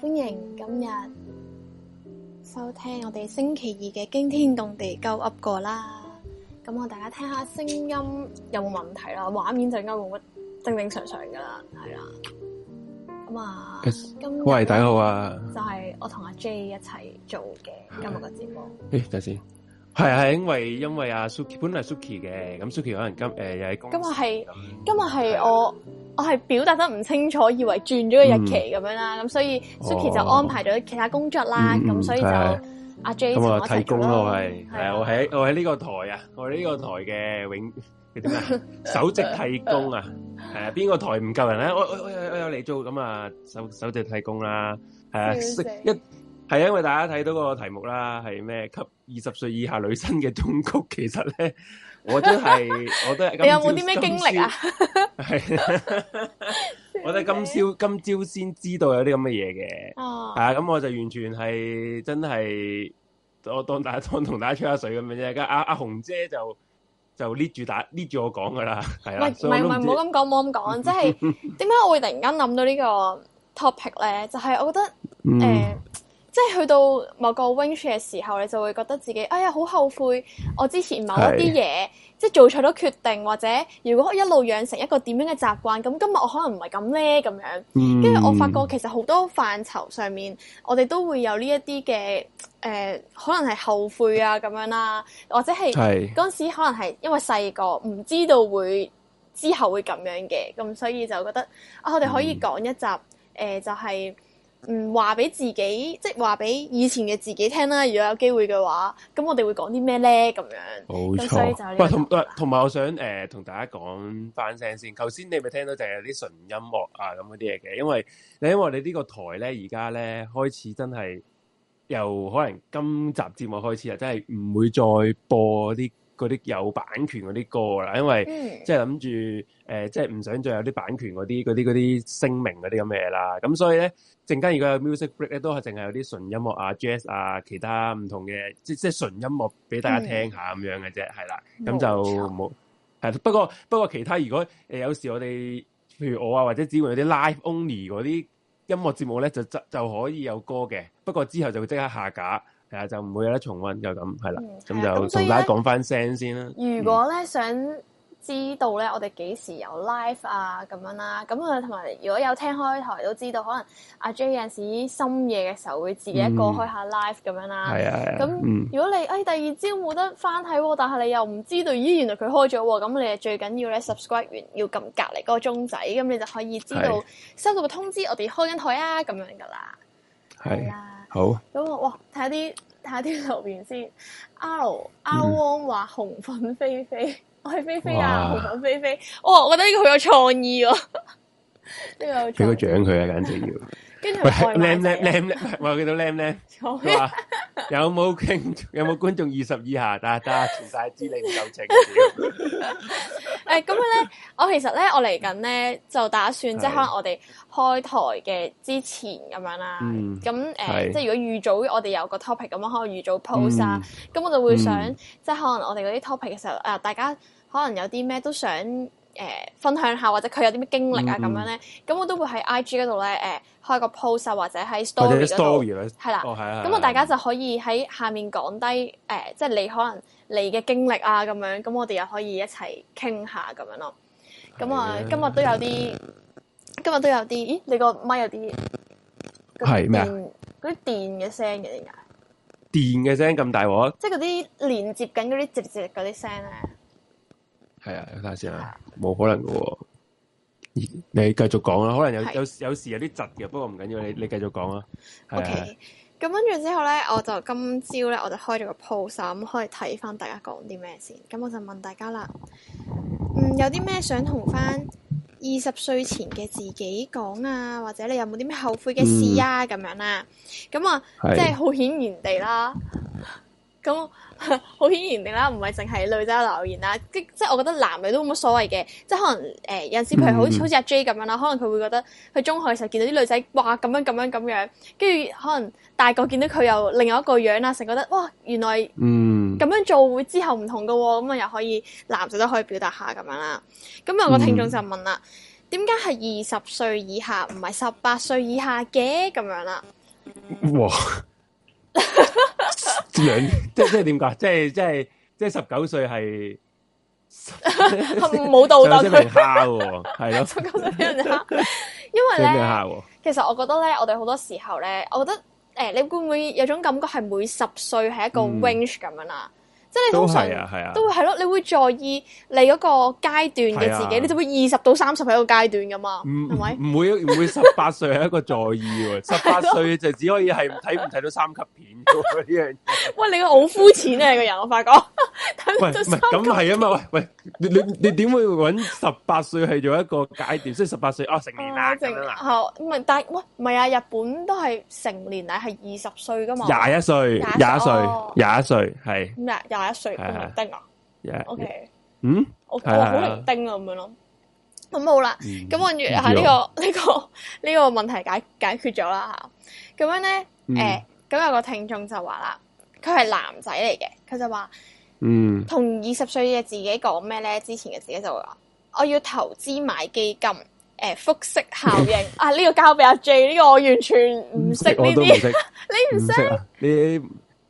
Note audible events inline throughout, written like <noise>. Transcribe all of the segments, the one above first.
歡迎今日收聽我哋星期二嘅驚天動地 9up 過啦，咁我大家聽下聲音有冇問題啦，畫面就應該冇乜正正常常噶啦，係啦，咁、嗯、啊，今喂大家好啊，就係、是、我同阿 Jay 一齊做嘅今日嘅節目。誒，等先，係係因為因為阿 Suki 本來 Suki 嘅，咁 Suki 可能今誒、呃、又喺工，今日係今日係我。 <laughs> 我係表達得唔清楚，以為轉咗個日期咁樣啦，咁、嗯、所以 Suki、哦、就安排咗其他工作啦，咁、嗯嗯、所以就阿 Jason 一齊做啦，咁啊，替工我喺我喺呢個台啊，我呢個台嘅永點啊，首席替工啊，係 <laughs> 啊，邊個台唔夠人咧？我我我我有你做，咁啊，首首席替工啦，係啊，一。係因為大家睇到個題目啦，係咩給二十歲以下女生嘅忠告，其實咧我、就是、我都係、 <laughs> 啊、 <laughs> <laughs> 我都係你有冇啲咩經歷啊？係，我都係今朝今朝先知道有啲咁嘅嘢嘅，係、哦、啊。咁、嗯、我就完全係真係我當大家當同大家吹下水咁樣啫。而家阿阿紅姐就就捏住打捏住我講噶啦，係啦，唔係唔係唔好咁講，唔好咁講， <laughs> 即係點解我會突然間諗到呢個 topic 咧？就係、是、我覺得誒。嗯欸即係去到某個 w i n s h 嘅時候，你就會覺得自己哎呀好後悔，我之前某一啲嘢，即係做錯咗決定，或者如果我一路養成一個點樣嘅習慣，咁今日我可能唔係咁呢。咁樣。跟、嗯、住我發覺其實好多範疇上面，我哋都會有呢一啲嘅誒，可能係後悔啊咁樣啦，或者係嗰陣時可能係因為細個唔知道會之後會咁樣嘅，咁所以就覺得啊，我哋可以講一集誒、嗯呃，就係、是。唔話俾自己，即係話俾以前嘅自己聽啦。如果有機會嘅話，咁我哋會講啲咩咧？咁樣冇錯。喂，同同埋我想、呃、同大家講翻聲先。頭先你咪聽到淨係啲純音樂啊咁嗰啲嘢嘅，因為你因為你呢個台咧而家咧開始真係由可能今集節目開始啊，真係唔會再播啲。嗰啲有版權嗰啲歌啦，因為即係諗住誒，即係唔想再有啲版權嗰啲啲啲聲明嗰啲咁嘅嘢啦。咁所以咧，陣間如果有 music break 咧，都係淨係有啲純音樂啊、jazz 啊、其他唔同嘅，即即係純音樂俾大家聽下咁樣嘅啫，係、嗯、啦。咁就冇。係，不過不過其他如果誒、呃、有時我哋，譬如我啊，或者只會有啲 live only 嗰啲音樂節目咧，就就就可以有歌嘅。不過之後就會即刻下架。就唔會有得重溫，就咁係啦。咁、嗯、就、嗯、同大家講翻聲先啦。如果咧、嗯、想知道咧，我哋幾時有 live 啊？咁樣啦，咁啊，同埋、啊、如果有聽開台都知道，可能阿 J 有陣時深夜嘅時候會自己一個開一下 live 咁、嗯、樣啦。係啊。咁、啊啊、如果你、嗯、哎第二朝冇得翻睇、啊，但係你又唔知道，咦原來佢開咗喎、啊。咁你啊最緊要咧 subscribe 完要撳隔離嗰個鐘仔，咁你就可以知道收到個通知，我哋開緊台啊咁樣噶啦。係啊。好，咁啊，哇！睇下啲睇下啲留言先，阿阿汪話紅粉菲菲、嗯，我係菲菲啊，紅粉菲菲，哇，我覺得呢個好有創意哦，俾 <laughs> 個獎佢啊，簡直要。 <laughs> 喂，lem lem l 有冇傾？有冇觀眾二十以下？但家但全晒知你唔夠情。誒、 <laughs> 嗯，咁樣咧，我其實咧，我嚟緊咧就打算，即係可能我哋開台嘅之前咁樣啦。咁、嗯、誒，即係如果預早，我哋有個 topic 咁樣，可以預早 pose 啊，咁我就會想，即係可能我哋嗰啲 topic 嘅時候，大家可能有啲咩都想。誒、呃、分享下或者佢有啲咩經歷啊咁、嗯、樣咧，咁我都會喺 IG 嗰度咧誒開個 post、啊、或者喺 story 嗰度係啦。哦，係啊。咁、嗯、啊、嗯，大家就可以喺下面講低誒、呃，即係你可能你嘅經歷啊咁樣，咁、嗯、我哋又可以一齊傾下咁樣咯。咁啊，今日都有啲，今日都有啲，咦？你個咪有啲係咩？嗰啲電嘅聲嘅點解？電嘅聲咁大鑊？即係嗰啲連接緊嗰啲直接嗰啲聲咧。係啊，睇下先啊，冇可能噶喎、哦。你繼續講啦，可能有有有時有啲窒嘅，不過唔緊要，你你繼續講啦。OK，咁跟住之後咧，我就今朝咧我就開咗個 post，咁可以睇翻，大家講啲咩先。咁我就問大家啦，嗯，有啲咩想同翻二十歲前嘅自己講啊？或者你有冇啲咩後悔嘅事啊？咁、嗯、樣啦。咁啊，即係好顯然地啦。咁好顯然地啦，唔係淨係女仔留言啦，即即我覺得男女都冇乜所謂嘅，即可能誒、呃、有時譬如好似、嗯、好似阿 J 咁樣啦，可能佢會覺得佢中學嘅時候見到啲女仔哇咁樣咁樣咁樣，跟住可能大個見到佢又另外一個樣啦，成覺得哇原來咁、嗯、樣做會之後唔同㗎喎、哦，咁啊又可以男仔都可以表達下咁樣啦。咁有個聽眾就問啦，點解係二十歲以下唔係十八歲以下嘅咁樣啦、嗯？哇！養 <laughs> <laughs> 即即係點講？即係即係即係十九歲係冇道德，即係係咯。因為咧， <laughs> 其實我覺得咧，我哋好多時候咧，我覺得誒、欸，你會唔會有種感覺係每十歲係一個 range 咁樣啊？嗯即係好純，都會係咯，你會在意你嗰個階段嘅自己，你就會二十到三十係一個階段噶嘛，唔唔會唔會十八歲係一個在意喎，十八歲就只可以係睇唔睇到三級片喂，喂，喂，你個好膚淺啊個人，我發覺唔係咁係啊嘛，喂喂你你點會揾十八歲去做一個階段？即係十八歲哦，成年啦，正唔係但喂唔係啊，日本都係成年禮係二十歲噶嘛，廿一歲廿一、哦、歲廿一歲係廿。係一歲同、啊、丁啊，OK，嗯，我好明丁啊，咁樣咯，咁好啦，咁我住呢、這個呢、這個呢、這個問題解解決咗啦，咁樣咧，誒、嗯，咁、欸、有個聽眾就話啦，佢係男仔嚟嘅，佢就話，嗯，同二十歲嘅自己講咩咧？之前嘅自己就會話，我要投資買基金，誒、欸，複息效應 <laughs> 啊、呢、這個交俾阿 J，呢個我完全唔識呢啲，你唔識你？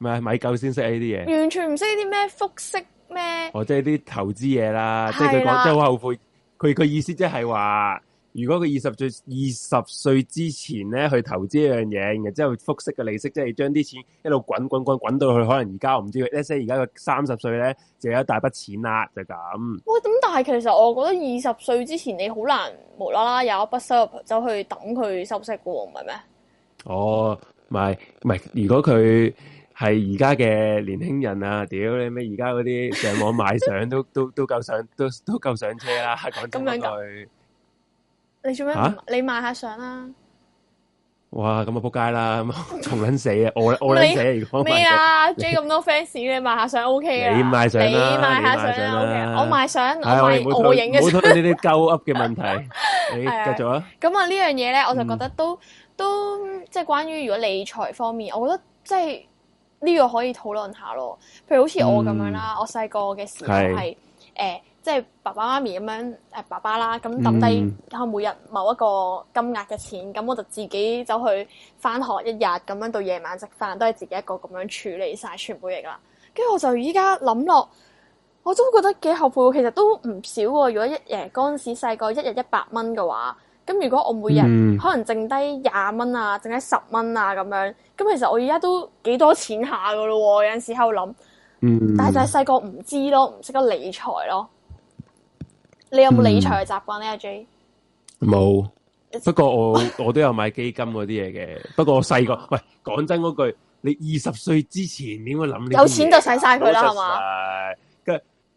買買夠先識呢啲嘢，完全唔識啲咩複息咩？哦，即係啲投資嘢啦，即係佢講，真好後悔。佢佢意思即係話，如果佢二十歲二十歲之前咧去投資一樣嘢，然之後複息嘅利息，即係將啲錢一路滾滾滾滾到去，可能而家我唔知，即係而家佢三十歲咧就有一大筆錢啦，就咁。喂，咁但係其實我覺得二十歲之前你好難無啦啦有一筆收入走去等佢收息嘅喎，唔係咩？哦，唔係唔係，如果佢。係而家嘅年輕人啊，屌你咩？而家嗰啲上網買相都 <laughs> 都都夠上都都夠上車啦、啊！咁樣你做咩？你買、啊、下相啦、啊！哇，咁啊撲街啦，重捻死啊！我 <laughs> 我，我撚死如果咩啊？追咁多 fans，你買下相 OK 啊你賣相，你賣下相 k、啊啊啊啊、我賣相，哎、我我影嘅。唔好拖呢啲鳩 up 嘅問題，你繼續啦。咁啊呢樣嘢咧，我就覺得都、嗯、都即係關於如果理財方面，我覺得即係。呢、這個可以討論下咯，譬如好似我咁樣啦、嗯，我細個嘅時候係誒、呃，即係爸爸媽咪咁樣誒、呃、爸爸啦，咁抌低後每日某一個金額嘅錢，咁、嗯、我就自己走去返學一日咁樣到夜晚食飯都係自己一個咁樣處理晒全部嘢㗎啦。跟住我就依家諗落，我都覺得幾後悔，其實都唔少喎、啊。如果一誒嗰陣時細個一日一百蚊嘅話。咁如果我每日可能剩低廿蚊啊，嗯、剩低十蚊啊咁樣，咁其實我而家都幾多錢下噶，、啊嗯、咯，有陣時喺度諗，但係就係細個唔知咯，唔識得理財咯。你有冇理財嘅習慣咧？阿 J 冇，不過我我都有買基金嗰啲嘢嘅， <laughs> 不過我細個喂，講真嗰句，你二十歲之前點會諗呢？有錢就使晒佢啦，係嘛？係。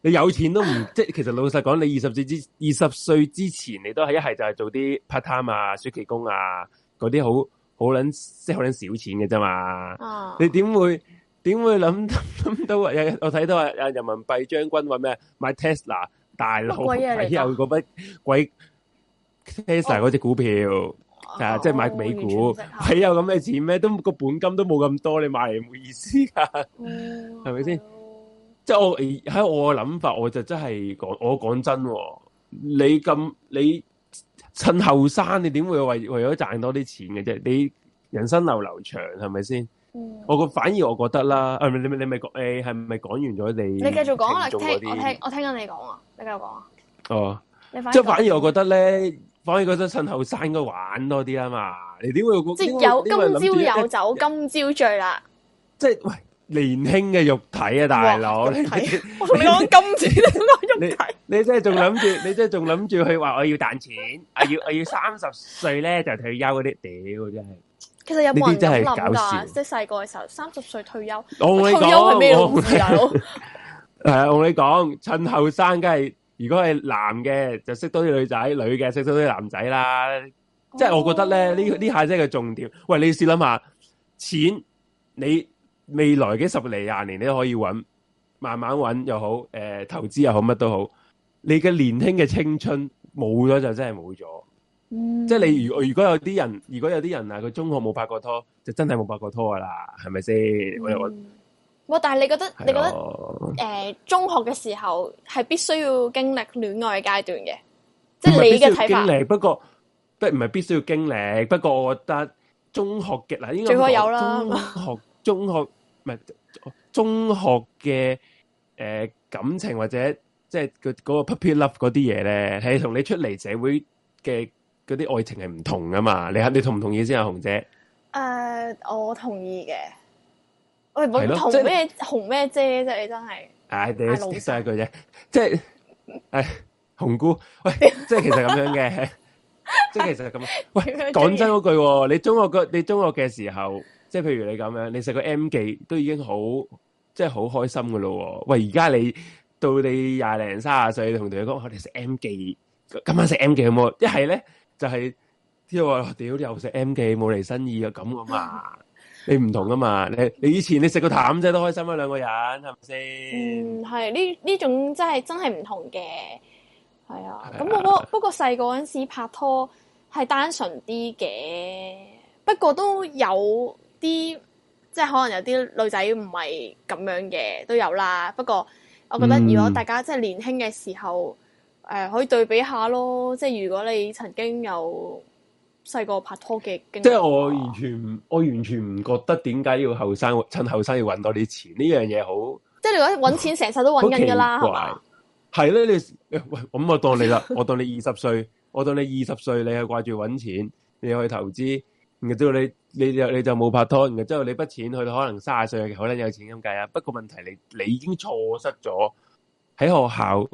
你有錢都唔即係，其實老實講，你二十歲之二十歲之前，你都係一係就係做啲 part time 啊、暑期工啊嗰啲，好好捻，即係好捻少錢嘅啫嘛。你點會點會諗諗到？我睇到啊，人民幣將軍話咩？買 Tesla 大佬，鬼、啊、有嗰筆鬼、啊、Tesla 嗰隻股票，哦、啊，即、就、係、是、買美股，鬼、哦啊、有咁嘅錢咩？都個本金都冇咁多，你買嚟冇意思噶，係咪先？ <laughs> 即係我喺我嘅諗法，我就真係講，我講真哦，你咁你趁後生，你點會為為咗賺多啲錢嘅啫？你人生流流長，係咪先？我個反而我覺得啦，唔係你你咪講誒，係咪講完咗你？你繼、欸、續講啦，我聽我聽緊你講啊，你繼續講啊。哦，即係反，反而我覺得咧，反而覺得趁後生應該玩多啲啊嘛。你點會有？即係有今朝有酒，今朝醉啦。即係喂。年輕嘅肉體啊，大佬！我同你講，今次呢個肉體，你真係仲諗住，你真係仲諗住去話我要賺錢，我要我要三十歲咧就退休嗰啲，屌真係！其實有冇人真係諗噶？即係細個嘅時候，三十歲退休，我同你講係咩啊，大佬？係啊，我同你講，趁後生，梗係如果係男嘅就識多啲女仔，女嘅識多啲男仔啦。即係我覺得咧，呢呢下真係個重點。喂，你試諗下，錢你。未來幾十嚟廿年你都可以揾，慢慢揾又好，誒、呃、投資又好，乜都好。你嘅年輕嘅青春冇咗就真係冇咗，即係你如果如果有啲人，如果有啲人啊，佢中學冇拍過拖，就真係冇拍過拖噶啦，係咪先？我我，哇！但係你覺得你覺得，誒、啊呃，中學嘅時候係必須要經歷戀愛階段嘅，即係你嘅睇法不經歷。不過，不唔係必須要經歷，不過我覺得中學嘅嗱，應該有啦。學中學。 <laughs> 唔係中學嘅誒、呃、感情或者即係個嗰個 puppy love 嗰啲嘢咧，係同你出嚟社會嘅嗰啲愛情係唔同噶嘛？你你同唔同意先啊，紅姐？誒、uh,，我同意嘅。喂，同咩紅咩姐啫、哎？你真係，唉，你老實一句啫，即係誒，紅姑，喂，即 <laughs> 係其實咁樣嘅，即 <laughs> 係其實咁。 <laughs> 喂，樣講真嗰句 <laughs> 你，你中學嘅，你中學嘅時候。即係譬如你咁樣，你食個 M 記都已經好，即係好開心噶咯。喂，而家你到你廿零卅歲，同條友講，我哋食 M 記，今晚食 M 記好嘛？一係咧就係啲話，屌又食 M 記冇嚟生意啊咁噶嘛？你唔同噶嘛？你你以前你食個譚仔都開心啊，兩個人係咪先？嗯，係呢呢種真係真係唔同嘅，係啊。咁、啊、我不過細個嗰陣時拍拖係單純啲嘅，不過都有。啲即係可能有啲女仔唔係咁樣嘅都有啦，不過我覺得如果大家即係年輕嘅時候誒、嗯呃，可以對比一下咯。即係如果你曾經有細個拍拖嘅經歷，即係我完全唔，我完全唔覺得點解要後生趁後生要搵多啲錢呢樣嘢好。即係如果你搵錢成世都搵緊噶啦，係嘛？係咧，你、欸、喂咁我當你啦， <laughs> 我當你二十歲，我當你二十歲，你係掛住搵錢，你去投資。然之後你你，你就你就冇拍拖，然之後你筆錢去到可能卅歲可能有錢咁計啊！不過問題你你已經錯失咗喺學校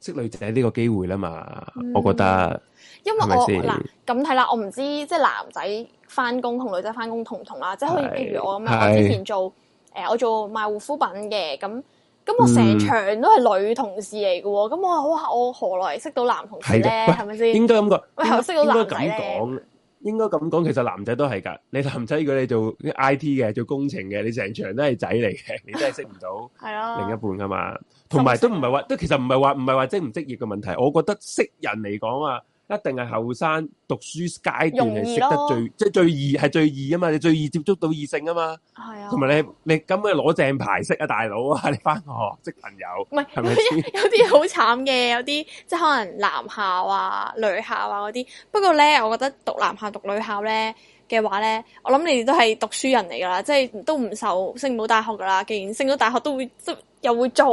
識女仔呢個機會啦嘛、嗯，我覺得。因為我嗱咁睇，啦，我唔知即係男仔返工同女仔返工同唔同啦，即係譬如我咁樣，我之前做誒、呃，我做賣護膚品嘅，咁咁我成場都係女同事嚟嘅喎，咁、嗯、我好，我何來識到男同事咧？係咪先？應該咁講。喂，識到男仔咧。應該咁講，其實男仔都係㗎。你男仔如果你做 IT 嘅，做工程嘅，你成場都係仔嚟嘅，你都係識唔到另一半㗎嘛。同 <laughs> 埋都唔係話，都其實唔係話，唔係話職唔職業嘅問題。我覺得識人嚟講啊。一定係後生讀書階段係識得最，即係最易係最易啊嘛，你最易接觸到異性啊嘛，係啊，同埋你你咁啊攞正牌識啊大佬啊，你返學識朋友，唔係，係咪， <laughs> 有啲有啲好慘嘅，有啲即係可能男校啊、女校啊嗰啲。不過咧，我覺得讀男校、讀女校咧嘅話咧，我諗你哋都係讀書人嚟噶啦，即係都唔受升唔到大學噶啦，既然升到大學都會。又會再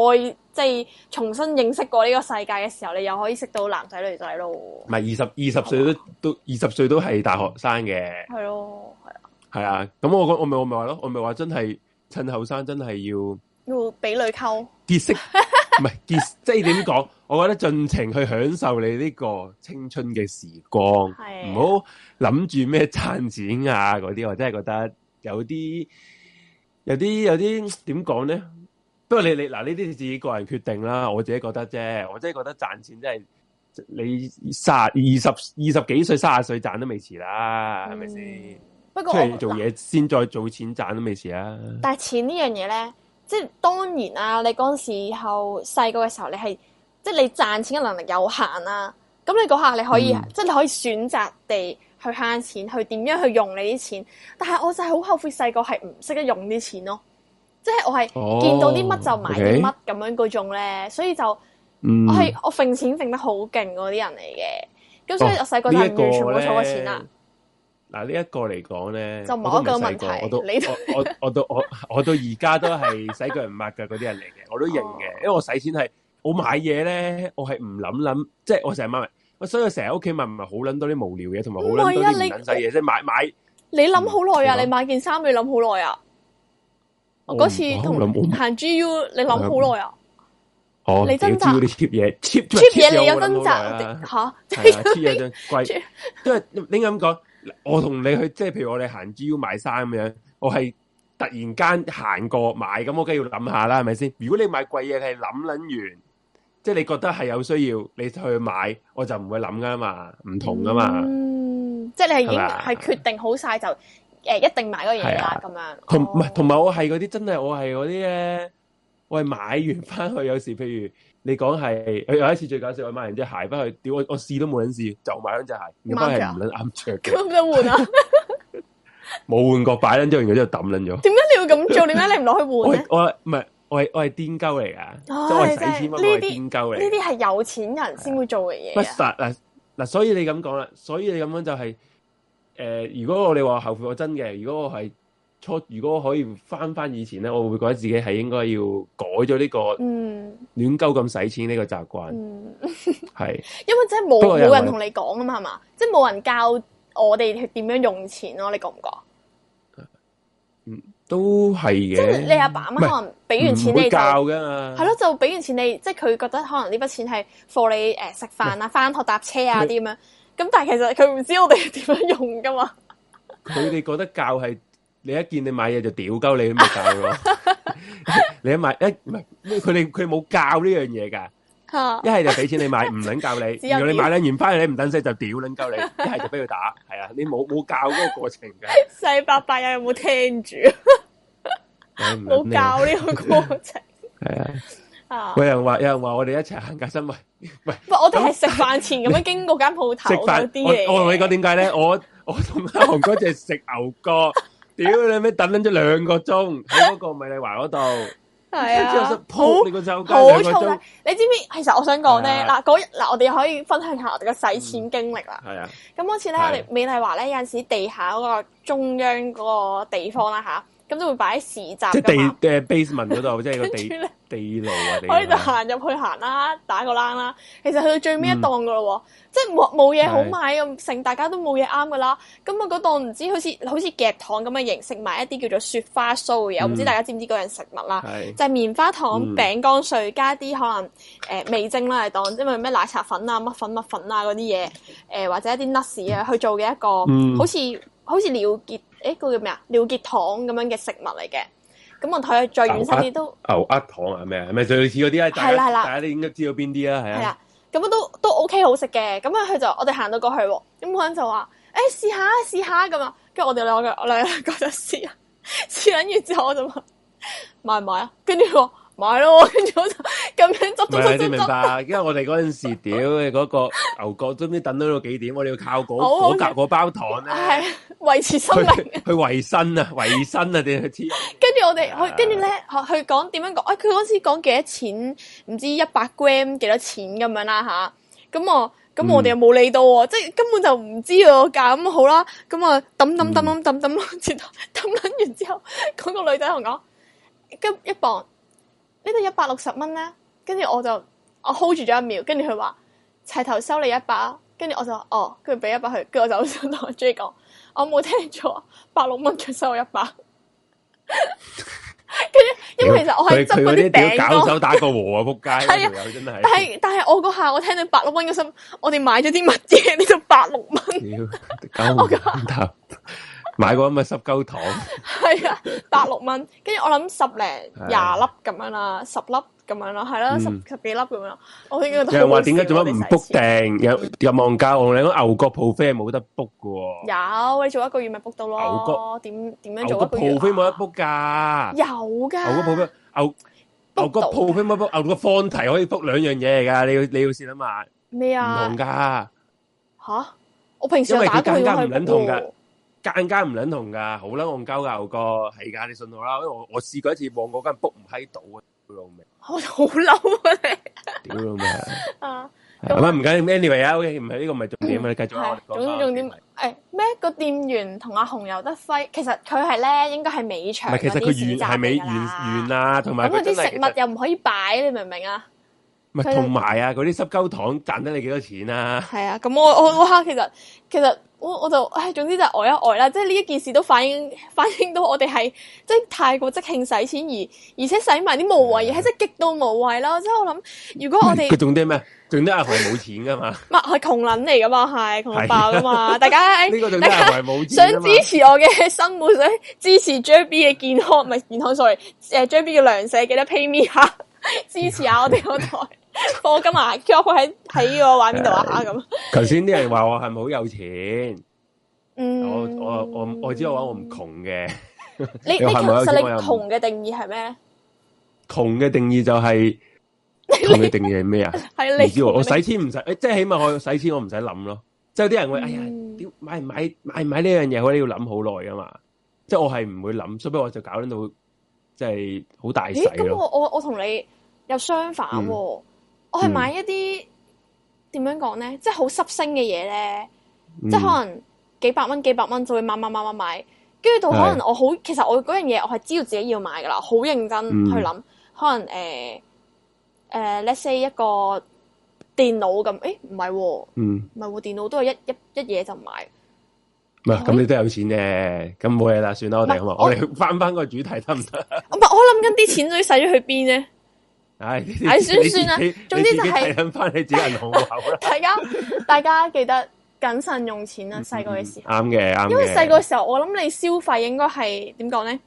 即係重新認識過呢個世界嘅時候，你又可以識到男仔女仔咯。唔係二十二十歲都歲都二十歲都係大學生嘅。係咯，係啊。係啊，咁我我咪我咪話咯，我咪話真係趁後生，真係要要俾女溝結識，唔係結即係點講？ <laughs> 我覺得盡情去享受你呢個青春嘅時光，唔好諗住咩賺錢啊嗰啲，我真係覺得有啲有啲有啲點講咧。不過你你嗱呢啲你自己個人決定啦，我自己覺得啫，我真係覺得賺錢真係你卅二十二十幾歲卅歲賺都未遲啦，係咪先？不過出嚟做嘢先再做錢賺都未遲啦。嗯、但係錢呢樣嘢咧，即係當然啊，你嗰時候細個嘅時候你，你係即係你賺錢嘅能力有限啦、啊。咁你嗰下你可以、嗯、即係你可以選擇地去慳錢，去點樣去用你啲錢。但係我就係好後悔細個係唔識得用啲錢咯。即係我係見到啲乜就買啲乜咁樣嗰種咧，oh, okay. 所以就我係、mm. 我揈錢揈得好勁嗰啲人嚟嘅，咁所以我細個完全冇儲過錢啊！嗱、哦，這個、呢、這個、來講呢一個嚟講咧，就冇一個問題。你我我到我我，我到而家都係使腳唔抹腳嗰啲人嚟嘅， <laughs> 我都認嘅，oh. 因為我使錢係我買嘢咧，我係唔諗諗，即、就、係、是、我成日買，所以我成日屋企咪唔埋好捻多啲無聊嘢，同埋好捻多啲唔緊細嘢，即係買買。你諗好耐啊！你買件衫要諗好耐啊！嗰次同你行 G U，你諗好耐、哦、啊！啊 <laughs> 你掙扎嗰啲 cheap 嘢你 h e a p cheap 嘢又掙扎吓，cheap cheap 貴。因為你咁講，我同你去，即係譬如我哋行 G U 買衫咁樣，我係突然間行過買咁，我梗要諗下啦，係咪先？如果你買貴嘢係諗諗完，即係你覺得係有需要，你去買，我就唔會諗噶嘛，唔同噶嘛。嗯，即係你係已經係決定好晒就。 <laughs> 誒，一定買嗰個嘢噶咁樣，同唔係？同埋我係嗰啲真係，我係嗰啲咧。我係買完翻去，有時譬如你講係，有一次最搞笑，我買完隻鞋翻去，屌我我試都冇人試，就買咗隻鞋，翻嚟唔撚啱着嘅，咁就換啦。冇換過，擺喺度，然之後抌撚咗。點解你要咁做？點解你唔攞去換咧？我唔係，我係我係癲鳩嚟噶，使錢幾千蚊，我係癲鳩嚟。呢啲係有錢人先會做嘅嘢。不實嗱嗱，所以你咁講啦，所以你咁樣就係。誒、呃，如果我你話後悔我真嘅，如果我係初，如果可以翻翻以前咧，我會覺得自己係應該要改咗呢、這個亂鳩咁使錢呢個習慣，係、嗯、因為即係冇人同你講啊嘛，係嘛、就是，即係冇人教我哋點樣用錢咯，你覺唔覺？嗯，都係嘅。即係你阿爸阿媽可能俾完錢你教噶嘛？係咯，就俾、啊、完錢你，即係佢覺得可能呢筆錢係 for 你誒食飯啊、翻學搭車啊啲咁樣。咁但係其實佢唔知我哋點樣用噶嘛？佢哋覺得教係你一見你買嘢就屌鳩你咁就夠咯。你一買一唔係佢哋佢冇教呢樣嘢噶。一係就俾錢你買，唔捻教你。如果你買兩完翻嚟唔等使就屌捻鳩你。一係就俾佢打。係啊，你冇冇教嗰個過程㗎。細伯伯有冇聽住？冇教呢個過程。係啊。有人話有人話我哋一齊行街身活，唔係，我哋係食飯前咁樣經過間鋪頭食飯啲嘢。我同你講點解咧？我呢我同阿紅哥只食牛角，屌你咩？等緊咗兩個鐘喺嗰個美麗華嗰度，係啊，即係扑你手個手骨兩個鐘。你知唔知？其實我想講咧，嗱嗰日嗱，那個、我哋可以分享下我哋嘅使錢經歷啦。係啊，咁好似咧，我哋、啊、美麗華咧有陣時地下嗰個中央嗰個地方啦，吓。咁就會擺喺市集，即地嘅 basement 嗰度，即係個地地牢 <laughs> 啊！ <laughs> 我哋就行入去行啦，打個躝啦。其實去到最尾一檔嘅咯喎，嗯、即係冇冇嘢好買咁，剩大家都冇嘢啱嘅啦。咁啊，嗰檔唔知好似好似夾糖咁嘅形式，埋一啲叫做雪花酥嘅嘢。嗯、我唔知大家知唔知嗰樣食物啦，就係棉花糖、嗯、餅乾碎加啲可能誒味精啦嚟當，即係咩奶茶粉啊、乜粉、乜粉啊嗰啲嘢誒，或者一啲 nuts 啊去做嘅一個，好似好似了結。誒、欸，那個叫咩啊？鳥結糖咁樣嘅食物嚟嘅，咁我睇下再遠身啲都牛軋糖啊咩啊，係咪最似嗰啲啊，係啦係啦，大家都應該知道邊啲啊，係啊，咁樣都都 OK 好食嘅，咁啊佢就我哋行到過去，有冇人就話誒試下試下咁啊，跟住我哋兩嘅兩個人就試啊，試緊完之後我就問賣唔賣啊，跟住我。買咯，咁樣執到咁樣係你明白、啊，因為我哋嗰陣時，屌嘅嗰個牛角， <laughs> 知唔知等到到幾點？我哋要靠嗰嗰格嗰包糖咧、啊，維持生命、啊去。去維生啊，維生啊，啲去黐。跟住我哋去講講，跟住咧去講點樣講？誒，佢嗰時講幾多錢？唔知一百 gram 幾多錢咁樣啦、啊、吓？咁、嗯嗯、啊咁我哋又冇理到我，即係根本就唔知個價。咁好啦、啊，咁啊抌抌抌抌抌抌，直到抌撚完之後，嗰個女仔同我講一磅。呢度一百六十蚊呢，跟住我就我 hold 住咗一秒，跟住佢話齊頭收你一百，跟住我就話哦，跟住俾一百佢，跟住我就想同我 J 講，我冇聽錯，百六蚊佢收我一百，跟 <laughs> 住因為其實我係執嗰啲搞手打個和 <laughs> 啊仆街，這個、真係，但係 <laughs> 但係是 <laughs> 我嗰下我聽到百六蚊嗰心，我哋買咗啲乜嘢，呢度百六蚊，搞唔到。買過咪十嚿糖，係 <laughs> 啊，八六蚊，跟住我諗十零廿粒咁樣啦，啊，十粒咁樣啦，係啦，十十幾粒咁樣。有人話點解做乜唔 book 定？有又望價？我同你講牛角鋪飛係冇得 book 嘅，哦。有你做一個月咪 book 到咯。牛角點點樣做一個月？牛角鋪飛冇得 book 噶。有噶。牛角鋪飛牛牛角鋪飛冇得 book，牛角放題可以 book 兩樣嘢嚟噶。你要你要先諗下咩啊？唔同噶。吓，我平時打佢間間唔卵同噶，好啦，戇鳩噶，牛哥，係噶，你信我啦，因為我我試過一次望嗰間 book 唔閪到，屌你，我好嬲啊你，屌你啊，咁啊唔緊要，anyway 啊，OK，唔係呢個唔係重點啊，繼續，總之重點，誒咩個店員同阿紅有得飛，其實佢係咧，應該係尾場，唔係，其實佢完係尾完完啊，同埋咁嗰啲食物又唔可以擺，你明唔明啊？唔係同埋啊，嗰啲濕膠糖賺得你幾多錢啊？係啊，咁我我我吓，其實其實。我我就唉，總之就呆、呃、一呆、呃、啦。即係呢一件事都反映反映到我哋係即係太過即興使錢而而且使埋啲無謂而係即係極度無謂啦。即係我諗，如果我哋佢仲啲咩？仲啲阿豪冇錢噶嘛？咪係，係窮撚嚟噶嘛？係窮爆噶嘛？大家 <laughs> 個錢，大家想支持我嘅生活，想支持 J B 嘅健康，唔係健康 sorry，誒 J B 嘅糧食記得 pay me 下，支持下我哋台。 <laughs> <laughs> 我今日叫我喺喺個玩邊度吓咁。頭先啲人話我係咪好有錢？嗯，我我我我知道話我唔窮嘅。你又其實，你窮嘅定義係咩？窮嘅定義就係窮嘅定義係咩啊？係 <laughs> 你， <laughs> 你不知我使 <laughs> 錢唔使即係起碼我使錢我唔使諗咯。即係啲人會哎呀，買買買買買呢樣嘢，我都要諗好耐噶嘛。即係我係唔會諗，所以我就搞得到即係好大使。咁我我我同你又相反。嗯我係買一啲點、嗯、樣講咧，即係好濕聲嘅嘢咧，即係可能幾百蚊，幾百蚊就會買買買買買，跟住到可能我好，其實我嗰樣嘢我係知道自己要買噶啦，好認真去諗、嗯，可能誒誒、呃呃、let’s say 一個電腦咁，誒唔係，嗯，唔係、啊、電腦都係一一一嘢就唔買。唔係咁，那你都有錢嘅，咁冇嘢啦，算啦，我哋好嘛，我哋翻翻個主題得唔得？唔係，我諗緊啲錢都使咗去邊咧。 <laughs> 係 <laughs> 係算算啦，總之就係睇緊翻你自己人口啦。大家大家記得謹慎用錢啦。細個嘅時候，啱嘅啱，因為細個嘅時候，嗯嗯、我諗你消費應該係點講咧？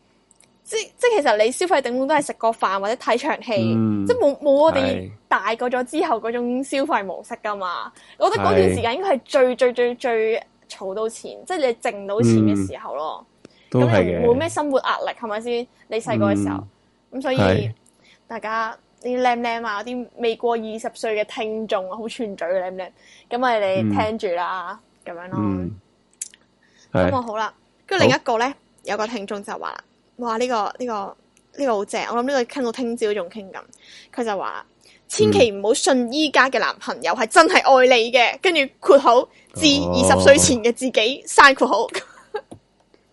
即即其實你消費頂多都係食個飯或者睇場戲，即冇冇我哋大個咗之後嗰種消費模式噶嘛、嗯？我覺得嗰段時間應該係最、嗯、最最最儲到錢、嗯，即你剩到錢嘅時候咯。咁你冇咩生活壓力係咪先？你細個嘅時候咁，嗯、所以、嗯、大家。啲靚靚啊，啲未過二十歲嘅聽眾啊，好串嘴嘅靚唔靚，咁咪你聽住啦，咁、嗯、樣咯。咁、嗯、我、嗯嗯、好啦，跟住另一個咧，有個聽眾就話啦，哇，呢、這個呢、這個呢、這個好正，我諗呢個傾到聽朝仲傾緊。佢就話啦，千祈唔好信依家嘅男朋友係真係愛你嘅，跟住括號至二十歲前嘅自己刪括號、哦 <laughs>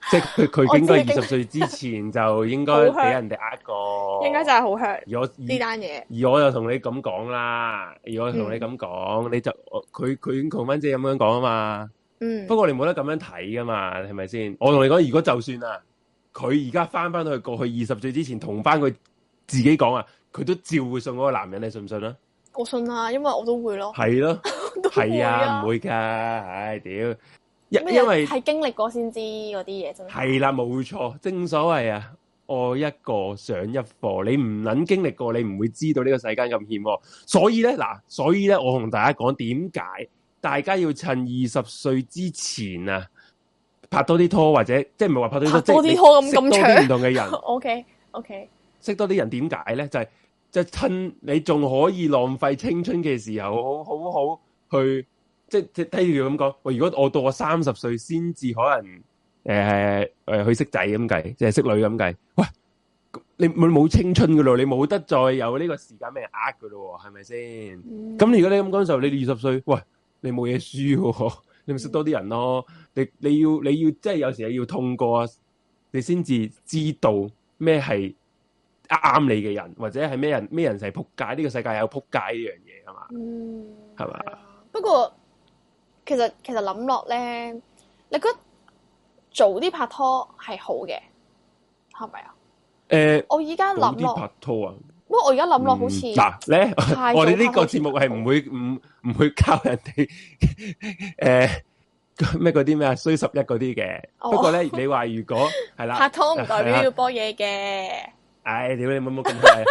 即係佢，佢應該二十歲之前就應該俾人哋呃過， <laughs> 應該就係好香。而我呢單嘢，而我又同你咁講啦，而我同你咁講、嗯，你就佢佢同番姐咁樣講啊嘛。嗯，不過你冇得咁樣睇噶嘛，係咪先？我同你講，如果就算啊，佢而家翻翻去過去二十歲之前同翻佢自己講啊，佢都照會信嗰個男人，你信唔信啊？我信啊，因為我都會咯。係咯，係 <laughs> 啊，唔、啊、會㗎，唉、哎、屌！因為係經歷過先知嗰啲嘢，真係係啦，冇錯，正所謂啊，愛一個上一課，你唔捻，經歷過，你唔會知道呢個世間咁險。所以咧，嗱，所以咧，我同大家講，點解大家要趁二十歲之前啊，拍多啲拖，拖，或者即係唔係話拍多拍多啲拖咁咁長，唔同嘅人。OK OK，識多啲人點解咧？就係、即係、就趁你仲可以浪費青春嘅時候，好好好去。即係低調咁講，我如果我到我三十歲先至可能誒誒去識仔咁計，即係識女咁計。喂，你冇青春噶咯？你冇得再有呢個時間俾人呃噶咯？係咪先？咁、嗯、如果你咁講嘅時候，你二十歲，喂，你冇嘢輸，你咪識多啲人咯、嗯。你你要你要，你要，即係有時要痛過，你先至知道咩係啱你嘅人，或者係咩人咩人係扑街？呢、呢個世界有扑街呢樣嘢啊嘛，係嘛、嗯？不過。其實其實諗落咧，你覺得早啲拍拖係好嘅，係咪啊？誒、欸，我而家諗落拍拖啊，不過我而家諗落好似嗱咧，我哋呢個節目係唔會唔唔會教人哋誒咩嗰啲咩衰十一嗰啲嘅。不過咧，你話如果係啦，哦、 <laughs> 是的 <laughs> 拍拖唔代表要播嘢嘅。唉、 <laughs> 哎，點你冇冇咁快？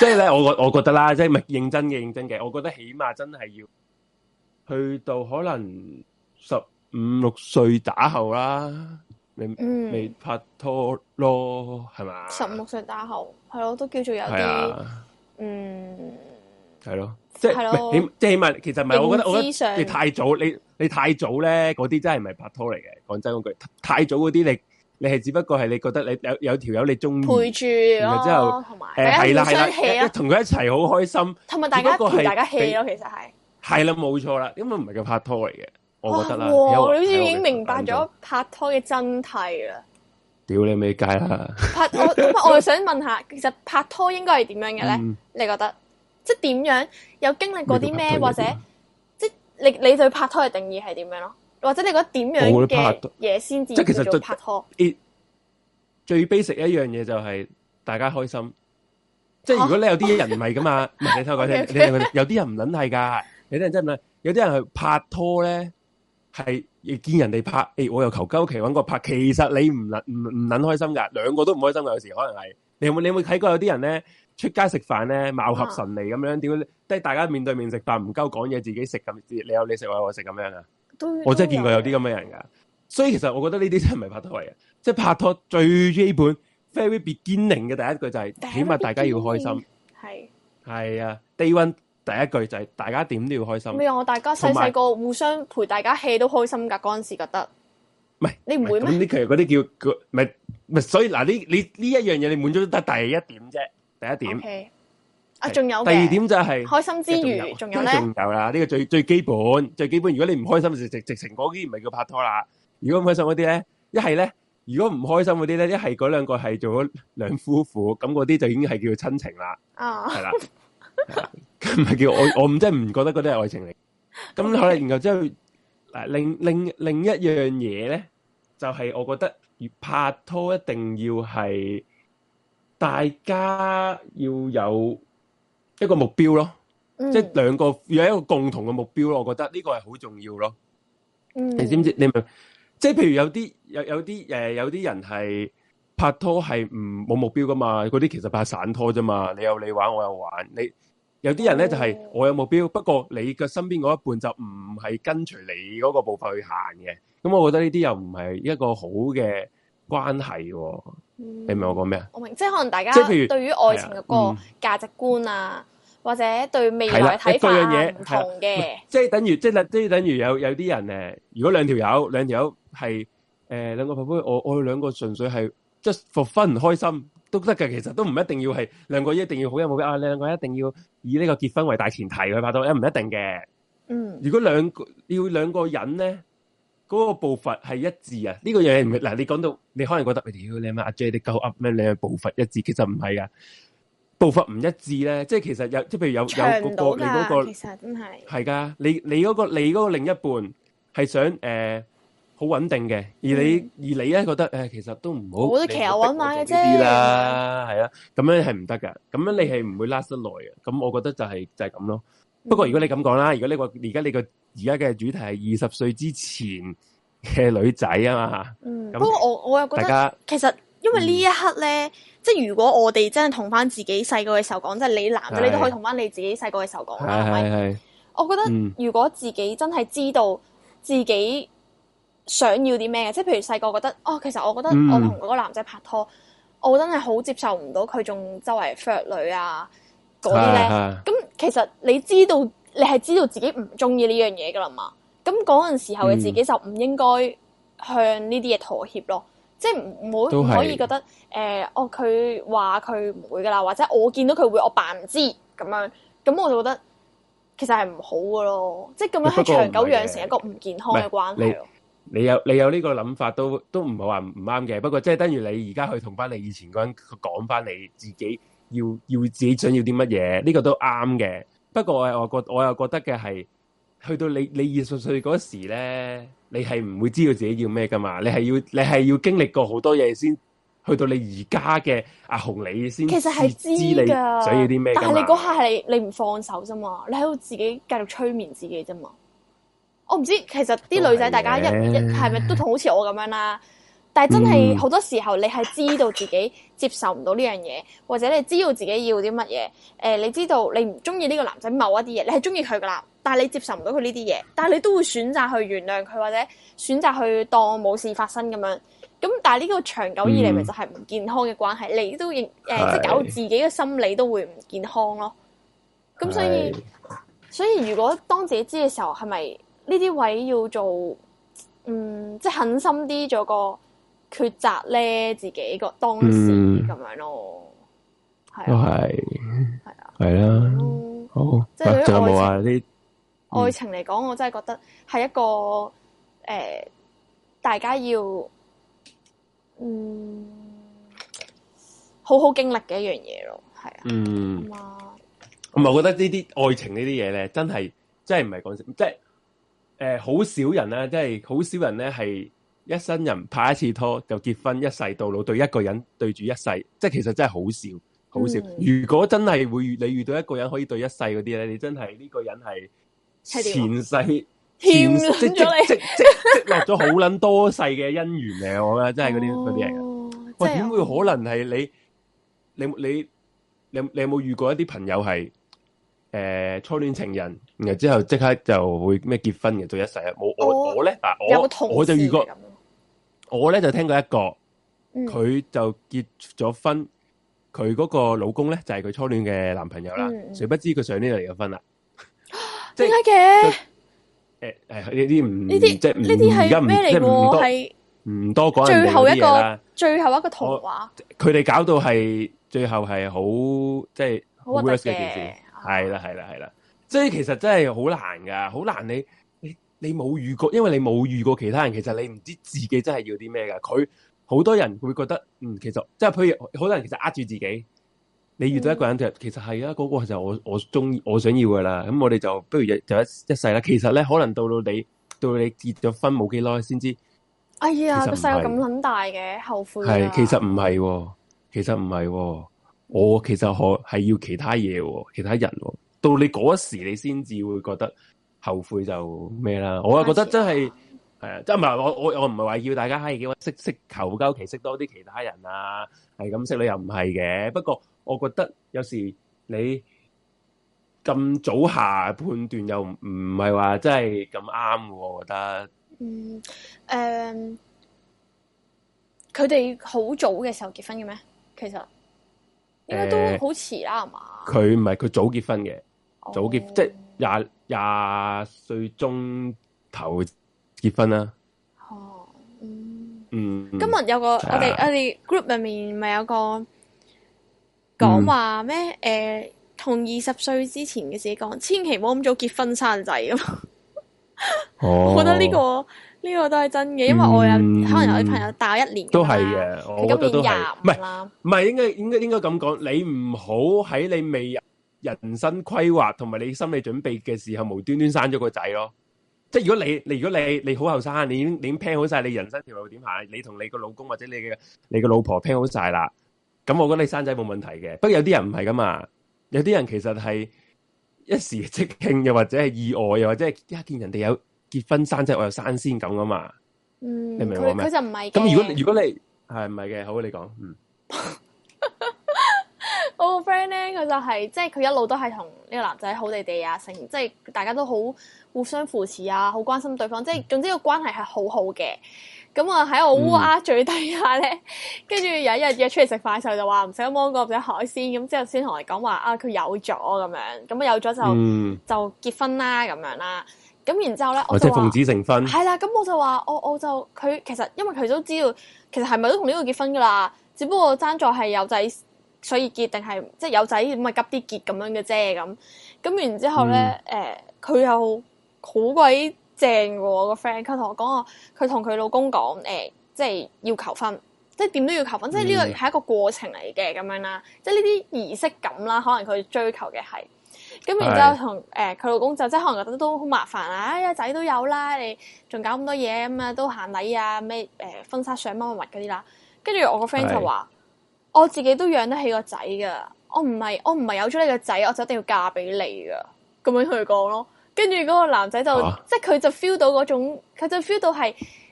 即係咧，我我我覺得啦，即係咪認真嘅認真嘅？我覺得起碼真係要。去到可能十五六歲打後啦，未未拍拖咯，係、嗯、嘛？十六歲打後，係咯，都叫做有啲、啊，嗯，係咯，即係，即係起碼，其實唔係，我覺得我，思想你太早，你你太早咧，嗰啲真係唔係拍拖嚟嘅。講真嗰句，太早嗰啲，你你係只不過係你覺得你有有條友你中意，陪住，然後之後同埋，係啦係啦，同、呃、佢、啊欸、一齊好開心，同埋大家同、啊、大家 hea 咯，其實係。係啦，冇錯啦，根本唔係叫拍拖嚟嘅，我覺得啦。哇，你好似已經明白咗拍拖嘅真諦啦！屌你未介啦！拍我，我我想問下， <laughs> 其實拍拖應該係點樣嘅咧，嗯？你覺得？即係點樣？有經歷過啲咩？或者即係你你對拍拖嘅定義係點樣咯？或者你覺得點樣嘅嘢先至即其拍拖？拍拖實最 basic 一樣嘢就係大家開心。哦，即係如果你有啲人唔係噶嘛， <laughs> 你聽我講有啲人唔撚係噶。 <laughs> 有啲人真係，有啲人係拍拖咧，係見人哋拍，誒、欸，我又求鳩其揾個拍。其實你唔捻唔唔捻開心噶，兩個都唔開心噶。有時可能係，你有，有你有冇睇過有啲人咧，出街食飯咧貌合神離咁樣，樣，點樣，即係大家面對面食飯，但唔夠講嘢，自己食咁，你有你食，我有我食咁樣啊？我真係見過有啲咁嘅人噶。所以其實我覺得呢啲真係唔係拍拖嚟嘅，即、就、係、是、拍拖最基本，very beginning 嘅第一句就係、是，起碼大家要開心。係係啊，day one 第一句就係大家點都要開心。你我大家細細個互相陪大家 hea 都開心噶，嗰陣時覺得唔係你唔會咩？呢其實嗰啲叫叫唔係唔係，所以嗱、啊，你這樣你呢一樣嘢你滿足得第一點啫，第一點。Okay、啊，仲有第二點就係、是、開心之餘，仲有咧。仲有啦，呢、這個最最基本最基本。如果你唔開心直直情嗰啲唔係叫拍拖啦。如果唔開心嗰啲咧，一係咧，如果唔開心嗰啲咧，一係嗰兩個係做咗兩夫婦，咁嗰啲就已經係叫親情啦。哦、啊，係啦。 <laughs> 唔 <laughs> 係叫我，我唔真係唔覺得嗰啲係愛情嚟。咁可能然後之後，嗱另另另一樣嘢咧，就係、是、我覺得拍拖一定要係大家要有一個目標咯，嗯、即係兩個要有一個共同嘅目標咯。我覺得呢個係好重要咯。嗯、你知唔知？你咪即係譬如有啲有有啲誒、呃、有啲人係拍拖係唔冇目標㗎嘛？嗰啲其實拍散拖啫嘛。你有你玩，我有玩，你。有啲人咧就係、是，我有目標，不過你嘅身邊嗰一半就唔係跟隨你嗰個步伐去行嘅，咁我覺得呢啲又唔係一個好嘅關係、哦。你、嗯、明我講咩啊？我明白，即係可能大家，即係譬如對於愛情嗰個價值觀啊、嗯，或者對未來嘅睇法唔同嘅、嗯嗯嗯嗯嗯嗯啊啊，即係等於即係即係等於有有啲人誒，如果兩條友兩條友係誒兩個婆婆，我我兩個純粹係即係復婚唔開心。都得嘅，其實都唔一定要係兩個一定要好有冇嘅啊！你兩個一定要以呢個結婚為大前提去拍拖，誒，唔一定嘅。嗯，如果兩個要兩個人咧，嗰、那個步伐係一致啊？呢、這個嘢唔係嗱，你講到你可能覺得，你屌你阿 J 的鳩噏咩？你嘅步伐一致，其實唔係噶，步伐唔一致咧，即係其實有即係譬如有有、那個你嗰、那個，其實真係係噶，你你嗰、那個你嗰個另一半係想誒。呃好穩定嘅，而你、嗯、而你咧覺得、哎、其實都唔好我都騎牛搵馬嘅啫，係、呃、啊，咁樣係唔得㗎，咁樣你係唔會 last 得耐嘅。咁我覺得就係、是、就係、是、咁咯、嗯。不過如果你咁講啦，如果呢個而家你個而家嘅主題係二十歲之前嘅女仔啊嘛嚇，嗯，不過我我又覺得其實因為呢一刻咧、嗯，即係如果我哋真係同返自己細個嘅時候講，即、就、係、是、你男仔你都可以同返你自己細個嘅時候講，係係係。我覺得如果自己真係知道自己。嗯自己想要啲咩嘅？即係譬如細個覺得哦，其實我覺得我同嗰個男仔拍拖，嗯、我真係好接受唔到佢仲周圍 fuck 女啊嗰啲咧。咁、啊啊、其實你知道你係知道自己唔中意呢樣嘢噶啦嘛？咁嗰陣時候嘅自己就唔應該向呢啲嘢妥協咯、嗯。即係唔好可以覺得誒，佢話佢唔會噶啦，或者我見到佢會，我扮唔知咁樣。咁我就覺得其實係唔好噶咯。即係咁樣係長久養成一個唔健康嘅關係咯。不你有你有呢個諗法都都唔好話唔啱嘅，不過即係等於你而家去同翻你以前嗰人講翻你自己要要自己想要啲乜嘢，呢個都啱嘅。不過我我又覺我又覺得嘅係，去到你你二十歲嗰時咧，你係唔會知道自己要咩噶嘛？你係要你係要經歷過好多嘢先，去到你而家嘅阿紅你先，其實係知道嘅，知道你想要啲咩。但係你嗰下係你唔放手啫嘛，你喺度自己繼續催眠自己啫嘛。我唔知，其實啲女仔大家一一係咪都同好似我咁樣啦、啊。但係真係好多時候，你係知道自己接受唔到呢樣嘢，或者你知道自己要啲乜嘢。誒、呃，你知道你唔中意呢個男仔某一啲嘢，你係中意佢噶啦，但係你接受唔到佢呢啲嘢，但係你都會選擇去原諒佢，或者選擇去當冇事發生咁樣。咁但係呢個長久以嚟，咪就係唔健康嘅關係。嗯、你都認誒，即係搞到自己嘅心理都會唔健康咯。咁所以，所以如果當自己知嘅時候，係咪？呢啲位要做，嗯，即係狠心啲做一個抉擇咧，自己個當時咁樣咯，係、嗯、啊，都係啊，係啦、啊啊，好。即係對於愛情嚟講、嗯，我真係覺得係一個誒、呃，大家要嗯好好經歷嘅一樣嘢咯，係啊，嗯，唔係、啊，唔覺得呢啲愛情這些東西呢啲嘢咧，真係真係唔係講笑，即係。誒、呃，好少人咧、啊，即係好少人咧、啊，係一生人拍一次拖就結婚，一世到老對一個人對住一世，即係其實真係好少，好少、嗯。如果真係會遇你遇到一個人可以對一世嗰啲咧，你真係呢、這個人係前世添，積積落咗好捻多世嘅姻緣嚟，我 <laughs> 覺得真係嗰啲嗰啲嚟。喂，點、哦、會可能係你，你你你你，你有冇遇過一啲朋友係？誒，初戀情人，然後之後即刻就會咩結婚嘅，到一世啊！冇我我咧啊，我我就遇過，我咧就聽過一個，佢、嗯、就結咗婚，佢嗰個老公咧就係、是、佢初戀嘅男朋友啦、嗯。誰不知佢上年、啊、就離咗婚啦，點解嘅？誒誒，呢啲唔呢啲即係呢啲係咩嚟？喎係唔多講，最後一個最後一個童話，佢哋搞到係最後係好即係好嘅件事。係啦，係啦，係啦，即係其實真係好難噶，好難你你你冇遇過，因為你冇遇過其他人，其實你唔知自己真係要啲咩噶。佢好多人會覺得，嗯，其實即係譬如，好多人其實呃住自己。你遇到一個人，嗯、其實係啊，嗰、嗰個就是我我中意我想要噶啦。咁我哋就不如一就一一世啦。其實咧，可能到到你到你結咗婚冇幾耐先知。哎呀，個世界咁捻大嘅，後悔、啊。係，其實唔係、哦，其實唔係、哦。嗯我其實可係要其他嘢，喎、其他人、喎、到你嗰時，你先至會覺得後悔就咩啦。我又覺得真係係即係唔係我我我唔係話要大家係點，識識求交，其識多啲其他人啊，係咁識你又唔係嘅。不過我覺得有時你咁早下判斷又唔係話真係咁啱喎。我覺得嗯誒，佢哋好早嘅時候結婚嘅咩？其實。應該都好遲啦，係嘛、呃？佢唔係佢早結婚嘅，早結、oh. 即係廿廿歲中頭結婚啦、啊。哦，嗯，嗯。今日有個 Yeah. 我哋我哋 group 入面咪有個講話咩？誒、mm. 呃，同二十歲之前嘅自己講，千祈唔好咁早結婚生仔咁。 <laughs> oh. 我覺得呢、這個。呢、這個都係真嘅，因為我有、嗯、可能有啲朋友大我一年，都係嘅。我覺得都係，唔係唔係應該應該應該咁講，你唔好喺你未人生規劃同埋你心理準備嘅時候，無端端生咗個仔咯。即係如果你你如果你你好後生，你已經你 plan 好晒你人生條路點行，你同你個老公或者你嘅你個老婆 plan 好晒啦，咁我覺得你生仔冇問題嘅。不過有啲人唔係噶嘛，有啲人其實係一時即興又或者係意外又或者係一見人哋有。結婚生仔，即是我有生鮮感咁噶嘛、嗯？你明白我咩？咁如果如果你係唔係嘅，好你講。嗯、 <laughs> 我個 friend 咧，佢就係、是、即係佢一路都係同呢個男仔好地地啊，成即係大家都好互相扶持啊，好關心對方，即係總之個關係係好好嘅。咁啊喺我烏鴉嘴底下咧，跟住有一日約出嚟食飯嘅時候就話唔使芒果或者海鮮，咁之後先同你講話啊佢有咗咁樣，咁啊有咗就、嗯、就結婚啦咁樣啦。咁然之後咧，我就說奉子成婚。係啦，咁我就話我我就佢其實因為佢都知道，其實係咪都同呢個結婚噶啦？只不過贊助係有仔，所以結定係即係有仔咁咪急啲結咁樣嘅啫。咁咁然之後咧，誒、嗯，佢、欸、又好鬼正噶喎個 friend，佢同我講我佢同佢老公講，誒、欸，即係要求婚，即係點都要求婚，嗯、即係呢個係一個過程嚟嘅咁樣啦，即係呢啲儀式感啦，可能佢追求嘅係。咁然之後同誒佢老公就即係可能覺得都好麻煩啊，哎呀仔都有啦，你仲搞咁多嘢咁啊，都行禮啊咩誒婚紗相乜乜物嗰啲啦。跟住我個 friend 就話，我自己都養得起個仔噶，我唔係我唔係有咗你個仔，我就一定要嫁俾你噶。咁樣佢講咯，跟住嗰個男仔就、啊、即係佢就 feel 到嗰種，佢就 feel 到係誒、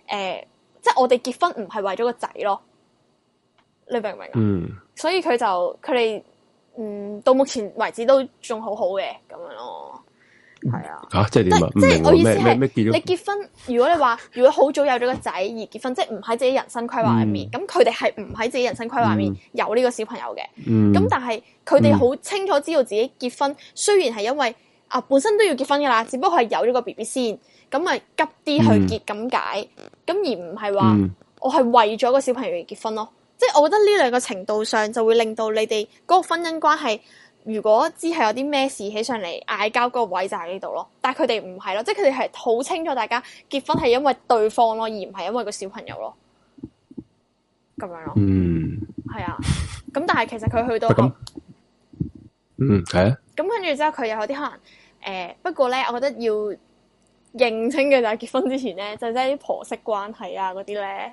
呃，即係我哋結婚唔係為咗個仔咯。你明唔明？嗯。所以佢就佢哋。嗯，到目前為止都仲好好嘅咁樣咯，係啊。吓，即係點，即係我意思係你結婚，如果你話如果好早有咗個仔而結婚，即係唔喺自己人生規劃裏面，咁佢哋係唔喺自己人生規劃裏面有呢個小朋友嘅。咁、嗯、但係佢哋好清楚知道自己結婚，嗯、雖然係因為、嗯、啊本身都要結婚噶啦，只不過係有咗個 B B 先，咁咪急啲去結咁解，咁、嗯、而唔係話我係為咗個小朋友而結婚咯。即係我覺得呢兩個程度上就會令到你哋嗰個婚姻關係，如果只係有啲咩事起上嚟嗌交，個位就喺呢度咯。但係佢哋唔係咯，即係佢哋係好清楚大家結婚係因為對方咯，而唔係因為個小朋友咯，咁樣咯。嗯，係啊。咁但係其實佢去到，嗯係、嗯、啊。咁跟住之後佢又有啲可能，誒、呃，不過咧，我覺得要認清嘅就係結婚之前咧，就即係啲婆媳關係啊嗰啲咧。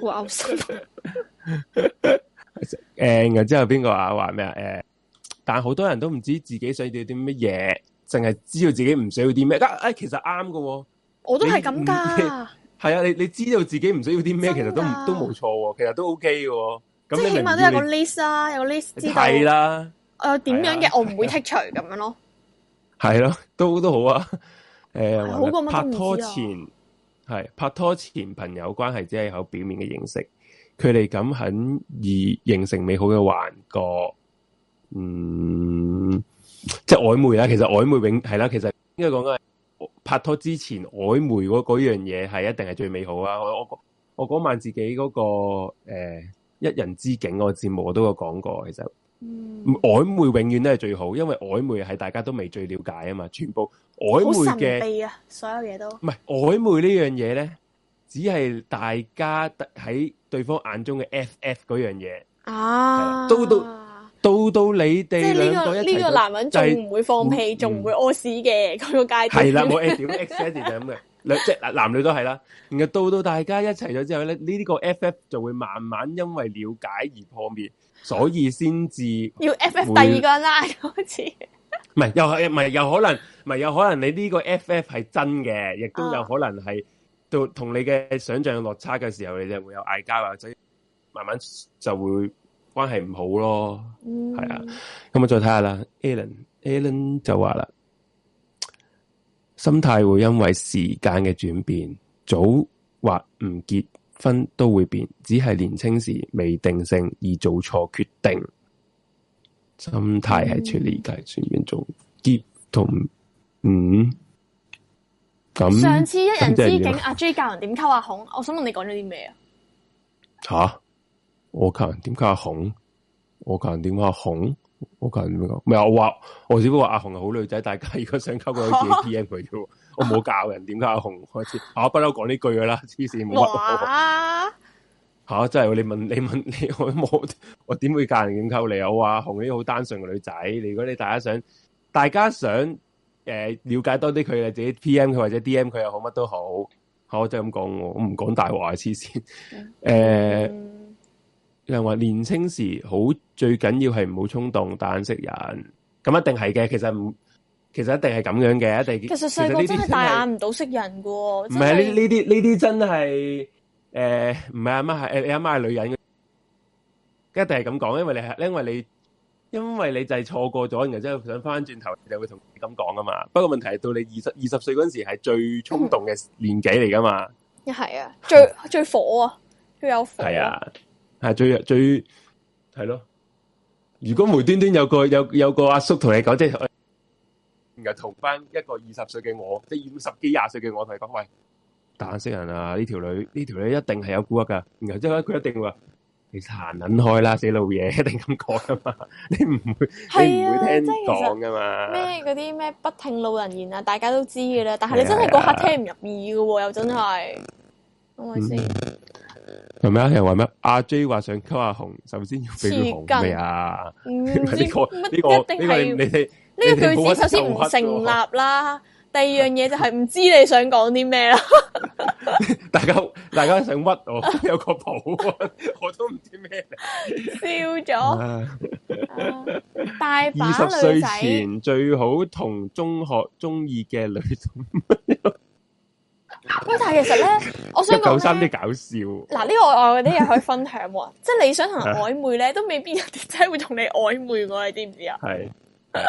哇 <laughs> 塞、 <laughs> 嗯！誒，然之後邊個話話咩啊？誒、嗯，但係好多人都唔知自己想要啲乜嘢，淨係知道自己唔想要啲咩。得、啊、誒，其實啱㗎，我都係咁噶。係啊，你你知道自己唔想要啲咩，其實都都冇錯，其實都 OK 嘅。即係起碼都有個 list 啊，有個 list 知道係啦。誒、啊，點、呃、樣嘅、啊啊、我唔會剔除咁樣咯。係咯、啊，都都好啊。誒、嗯，好過、啊、拍拖前。啊係拍拖前，朋友關係只係有表面嘅認識，佢哋咁肯而形成美好嘅幻覺，嗯，即係曖昧啦、啊。其實曖昧永係啦，其實應該講緊拍拖之前曖昧嗰嗰樣嘢，係一定係最美好啊！我我我嗰晚自己嗰、嗰個，誒、欸、一人之境個節目我都有講過，其實。嗯，曖昧永遠都係最好，因為曖昧係大家都未最了解啊嘛，全部曖昧嘅，所有嘢都唔係曖昧呢樣嘢咧，只係大家喺對方眼中嘅 FF 嗰樣嘢啊，到到到到你哋即係呢個呢個男人仲唔會放屁，仲唔會屙屎嘅嗰個階段係啦，冇 X 點 X 階段咁嘅，即係男女都係啦。然後到到大家一齊咗之後咧，呢呢個 FF 就會慢慢因為了解而破滅。所以先至要 FF 第二個啦，開始唔係又唔可能唔係有可能你呢個 FF 係真嘅，亦都有可能係、啊、到同你嘅想象落差嘅時候，你就會有嗌交或者慢慢就會關係唔好咯。係、嗯、啊，咁我再睇下啦。Alan Alan 就話啦，心態會因為時間嘅轉變，早或唔結。分都會變，只係年青時未定性而做錯決定，心態係處理、嗯、但嘅，算變咗結同嗯咁。上次一人之境、啊，阿 J 教人點溝阿紅，我想問你講咗啲咩啊？吓，我教人點溝阿紅，我教人點溝阿紅，我教人點講？唔係我話，我只不過話阿紅係好女仔，大家如果想溝佢，自己 DM 佢啫。 <laughs> 我冇教人點解阿紅開始吓，不嬲講呢句噶啦，黐線冇。話吓、啊、真係，你問你問你，我冇我點會教人點溝你我話紅呢好單純嘅女仔，如果你大家想大家想誒、呃、了解多啲佢，自己 P M 佢或者 D M 佢又好乜都好，吓我就咁講，我唔講大話，黐線誒。有話、嗯啊、年青時好最緊要係唔好衝動，但識人咁一定係嘅。其實唔。其實一定係咁樣嘅，一定。其實細個真係大眼唔到識人嘅。唔係呢？呢啲呢啲真係誒，唔係阿媽係誒，阿媽係女人。一定係咁講，因為你係因為你因為你就係錯過咗，然之後想翻轉頭，你就會同你咁講噶嘛。不過問題係到你二十二十歲嗰時，係最衝動嘅年紀嚟噶嘛。係啊，最最火啊，最有火。係啊，係最最係咯。如果無端端有個有有個阿叔同你講，即係。然後同翻一個二十歲嘅我，即係二十幾廿歲嘅我，同佢講：喂，大眼色人啊！呢條女，呢條女一定係有蠱惑噶。然後之後佢一定話：你殘捻開啦，死老嘢！一定咁講噶嘛，你唔會，你唔會聽講噶嘛。咩嗰啲咩不聽老人言啊？大家都知噶啦。但係你真係嗰刻聽唔入耳噶喎，又真係。係咪先？又咩？人話咩？阿 J 話想溝下紅，首先要變紅未啊？呢個呢個呢個你你。呢、這個句子首先唔成立啦，第二樣嘢就係唔知你想講啲咩啦。 <laughs> 大家大家想屈我有個譜，我都唔知咩。笑咗笑了，大把女仔。二十歲前最好同中學中意嘅女仔。喂，但係其實咧，我想講，三啲搞笑。嗱， <laughs> 呢、這個我啲嘢可以分享喎，即 <laughs> 係你想同人曖昧咧，都未必有啲仔會同你曖昧，我你知唔知啊？係。 <laughs>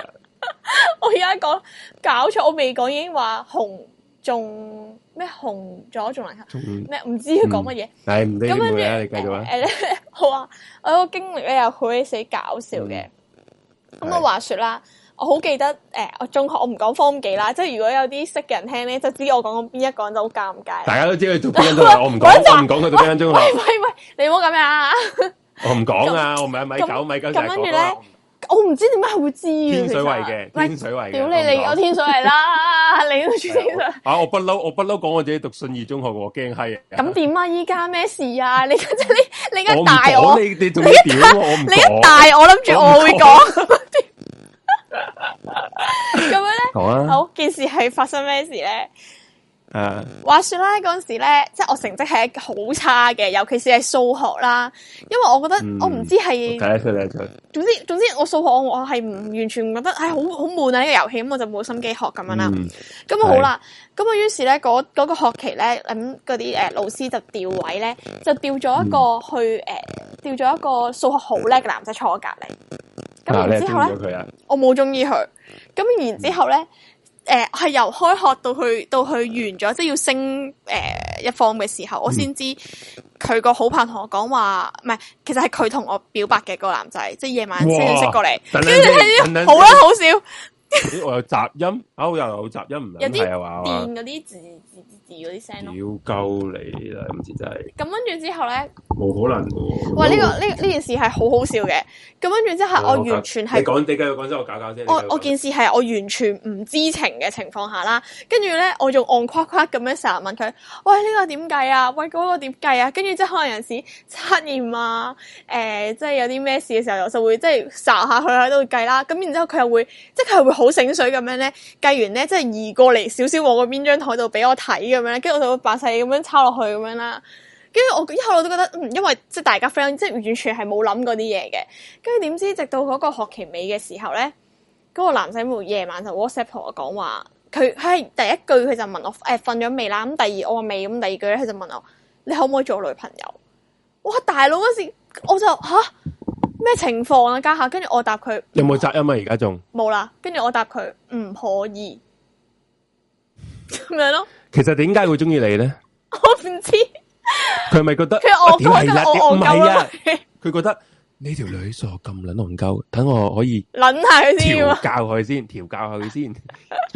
我而家講搞錯，我未講已經話紅，仲咩紅咗，仲難下咩唔知要講乜嘢？誒，咁跟住誒，好啊！我個經歷咧又好死搞笑嘅。咁啊，話說啦，我好記得誒，我中學我唔講科技啦，即係如果有啲識嘅人聽咧，就知我講到邊一個人就好尷尬。大家都知佢讀邊間中學，我唔講，我唔講佢讀邊間中學。喂喂喂，你唔好咁樣啊！我唔講啊，我咪米九米九跟住咧。我唔知點解會知天水圍嘅，天水圍。屌是你你，我天水圍啦， <laughs> 你都知啦。啊！我不嬲，我不嬲講我自己讀信義中學，我驚係。咁點啊？依家咩事啊？你家你你依家大我，你一屌我唔講。你一大我諗住我會講。咁 <laughs> 樣咧呢？講啦、啊。好，件事係發生咩事咧？誒、啊，話說啦，嗰陣時咧，即係我成績係好差嘅，尤其是係數學啦，因為我覺得、嗯、我唔知係，一得第一就總之總之，總之我數學我係唔完全唔覺得，唉、哎，好好悶啊呢、這個遊戲，咁我就冇心機學咁樣啦。咁、嗯、啊好啦，咁啊於是咧嗰個個學期咧，咁嗰啲誒老師就調位咧，就調咗一個去誒，調、嗯、咗一個數、呃、學好叻嘅男仔坐我隔籬。咁、啊、然後之後咧、啊，我冇中意佢。咁然之後咧。嗯誒、呃，係由開學到去到去完咗，即係要升誒、呃、一方嘅時候，我先知佢個好朋友同我講話，唔係，其實係佢同我表白嘅個男仔，即係夜晚先認識過嚟，跟住聽啲好啦，等等等等等等等等好笑、欸，我有雜音，啊、哦，我又有，有雜音，唔係有啲電話嗰啲。咯要鳩你啦，今次真係。咁跟住之後咧，冇可能喎。呢呢呢件事係好好笑嘅。咁跟住之後，我完全係你講，你繼續講先，我搞搞先。我件事係我完全唔知情嘅情況下啦。跟住咧，我仲戇夸框框咁樣成日問佢，喂、哎、呢、這個點計啊？喂、哎、嗰、這個點計啊？跟住即係可能有時測驗啊，即係、呃就是、有啲咩事嘅時候，我就會即係撒下佢喺度計啦。咁然之後佢又會，即係佢會好醒水咁樣咧，計完咧即係移過嚟少少我個邊張台度俾我睇咁樣，跟住我就把細咁樣抄落去咁樣啦。跟住我一後我以後都覺得，嗯，因為即係大家 friend，即係完全係冇諗過啲嘢嘅。跟住點知，直到嗰個學期尾嘅時候咧，嗰、嗰個男仔冇夜晚就 WhatsApp 同我講話，佢係第一句佢就問我誒瞓咗未啦。咁、哎、第二我話未，咁第二句咧佢就問我你可唔可以做女朋友？哇大佬嗰時我就吓咩、啊、情況啊家下？跟住我答佢有冇責任啊而家仲冇啦。跟住我答佢唔可以咁樣咯。 <laughs> <laughs> 其實點解會中意你咧？我唔知佢係咪覺得佢戇係啦？唔係啊，佢、啊啊啊啊啊、覺得呢條女傻咁卵憨鳩，等我可以卵下佢先，教佢先，調教下佢先。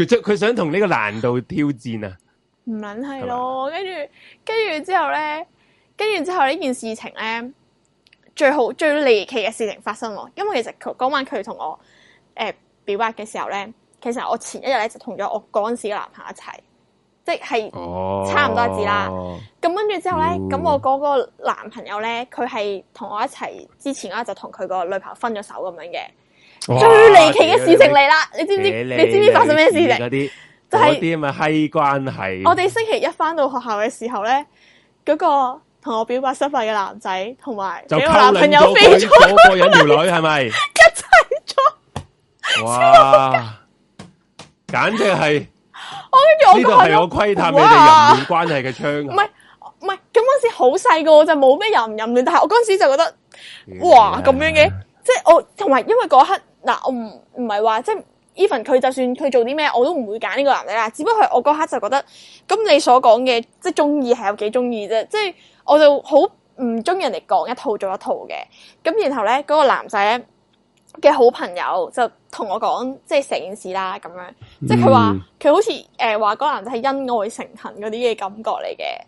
佢想佢想同呢個難度挑戰啊，唔卵係咯。跟住跟住之後咧，跟住之後呢，跟之後這件事情咧，最好最離奇嘅事情發生，因為其實佢講佢同我誒表白嘅時候咧，其實我前一日咧就同咗我嗰陣時嘅男朋友一齊。即係差唔多字啦，咁跟住之後呢，咁、嗯、我嗰個男朋友呢，佢係同我一齊之前啊就同佢個女朋友分咗手咁樣嘅，最離奇嘅事情嚟啦！你知唔知？你知唔知發生咩事情？啲就係啲咁嘅閪關係。我哋星期一翻到學校嘅時候呢，嗰、嗰個同我表白失敗嘅男仔同埋佢個男朋友飛，做錯咗嗰個女係咪？一齊咗！ <laughs> 簡直係～我跟住我呢個係我窺探你哋關係嘅窗，哇，唔係唔係，咁嗰時好細個就冇咩人唔人戀，但係我嗰時就覺得哇咁樣嘅，即係我同埋因為嗰刻嗱我唔唔係話即係 even 佢就算佢做啲咩我都唔會揀呢個男仔啦，只不過係我嗰刻就覺得咁你所講嘅即係中意係有幾中意啫，即係我就好唔中意人哋講一套做一套嘅，咁然後咧嗰個男仔嘅好朋友就。同我講，即係成件事啦，咁樣即係佢話佢好似誒話嗰個男仔係恩愛成恨嗰啲嘅感覺嚟嘅，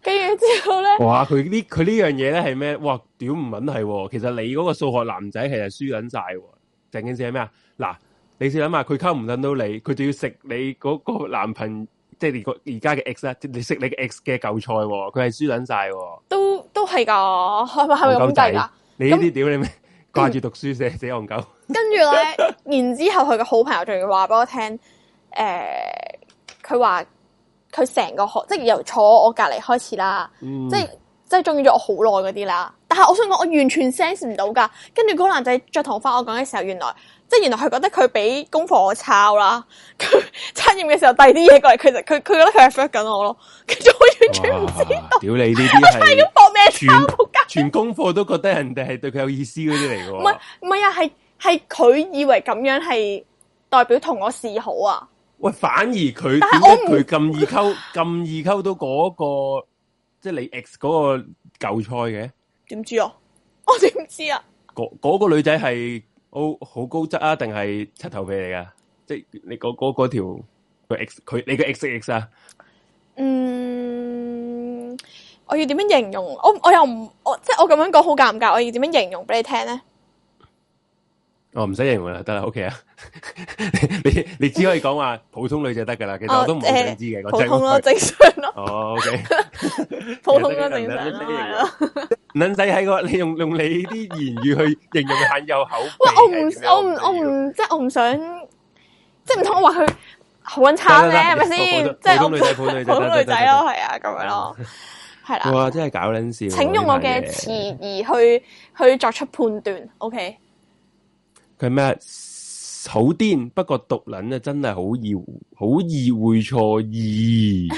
跟住之後咧，哇佢呢佢呢樣嘢咧，係咩？哇屌唔撚係，其實你嗰個數學男仔係係輸緊晒，成件事係咩啊？嗱，你試諗下佢溝唔撚到你，佢仲要食你嗰個男朋友，即係而個而家嘅 X，x 啦，即係你食你嘅 x 嘅舊菜，佢係輸緊晒，都都係噶，係咪係咪咁計噶？你呢啲屌你咩掛住讀書寫寫戇狗？ <laughs> 跟住咧，然之後佢個好朋友仲要話俾我聽，誒、呃，佢話佢成個學，即係由坐我隔籬開始啦、嗯，即係即係中意咗我好耐嗰啲啦。但係我想講，我完全 sense 唔到噶。跟住嗰個男仔再同翻我講嘅時候，原來即係原來佢覺得佢俾功課我抄啦，佢測驗嘅時候遞啲嘢過嚟，其實佢佢覺得佢係 fuck 緊我咯，其實我完全唔知屌你啲，我係咁搏命抄全功課都覺得人哋係對佢有意思嗰啲嚟嘅。唔係唔係啊，係。係佢以為咁樣係代表同我示好啊！喂，反而佢點解佢咁易溝咁 <laughs> 易溝到嗰、那個即係、就是、你 x 嗰個舊菜嘅？點知，知、那個、啊？我點知啊？嗰個女仔係好好高質啊，定係七頭皮嚟噶？即、就、係、是、你嗰嗰嗰條佢 x 佢你個 x x 啊？嗯，我要點樣形容？我我又唔我即係我咁樣講好尷尬。我要點樣形容俾你聽咧？我唔使形容啦，得啦，O K 啊，okay, <laughs> 你你只可以講話普通女仔得噶啦，其實、哦都欸、我都唔想知嘅，普通咯，正常咯、哦哦，哦，O K，普通咯，正常咯、哦，仔喺個，你用、啊、用，用你啲言語去形容下右口，喂，我唔，我唔，我唔，即係我唔想，即係唔通我話佢好穩差咧，係咪先？即係普通女仔，普通女仔咯，係啊，咁樣咯，係啦，哇，真係搞撚事，請用我嘅詞語去去作出判斷，O K。佢咩好癲？不過讀撚啊，真係好易好易會錯意。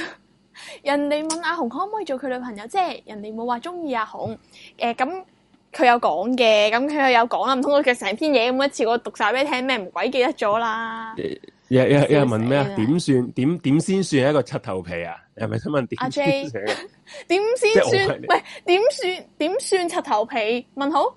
人哋問阿紅可唔可以做佢女朋友即啫？人哋冇話中意阿紅。誒、欸，咁佢有講嘅，咁佢又有講啦。唔通佢嘅成篇嘢咁一次我讀晒俾你聽咩？唔鬼記得咗啦。有人有人問咩啊？點算？點點先算一個七頭皮啊？係咪想問？阿 J，點先算？唔係點算？點算，算七頭皮？問好。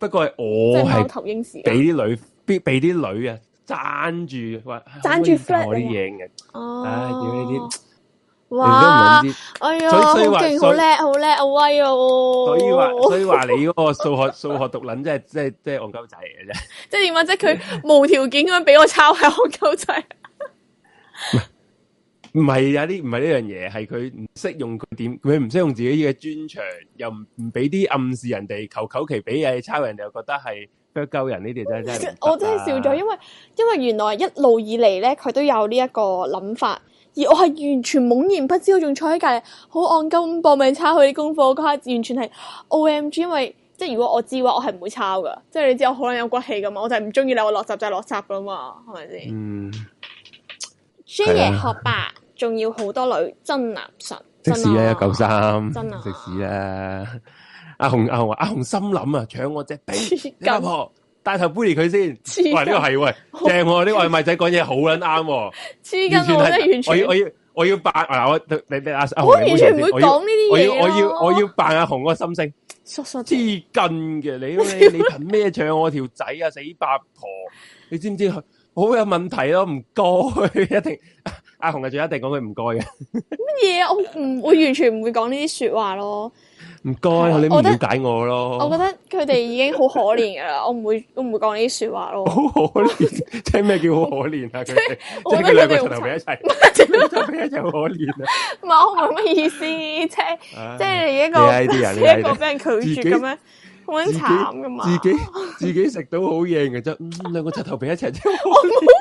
不過係我係俾啲女，俾俾啲女啊，爭住話爭住 flat 啲嘢嘅。哦，點呢啲？哇！所以話好叻，好叻，好威哦！所以話，所以話，你嗰個數學數學獨撚，即係即係即係戇鳩仔嚟嘅啫。即係點即係佢無條件咁樣俾我抄係戇鳩仔。 <laughs> 唔係有啲唔係呢樣嘢，係佢唔識用佢點，佢唔識用自己嘅專長，又唔唔俾啲暗示人哋，求求其俾嘢抄，人哋又覺得係不救人呢啲真係真係，我真係笑咗，因為因為原來一路以嚟咧佢都有呢一個諗法，而我係完全懵然不知，道，仲坐喺隔籬好按金搏命抄佢啲功課，嗰下完全係 O M G，因為即係如果我知話，我係唔會抄噶，即係你知我可能有骨氣噶嘛，我就係唔中意你話落閘就是、落閘噶嘛，係咪先？嗯學霸。仲要好多女真男神，即使啊一九三，真男食、啊、屎啊阿紅阿紅阿紅心諗啊，搶我隻髀，阿，阿，、啊、阿婆大頭 Billy 佢先，喂呢、這個係喂、欸、正喎、啊，呢、這個、外賣仔講嘢好撚啱，黐筋、啊、我完全我，我要我要我要扮嗱我你你阿阿，我完全唔會講呢啲嘢，我要我要我要扮阿紅個心聲，縮縮黐筋嘅你你憑咩搶我條仔啊死八婆，你知唔知佢好有問題咯，唔該一定。啊阿紅嘅仲一定講佢唔該嘅，乜嘢？我唔會完全唔會講呢啲說話咯。唔該，你唔了解我咯。我覺得佢哋已經好可憐噶啦，我唔會，我唔會講呢啲說話咯。好 <laughs> 可憐，即係咩叫好可憐啊？即哋。即兩個柒頭皮一齊，頭皮一齊好可憐啊？唔係，我冇乜意思，即係即係一個、uh, 你啊、一個俾人拒絕咁樣，好慘噶嘛？自己自己食到、啊、好型嘅啫，兩個頭皮一齊 <laughs>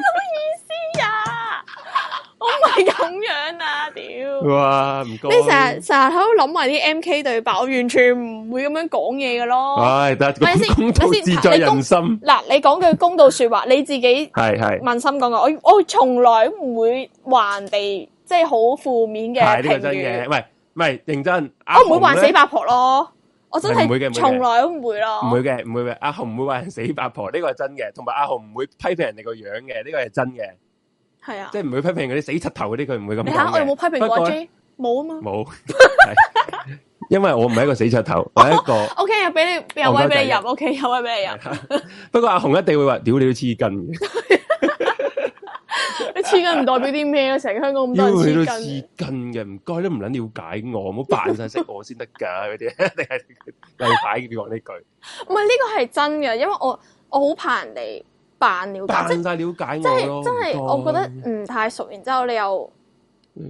我唔係咁樣啊！屌！哇，唔該。你成日成日喺度諗埋啲 M K 對白，我完全唔會咁樣講嘢噶咯。係得，唔該。公道自在人心。嗱，你講句公道說話，你自己問心講講。我我從來都唔會話人哋，即係好負面嘅評論。係呢個真嘅，唔係唔係認真。我唔會話死八婆咯，我真係從來都唔會咯。唔會嘅，唔會嘅。阿紅唔會話人死八婆呢個係真嘅，同埋阿紅唔會批評人哋個樣嘅呢個係真嘅。係啊，即係唔會批評嗰啲死柒頭嗰啲，佢唔會咁。你睇吓我有冇批評過冇啊，不過啊嘛。冇，因為我唔係一個死柒頭，我係一個。O K，又俾你，有位俾你入，O K，有位俾你入。不過阿紅一定會話，屌你都黐筋嘅，你黐筋唔代表啲咩？成香港咁多人黐筋嘅，唔該，你唔捻了解我，唔好扮晒識我先得噶。嗰啲定係例牌講呢句？唔係呢個係真嘅，因為我我好怕人哋。扮了解，了解我即係真係，我覺得唔太熟。然之後你又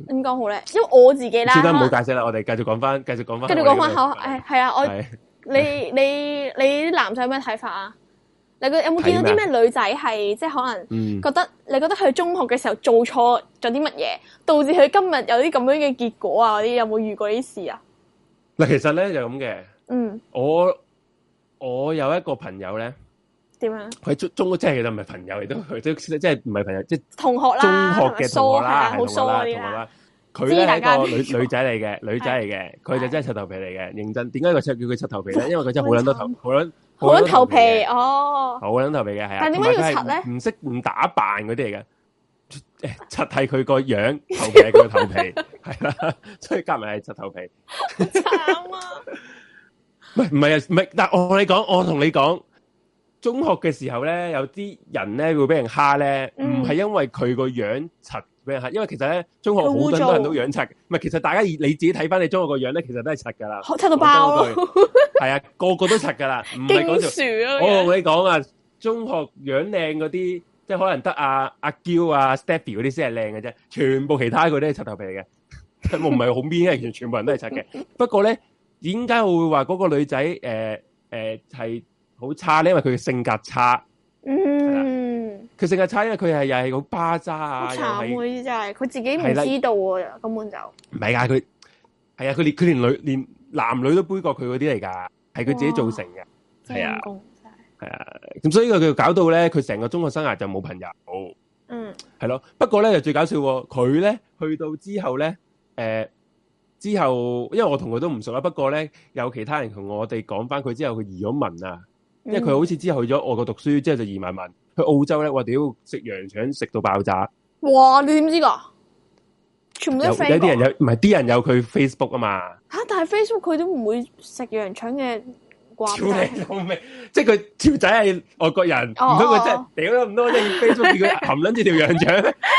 點講、嗯、好咧？因為我自己咧，先得冇解釋啦。我哋繼續講翻，繼續講翻、這個，繼續講翻。口、哎、誒，係、哎、啊，我 <laughs> 你你你啲男仔有咩睇法啊？你得有冇見到啲咩女仔係即係可能覺得、嗯、你覺得佢中學嘅時候做錯咗啲乜嘢，導致佢今日有啲咁樣嘅結果啊？啲有冇遇過呢啲事啊？嗱，其實咧就咁、是、嘅。嗯，我我有一個朋友咧。點啊？佢中中即係其實唔係朋友嚟，都都即係唔係朋友，即係同學啦，中學嘅同學啦，好疏嗰啲啦。佢咧係個女女仔嚟嘅，女仔嚟嘅，佢就真係柒頭皮嚟嘅，認真。點解佢柒叫佢柒頭皮咧？因為佢真係好撚多頭，好撚好撚頭皮哦，好撚頭皮嘅係啊。但係點解要柒咧？唔識唔打扮嗰啲嚟嘅，誒，柒係佢個樣，頭皮佢頭皮係啦，所以加埋係柒頭皮。慘啊！唔係唔係啊，唔係。但係我你講，我同你講。中學嘅時候咧，有啲人咧會俾人蝦咧，唔係因為佢個樣柒俾人蝦。嗯，因為其實咧中學好多，多人都樣柒嘅，唔係，其實大家你自己睇翻，你中學個樣咧，其實都係柒噶啦，好柒到爆，係 <laughs> 啊，個個都柒噶啦，驚樹啊！我同你講啊，中學樣靚嗰啲，即係可能得阿阿嬌啊、Stephy 嗰啲先係靚嘅啫，全部其他嗰啲係柒頭皮嘅，我唔係好面嘅，其實全部人都係柒嘅。不過咧，點解會話嗰個女仔誒誒係？呃呃好差咧，因為佢嘅性格差。嗯，佢、啊、性格差，因為佢係又係好巴渣啊！好慘啊，真係，佢自己唔知道啊，啊，根本就唔係啊！佢係啊！佢連佢連女連男女都背過佢嗰啲嚟噶，係佢自己造成嘅。成係啊！咁、啊啊、所以佢佢搞到咧，佢成個中學生涯就冇朋友。嗯，係咯、啊。不過咧就最搞笑，佢咧去到之後咧，誒、呃、之後因為我同佢都唔熟啦，不過咧有其他人同我哋講翻佢之後，佢移咗民啊。因為佢好似之後去咗外國讀書，之後就移民問去澳洲咧，我屌食羊腸食到爆炸！哇！你點知噶？有有啲人有，唔係啲人有佢 Facebook 啊嘛？吓、啊！但係 Facebook 佢都唔會食羊腸嘅。屌你老味！即係佢條仔係外國人，唔通佢真係屌咁多，即、哦、係、哦、Facebook 叫佢含捻住條羊腸。 <laughs> <laughs>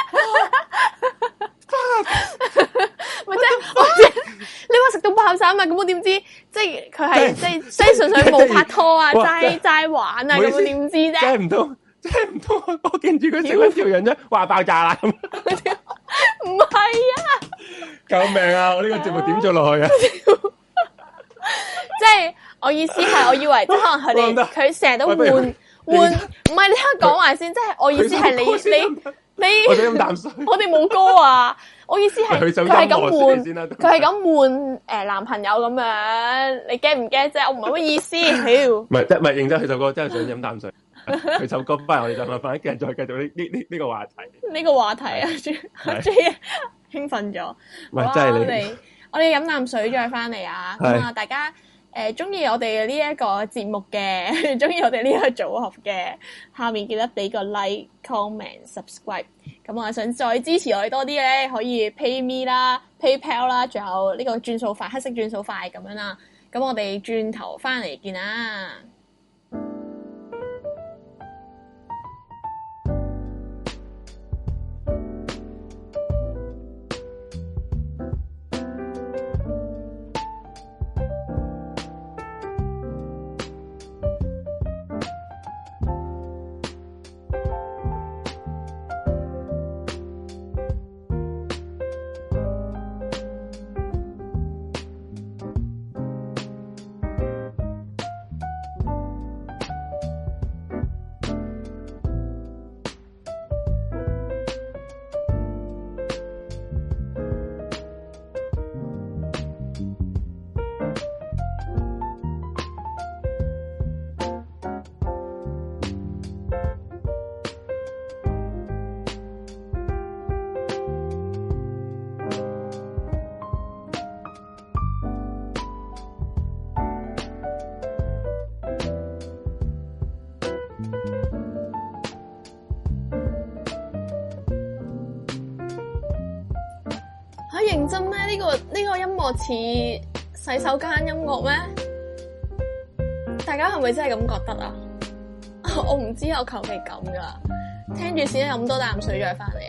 你話食到爆炸嘛？咁我點知？即係佢係即係純粹冇拍拖啊，齋齋、呃、玩啊，咁我點知啫？聽唔到，聽唔到，我見住佢食咗條人啫，話、呃、爆炸啦咁。唔係、哎、 <laughs> 啊！救命啊！我呢個節目點做落去啊？ <laughs> <laughs> 即係我意思係，我以為可能佢哋佢成日都換換，唔係你，你聽我講完先。即係我意思係你你。我想飲啖水，我哋冇歌啊！我意思係佢係咁換，佢係咁換誒男朋友咁樣，你驚唔驚啫？我唔係乜意思，屌！唔係，唔係認真，佢首歌真係想飲啖水，佢首歌翻嚟我哋就反一幾人再繼續呢呢呢呢個話題，呢個話題啊！我我興奮咗，唔係真係你，我哋飲啖水再翻嚟啊！咁啊，大家。誒，中意我哋呢一個節目嘅，中意我哋呢一個組合嘅，下面記得俾個 like comment、comment、subscribe。咁我想再支持我哋多啲咧，可以 pay me 啦、PayPal 啦，仲有呢個轉數快，黑色轉數快咁樣啦。咁我哋轉頭翻嚟見啊！似洗手間音樂咩？大家係咪真係咁覺得啊？我唔知，我求其咁噶，聽住先飲多啖水再返嚟。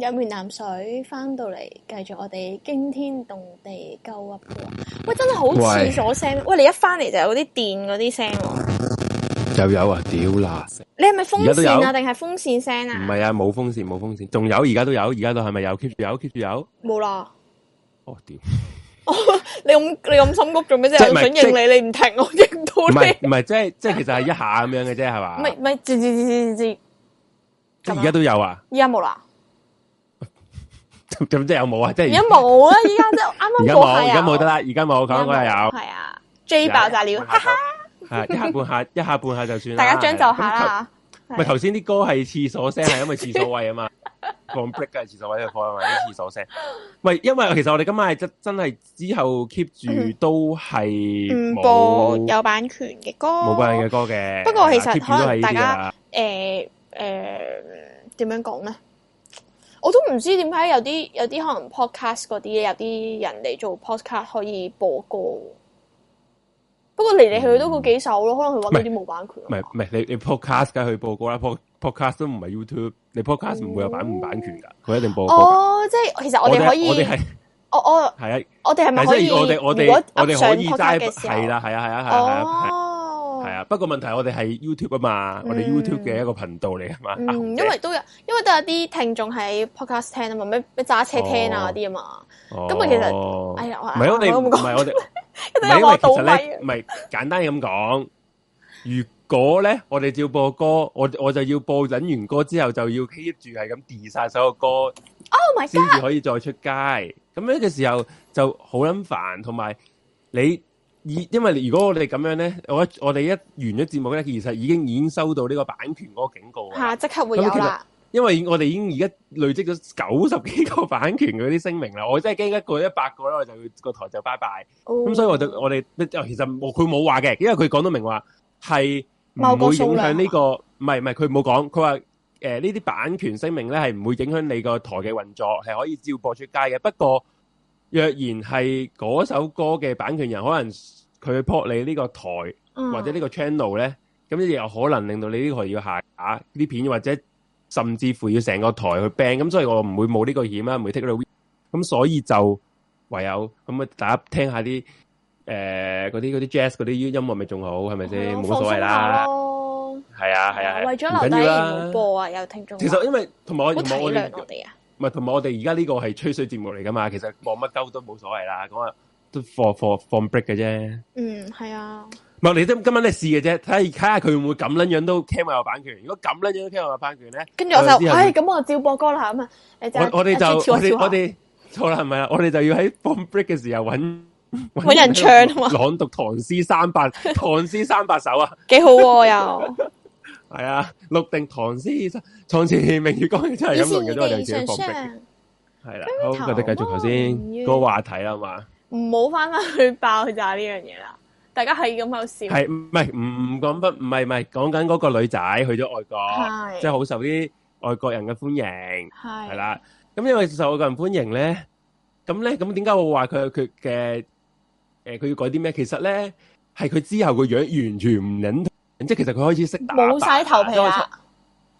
有飲啖水翻到嚟，繼續我哋驚天動地鳩噏嘅。喂，真係好廁所聲！喂，你一翻嚟就有啲電嗰啲聲喎。就有，有啊！屌啦！你係咪風扇啊？定係風扇聲啊？唔係啊！冇風扇，冇風扇。仲有而家都有，而家都係咪有 keep 住有 keep 住有？冇啦！哦，屌！ <laughs> <laughs> 你咁你咁心谷做咩啫？想影你、就是，你唔停、就是、我影到你。唔係、就是，即係即係，其實係一下咁樣嘅啫，係嘛？咪 <laughs> 咪即而家都有啊！而家冇啦。咁即係有冇啊？即係而家冇啊！而家即係啱啱有。而家冇，而家冇得啦！而家冇，講講又有。係啊，J 爆炸料、啊，哈哈。係、啊、一下半下， <laughs> 一下半下就算啦。大家將就下啦吓。唔係頭先啲歌係廁所聲，係因為廁所位啊嘛，放 break 嘅廁所位度放啊嘛啲廁所聲。喂， <laughs> 因為其實我哋今晚係真真係之後 keep 住都係唔播有版權嘅歌，冇版權嘅歌嘅。不過其實可能大家誒誒點樣講咧？我都唔知點解有啲有啲可能 podcast 嗰啲有啲人嚟做 podcast 可以播歌，不過嚟嚟去去都嗰幾首咯，可能佢揾到啲冇版權。唔係唔係，你你 podcast 梗係去播歌啦，podcast 都唔係 YouTube，你 podcast 唔會有版唔、哦、版權㗎，佢一定播。哦，即係其實我哋可以，我哋我係啊，我哋係咪可以？其實我哋我哋我哋可以帶？係啦，係啊，係啊，係不過問題是我哋係 YouTube 啊嘛，嗯、我哋 YouTube 嘅一個頻道嚟係嘛、嗯啊，因為都有，因為都有啲聽眾喺 Podcast 聽啊嘛，咩咩揸車聽啊嗰啲啊嘛，咁、哦、啊其實，哎呀，唔、哦、係我哋唔係我哋，你 <laughs> 其實咧，唔 <laughs> 係簡單咁講，如果咧我哋照播歌，我我就要播緊完歌之後，就要 keep 住係咁 delete 晒首歌，哦、oh、my god 先至可以再出街，咁樣嘅時候就好撚煩，同埋你。因為如果我哋咁樣咧，我我哋一完咗節目咧，其實已經已經收到呢個版權嗰個警告即、啊、刻會有啦。因為我哋已經而家累積咗九十幾個版權嗰啲聲明啦，我真係驚一個一百個咧，我就、會個台就拜拜。咁、哦、所以我就我哋，其實佢冇話嘅，因為佢講得明話係冇影響呢、這個，唔係唔係，佢冇講，佢話誒呢啲版權聲明咧係唔會影響你個台嘅運作，係可以照播出街嘅，不過。若然係嗰首歌嘅版權人，可能佢 po 你呢個台或者呢個 channel 咧，咁亦又可能令到你呢台要下架呢片，或者甚至乎要成個台去 ban。咁所以我唔會冇呢個險啦，唔會 take 呢個 risk，咁所以就唯有咁啊，大家聽下啲誒嗰啲嗰啲 jazz 嗰啲音樂咪仲好，係咪先？冇乜、啊、所謂啦。係啊，係啊，唔緊要啦。播啊，有聽眾其實因為同埋我體諒我哋啊。唔係，同埋我哋而家呢個係吹水節目嚟噶嘛，其實望乜鳩都冇所謂啦，咁下都放放放 break 嘅啫。嗯，係啊。唔係你都今晚你試嘅啫，睇睇下佢會唔會咁撚樣都聽埋我版權。如果咁撚樣都聽我版權咧，跟住我就，唉，咁、哎、我照播歌啦咁啊。我哋就我哋錯啦，係咪啊？我哋就，就，就要喺放 break 嘅時候揾人唱朗讀唐詩三百， <laughs> 唐詩三百首啊，幾好喎、啊、又～ <laughs> 係啊，六定唐詩，床前明月光，疑是地上霜，係啦，好，我哋繼續頭先個話題啦，係嘛，唔好翻翻去爆去炸呢樣嘢啦，大家係咁喺度笑，係唔係唔講不唔係唔係講緊嗰個女仔去咗外國，即係好受啲外國人嘅歡迎，係係啦，咁因為受外國人歡迎咧，咁咧咁點解我話佢佢嘅，誒佢要改啲咩？其實咧係佢之後個樣完全唔認同。即係其實佢開始識打，冇晒頭皮啊！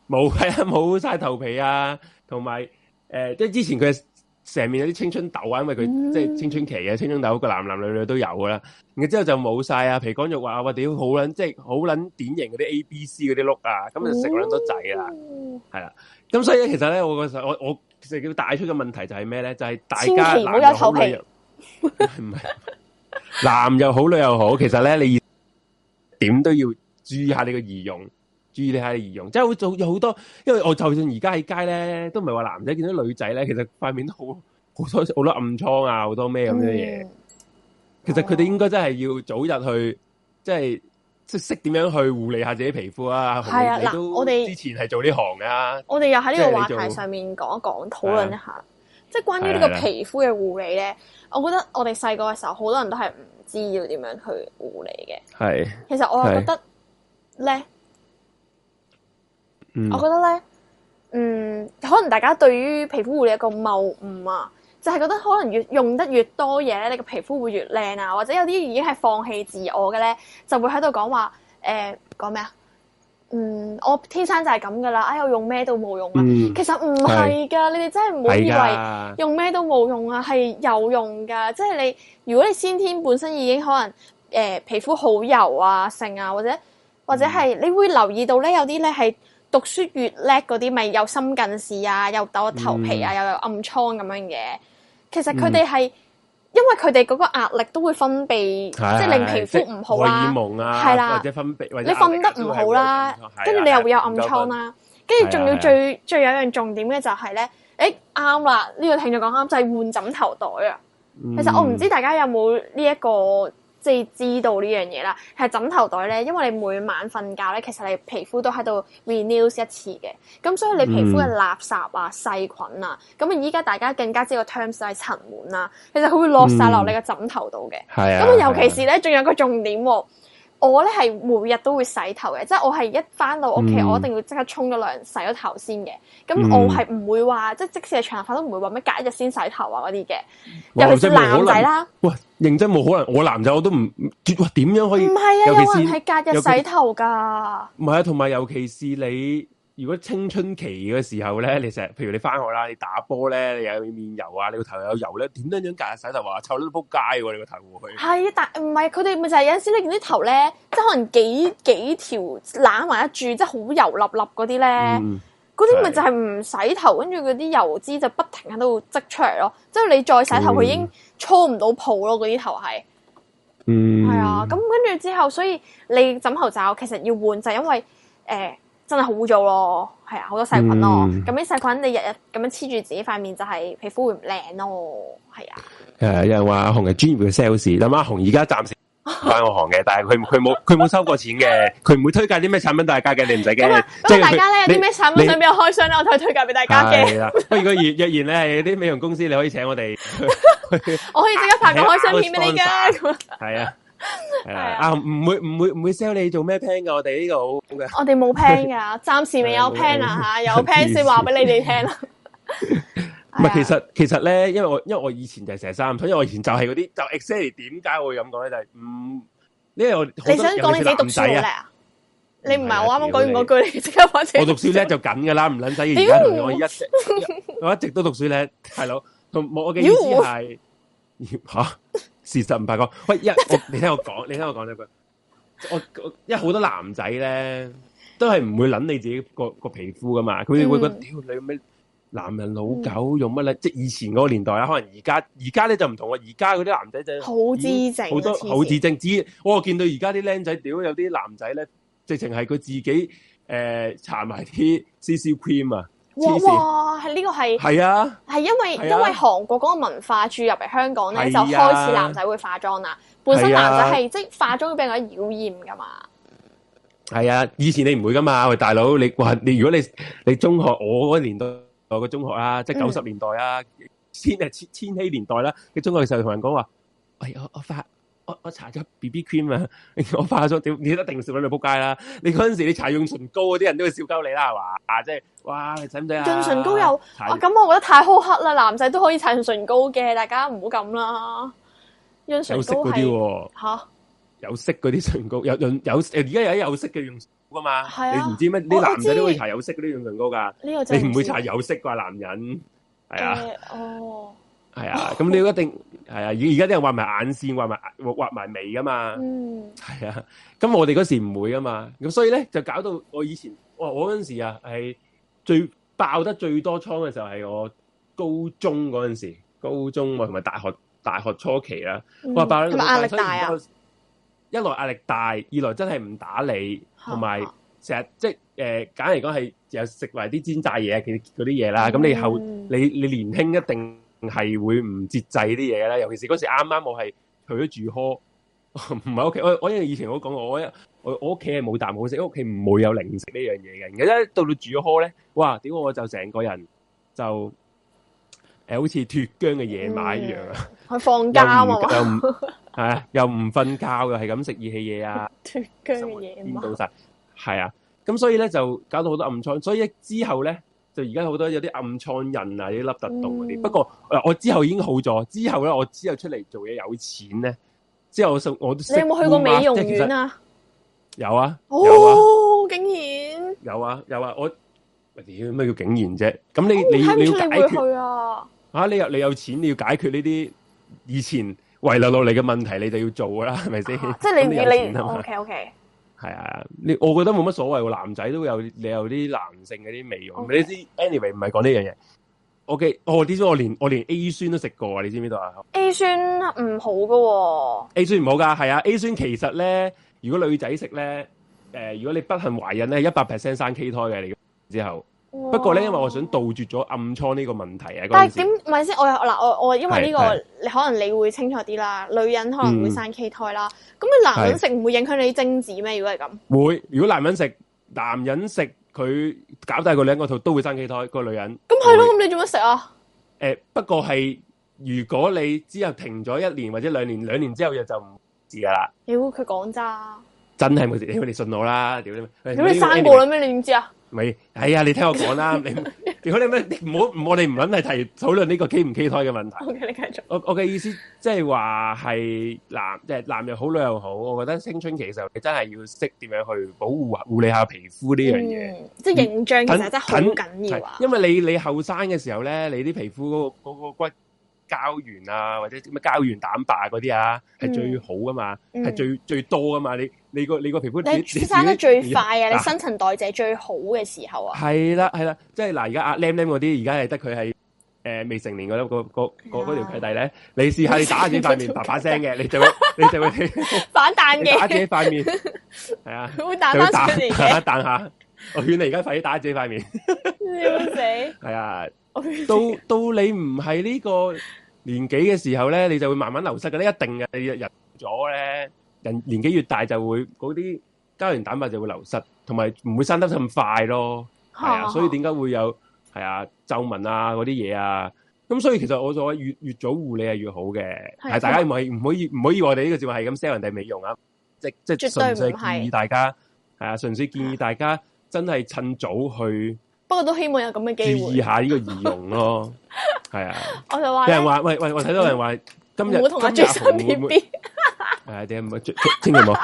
冇係啊，冇晒頭皮啊！同埋誒，即係之前佢成面有啲青春痘啊，因為佢、嗯、即係青春期啊，青春痘個男男女女都有噶啦。然之後就冇晒啊，皮乾肉滑啊、嗯，我屌好捻，即係好捻典型嗰啲 A B C 嗰啲碌啊，咁就食捻多仔啦，係啦。咁所以咧，其實咧，我個我我其實叫帶出嘅問題就係咩咧？就係、是、大家唔好有頭皮，唔係男又好女又好， <laughs> 好，好，其實咧你點都要。注意下你個儀容，注意下你下儀容，即係會做有好多，因為我就算而家喺街咧，都唔係話男仔見到女仔咧，其實塊面都好好多好多，多暗瘡啊，好多咩咁嘅嘢。其實佢哋應該真係要早日去，哦、即係即係識點樣去護理下自己皮膚啊。係啊，嗱、啊啊，我哋之前係做呢行噶，我哋又喺呢個話題上面講一講，討論一下，啊、即係關於呢個皮膚嘅護理咧、啊。我覺得我哋細個嘅時候，好多人都係唔知要點樣去護理嘅。係，其實我係覺得。咧、嗯，我覺得咧，嗯，可能大家對於皮膚護理一個謬誤啊，就係、是、覺得可能越用得越多嘢咧，你個皮膚會越靚啊，或者有啲已經係放棄自我嘅咧，就會喺度講話，誒、呃，講咩啊？嗯，我天生就係咁㗎啦，哎，我用咩都冇用啊！嗯、其實唔係㗎，你哋真係唔好以為用咩都冇用啊，係有用㗎。即係你，如果你先天本身已經可能、呃、皮膚好油啊、性啊，或者，或者係你會留意到咧，有啲咧係讀書越叻嗰啲，咪又有心近視啊，又抖頭皮啊，嗯、又有暗瘡咁樣嘅。其實佢哋係因為佢哋嗰個壓力都會分泌，嗯、即係令皮膚唔好啦、啊，係啦、啊就是啊啊，或者分泌或者、啊、你瞓得唔好啦、啊，跟住、啊啊、你又會有暗瘡啦、啊，跟住仲要最、啊、最有一樣重點嘅就係、是、咧、啊啊，誒啱啦，呢、這個聽眾講啱，就係、是、換枕頭袋啊。嗯、其實我唔知大家有冇呢一個。你知道呢樣嘢啦，係枕頭袋咧，因為你每晚瞓覺咧，其實你皮膚都喺度 renew 一次嘅，咁所以你皮膚嘅垃圾啊、嗯、細菌啊，咁啊依家大家更加知個 terms 係塵蟎啦、啊，其實佢會落晒落你個枕頭度嘅，咁、嗯、啊尤其是咧，仲、啊、有一個重點喎、啊。我咧係每日都會洗頭嘅，即係我係一翻到屋企、嗯，我一定要即刻沖咗涼洗咗頭先嘅。咁我係唔會話、嗯，即係即使係長頭髮都唔會話咩隔一日先洗頭啊嗰啲嘅。嗯、尤其是男仔啦，喂，認真冇可能，我男仔我都唔，哇點樣可以？唔係啊，有人係隔日洗頭噶。唔係啊，同埋尤其是你。如果青春期嘅時候咧，你成日，譬如你翻學啦，你打波咧，你有面油啊，你個頭有油咧，點樣樣隔日洗頭話臭到撲街喎？你個頭係啊，但唔係佢哋咪就係有陣時你見啲頭咧，即係可能幾幾條攬埋一住，即係好油粒粒嗰啲咧，嗰啲咪就係唔洗頭，跟住嗰啲油脂就不停喺度積出嚟咯。即係你再洗頭，佢、嗯、已經搓唔到泡咯。嗰啲頭係，嗯，係啊。咁跟住之後，所以你枕頭罩其實要換，就係因為誒。呃真係好污糟咯，係啊，好多細菌咯。咁、嗯、啲細菌你日日咁樣黐住自己塊面，就係皮膚會唔靚咯，係啊。有人話阿紅係專業嘅 sales，咁阿紅而家暫時關我行嘅， <laughs> 但係佢佢冇佢冇收過錢嘅，佢唔會推介啲咩產品大家嘅，你唔使驚。咁大家咧，有啲咩產品想俾我開箱咧，我可以推介俾大家嘅。係啦、啊，如果若然呢，係啲美容公司，你可以請我哋。 <laughs> 我可以即刻拍個開箱片俾你㗎。啊。 <laughs> 係啊，唔會唔會唔會 sell 你做咩 plan 噶？我哋呢個好嘅。我哋冇 plan 噶，暫時未有 plan 啊吓，有 plan 先話俾你哋聽。唔係，其實其實咧，因為我因為我以前就成三，所以我以前就係嗰啲就 exactly，點解會咁講咧？就係唔呢個你想講你自己讀書叻啊？你唔係，我啱啱講完嗰句，你即刻反證我讀書叻就緊噶啦，唔撚使而家我一我一直都讀書叻，係咯，同冇我嘅意思係吓。事實唔係講，喂，一我你聽我講，你聽我講呢句，我，我因為好多男仔咧都係唔會諗你自己個個皮膚噶嘛，佢哋會覺得屌、嗯、你咁樣，男人老狗用乜咧、嗯？即係以前嗰個年代啊，可能而家而家咧就唔同啦，而家嗰啲男仔就很好知性，好多好知性知，我、哦、見到而家啲僆仔屌有啲男仔咧，直情係佢自己誒搽埋啲 CC cream 啊！哇！係呢、呢個係係啊，係因為、啊、因為韓國嗰個文化注入嚟香港咧、啊，就開始男仔會化妝啦、啊。本身男仔係、啊、即係化妝會俾人妖豔噶嘛。係啊，以前你唔會噶嘛，喂大佬你話你如果你你中學我嗰年代我個中學啊，即係九十年代啊、嗯，千啊千千禧年代啦，你中學嘅時候同人講話，喂我我化。我我搽咗 BB cream 啊，我化咗點點得定時喺度扑街啦。你嗰陣時你搽潤唇膏嗰啲人都會笑鳩你啦，係、啊、嘛？即係哇，你使唔使啊？潤唇膏又啊，咁我覺得太苛刻啦。男仔都可以搽潤唇膏嘅，大家唔好咁啦。潤唇膏啲吓有色嗰啲、啊、唇膏，有潤有而家有有色嘅潤唇膏噶嘛？係你唔知咩？啲男仔都會搽有色嗰啲潤唇膏噶。呢、這個你唔會搽有色啩、嗯？男人係啊、嗯。哦。係啊，咁你要一定係啊，而而家啲人畫埋眼線，畫埋畫埋眉噶嘛，係、嗯、啊，咁我哋嗰時唔會㗎嘛，咁所以咧就搞到我以前，我我嗰陣時啊係最爆得最多倉嘅時候係我高中嗰陣時，高中同埋大學大學初期啦、嗯，我爆得壓力大啊。一來壓力大，二來真係唔打理，同埋成日即係誒、呃，簡嚟講係有食埋啲煎炸嘢，嗰啲嘢啦，咁、嗯、你后你你年輕一定。係會唔節制啲嘢啦，尤其是嗰時啱啱我係去咗住呵，唔係屋企。我我因為以前我講過，我我我屋企係冇啖好食，屋企唔會有零食呢樣嘢嘅。然家一到到住呵咧，哇！點解我就成個人就誒、欸，好似脫韁嘅野馬一樣啊！佢、嗯、放假嘛， <laughs> 又唔係 <laughs> 啊？又唔瞓覺，又係咁食熱氣嘢啊！脫韁嘅野馬，癲到晒，係啊！咁所以咧就搞到好多暗瘡，所以之後咧。就而家好多有啲暗瘡印啊，啲凹凸洞嗰啲。不過我之後已經好咗。之後咧，我之後出嚟做嘢有錢咧，之後我我都你有冇去過美容院，就是，啊？有啊！哦，有啊，竟然有啊有啊！我喂，點咩叫竟然啫？咁你你你解決啊？吓你有你有錢你要解決呢啲，啊啊，以前遺留落嚟嘅問題，你就要做㗎啦，係咪先？即係，就是，你 <laughs> 你，你，你是不是 OK OK。係啊，你我覺得冇乜所謂喎，男仔都會有你有啲男性嗰啲美容。唔、okay. 知 anyway 唔係講呢樣嘢。OK，我啲我連我連 A 酸都食過啊，你知唔知道啊？A 酸唔好㗎、哦、A 酸唔好㗎，係啊，A 酸其實咧，如果女仔食咧，誒、呃，如果你不幸懷孕咧，一百 percent 生畸胎嘅，你之後。哦、不過咧，因為我想杜絕咗暗瘡呢個問題啊。但係點？唔係先，我嗱我我，我因為呢、這個你可能你會清楚啲啦，女人可能會生畸胎啦。咁、嗯、你男人食唔會影響你精子咩？如果係咁，會。如果男人食，男人食佢搞大個女人，個肚都會生畸胎，那個女人。咁係咯，咁你做乜食啊？誒、欸，不過係如果你之後停咗一年或者兩年，兩年之後又就唔知噶啦。屌佢講咋？真係冇食，你信我啦！屌你，屌你生過啦咩？你點知啊？咪，哎呀，你聽我講啦， <laughs> 你如果你唔好，我哋唔諗嚟提討論呢個 k 唔 k 胎嘅問題。ok 你繼續。我我嘅意思即係話係男，即係男又好，女又好，我覺得青春期時候你真係要識點樣去保護、護理下皮膚呢樣嘢。即係形象其實真係好緊要啊。因為你你後生嘅時候咧，你啲皮膚嗰、那個嗰、那個骨。膠原啊，或者咩膠原蛋白嗰啲啊，係、嗯、最好㗎嘛，係、嗯、最最多㗎嘛。你你個你個皮膚你你生得最快啊，啊，你新陳代謝最好嘅時候啊。係啦係啦，即係嗱，而家阿 NemNem 嗰啲，而家係得佢係誒未成年嗰、嗰個啊、條契弟咧。你試下你打下自己塊面，叭叭聲嘅，你就會你就會反彈嘅。打自己塊面，係 <laughs> 啊，佢會彈翻十年嘅。彈彈下，我勸你而家快啲打自己塊面。你 <laughs> 死！係啊， <laughs> 到到你唔係呢個。年紀嘅時候咧，你就會慢慢流失嘅咧，一定嘅。你日咗咧，人年紀越大就會嗰啲膠原蛋白就會流失，同埋唔會生得咁快咯。係啊，啊，所以點解會有係啊皺紋啊嗰啲嘢啊？咁、啊啊、所以其實我所越越早護理係越好嘅。係大家唔係唔可以唔可以，可以，以我哋呢個節目係咁 sell 人哋美容啊？即即純粹建議大家係啊，純粹建議大家真係趁早去。不過都希望有咁嘅機會，注意下呢個儀容咯，係啊。我就話，有人話，喂喂喂，睇到有人話，今日今同阿朱新 B B，係啊，點啊唔會朱？聽冇。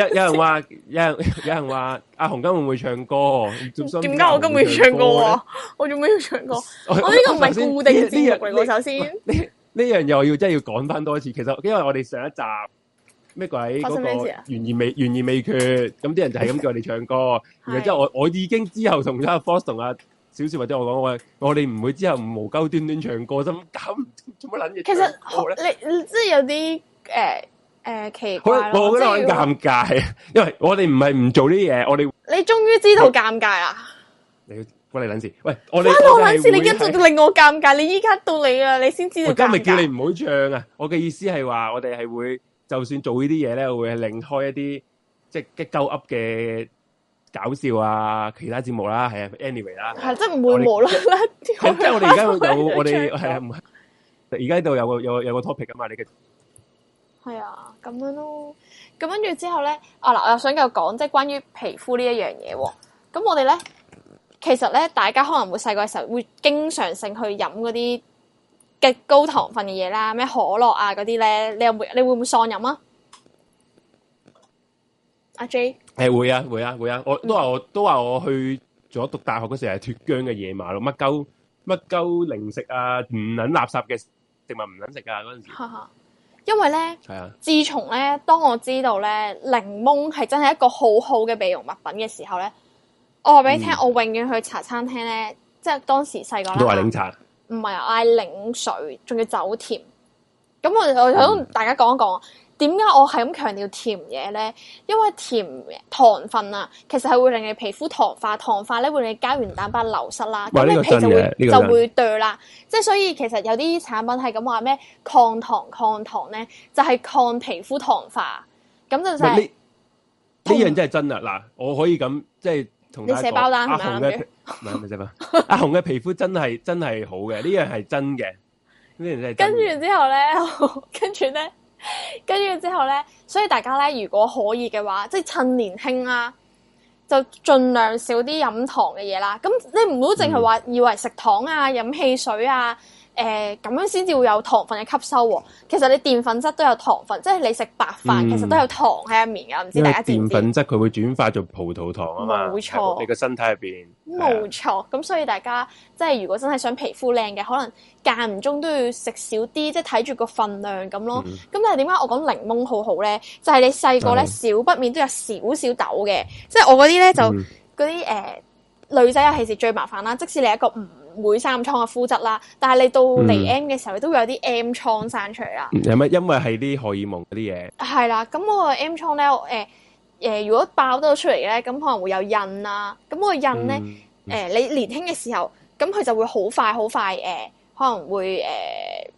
有有人話，有人有人話，阿紅今日會唱歌。朱點解我今日要唱歌啊？我做咩要唱歌？我呢個唔係固定節目。」嚟，首先呢呢樣又要真係要講翻多次。其實因為我哋上一集。咩鬼咩事啊，嗰個懸而未懸而未決，咁啲人就係咁叫我哋唱歌，然之後我我已經之後同咗阿 Force 同阿小雪或者我講，我我哋唔會之後無鳩端端唱歌，咁咁做乜捻嘢？其實你即係有啲誒誒奇怪啦，我覺得尷尬，因為我哋唔係唔做呢啲嘢，我哋你終於知道尷尬啊！你關你捻事，喂，花我捻事，你一直令我尷尬，你依家到你啦，你先知道尷尬。我今日叫你唔好唱啊！我嘅意思係話我哋係會。就算做這些東西呢啲嘢咧，會另開一啲即係嘅鳩噏嘅搞笑啊，其他節目啦，係啊，anyway 啦，係即係唔會無啦啦。即係 <laughs> 即 <laughs> 我哋而家有 <laughs> 我哋係啊，唔係而家呢度有個有，有個 topic 噶嘛，你嘅係啊，咁樣咯。咁跟住之後咧，啊嗱，我又想繼續講，即係關於皮膚呢一樣嘢喎。咁我哋咧，其實咧，大家可能會細個嘅時候會經常性去飲嗰啲。極高糖分嘅嘢啦，咩可樂啊嗰啲咧，你有你會唔會喪飲啊？阿 J，誒會啊會啊會啊！我、嗯、都話我都話我去咗讀大學嗰時係脫韁嘅野馬咯，乜鳩乜鳩零食啊唔撚垃圾嘅食物唔撚食啊。嗰陣時哈哈。因為咧，係啊，自從咧當我知道咧檸檬係真係一個好好嘅美容物品嘅時候咧，我話俾你聽，嗯、我永遠去茶餐廳咧，即係當時細個都話檸茶。唔係嗌檸水，仲要走甜。咁我我同、嗯、大家講一講，點解我係咁強調甜嘢咧？因爲甜糖分啊，其實係會令你皮膚糖化，糖化咧會令你膠原蛋白流失啦。咁、嗯、你皮就會、這個、就會掉、這個、啦。即係所以，其實有啲產品係咁話咩抗糖抗糖咧，就係、是、抗皮膚糖化。咁就就係呢樣真係真啊！嗱、嗯，我可以咁即係同你寫包單係咪？唔係咪先？阿紅嘅皮膚真係真係好嘅，呢樣係真嘅，呢樣真係。跟住之後咧，跟住咧，跟住之後咧，所以大家咧，如果可以嘅話，即係趁年輕啦，就盡量少啲飲糖嘅嘢啦。咁你唔好淨係話以為食糖啊，飲汽水啊。嗯誒咁樣先至會有糖分嘅吸收喎。其實你澱粉質都有糖分，即係你食白飯、嗯、其實都有糖喺入面㗎。唔知大家知唔知？澱粉質佢會轉化做葡萄糖啊嘛，冇錯你個身體入面，冇錯，咁所以大家即係如果真係想皮膚靚嘅，可能間唔中都要食少啲，即係睇住個份量咁咯。咁、嗯、但係點解我講檸檬好好咧？就係、是、你細個咧少不免都有少少豆嘅，即、嗯、係、就是、我嗰啲咧就嗰啲誒女仔尤其是最麻煩啦。即使你一個唔每三倉嘅膚質啦，但係你到嚟 M 嘅時候，你、嗯、都會有啲 M 倉生出嚟啦。係咪因為係啲荷爾蒙嗰啲嘢？係啦，咁我個 M 倉咧，誒誒、呃呃呃，如果爆得出嚟咧，咁可能會有印啊。咁個印咧，誒、嗯呃，你年輕嘅時候，咁佢就會好快好快誒、呃，可能會誒、呃、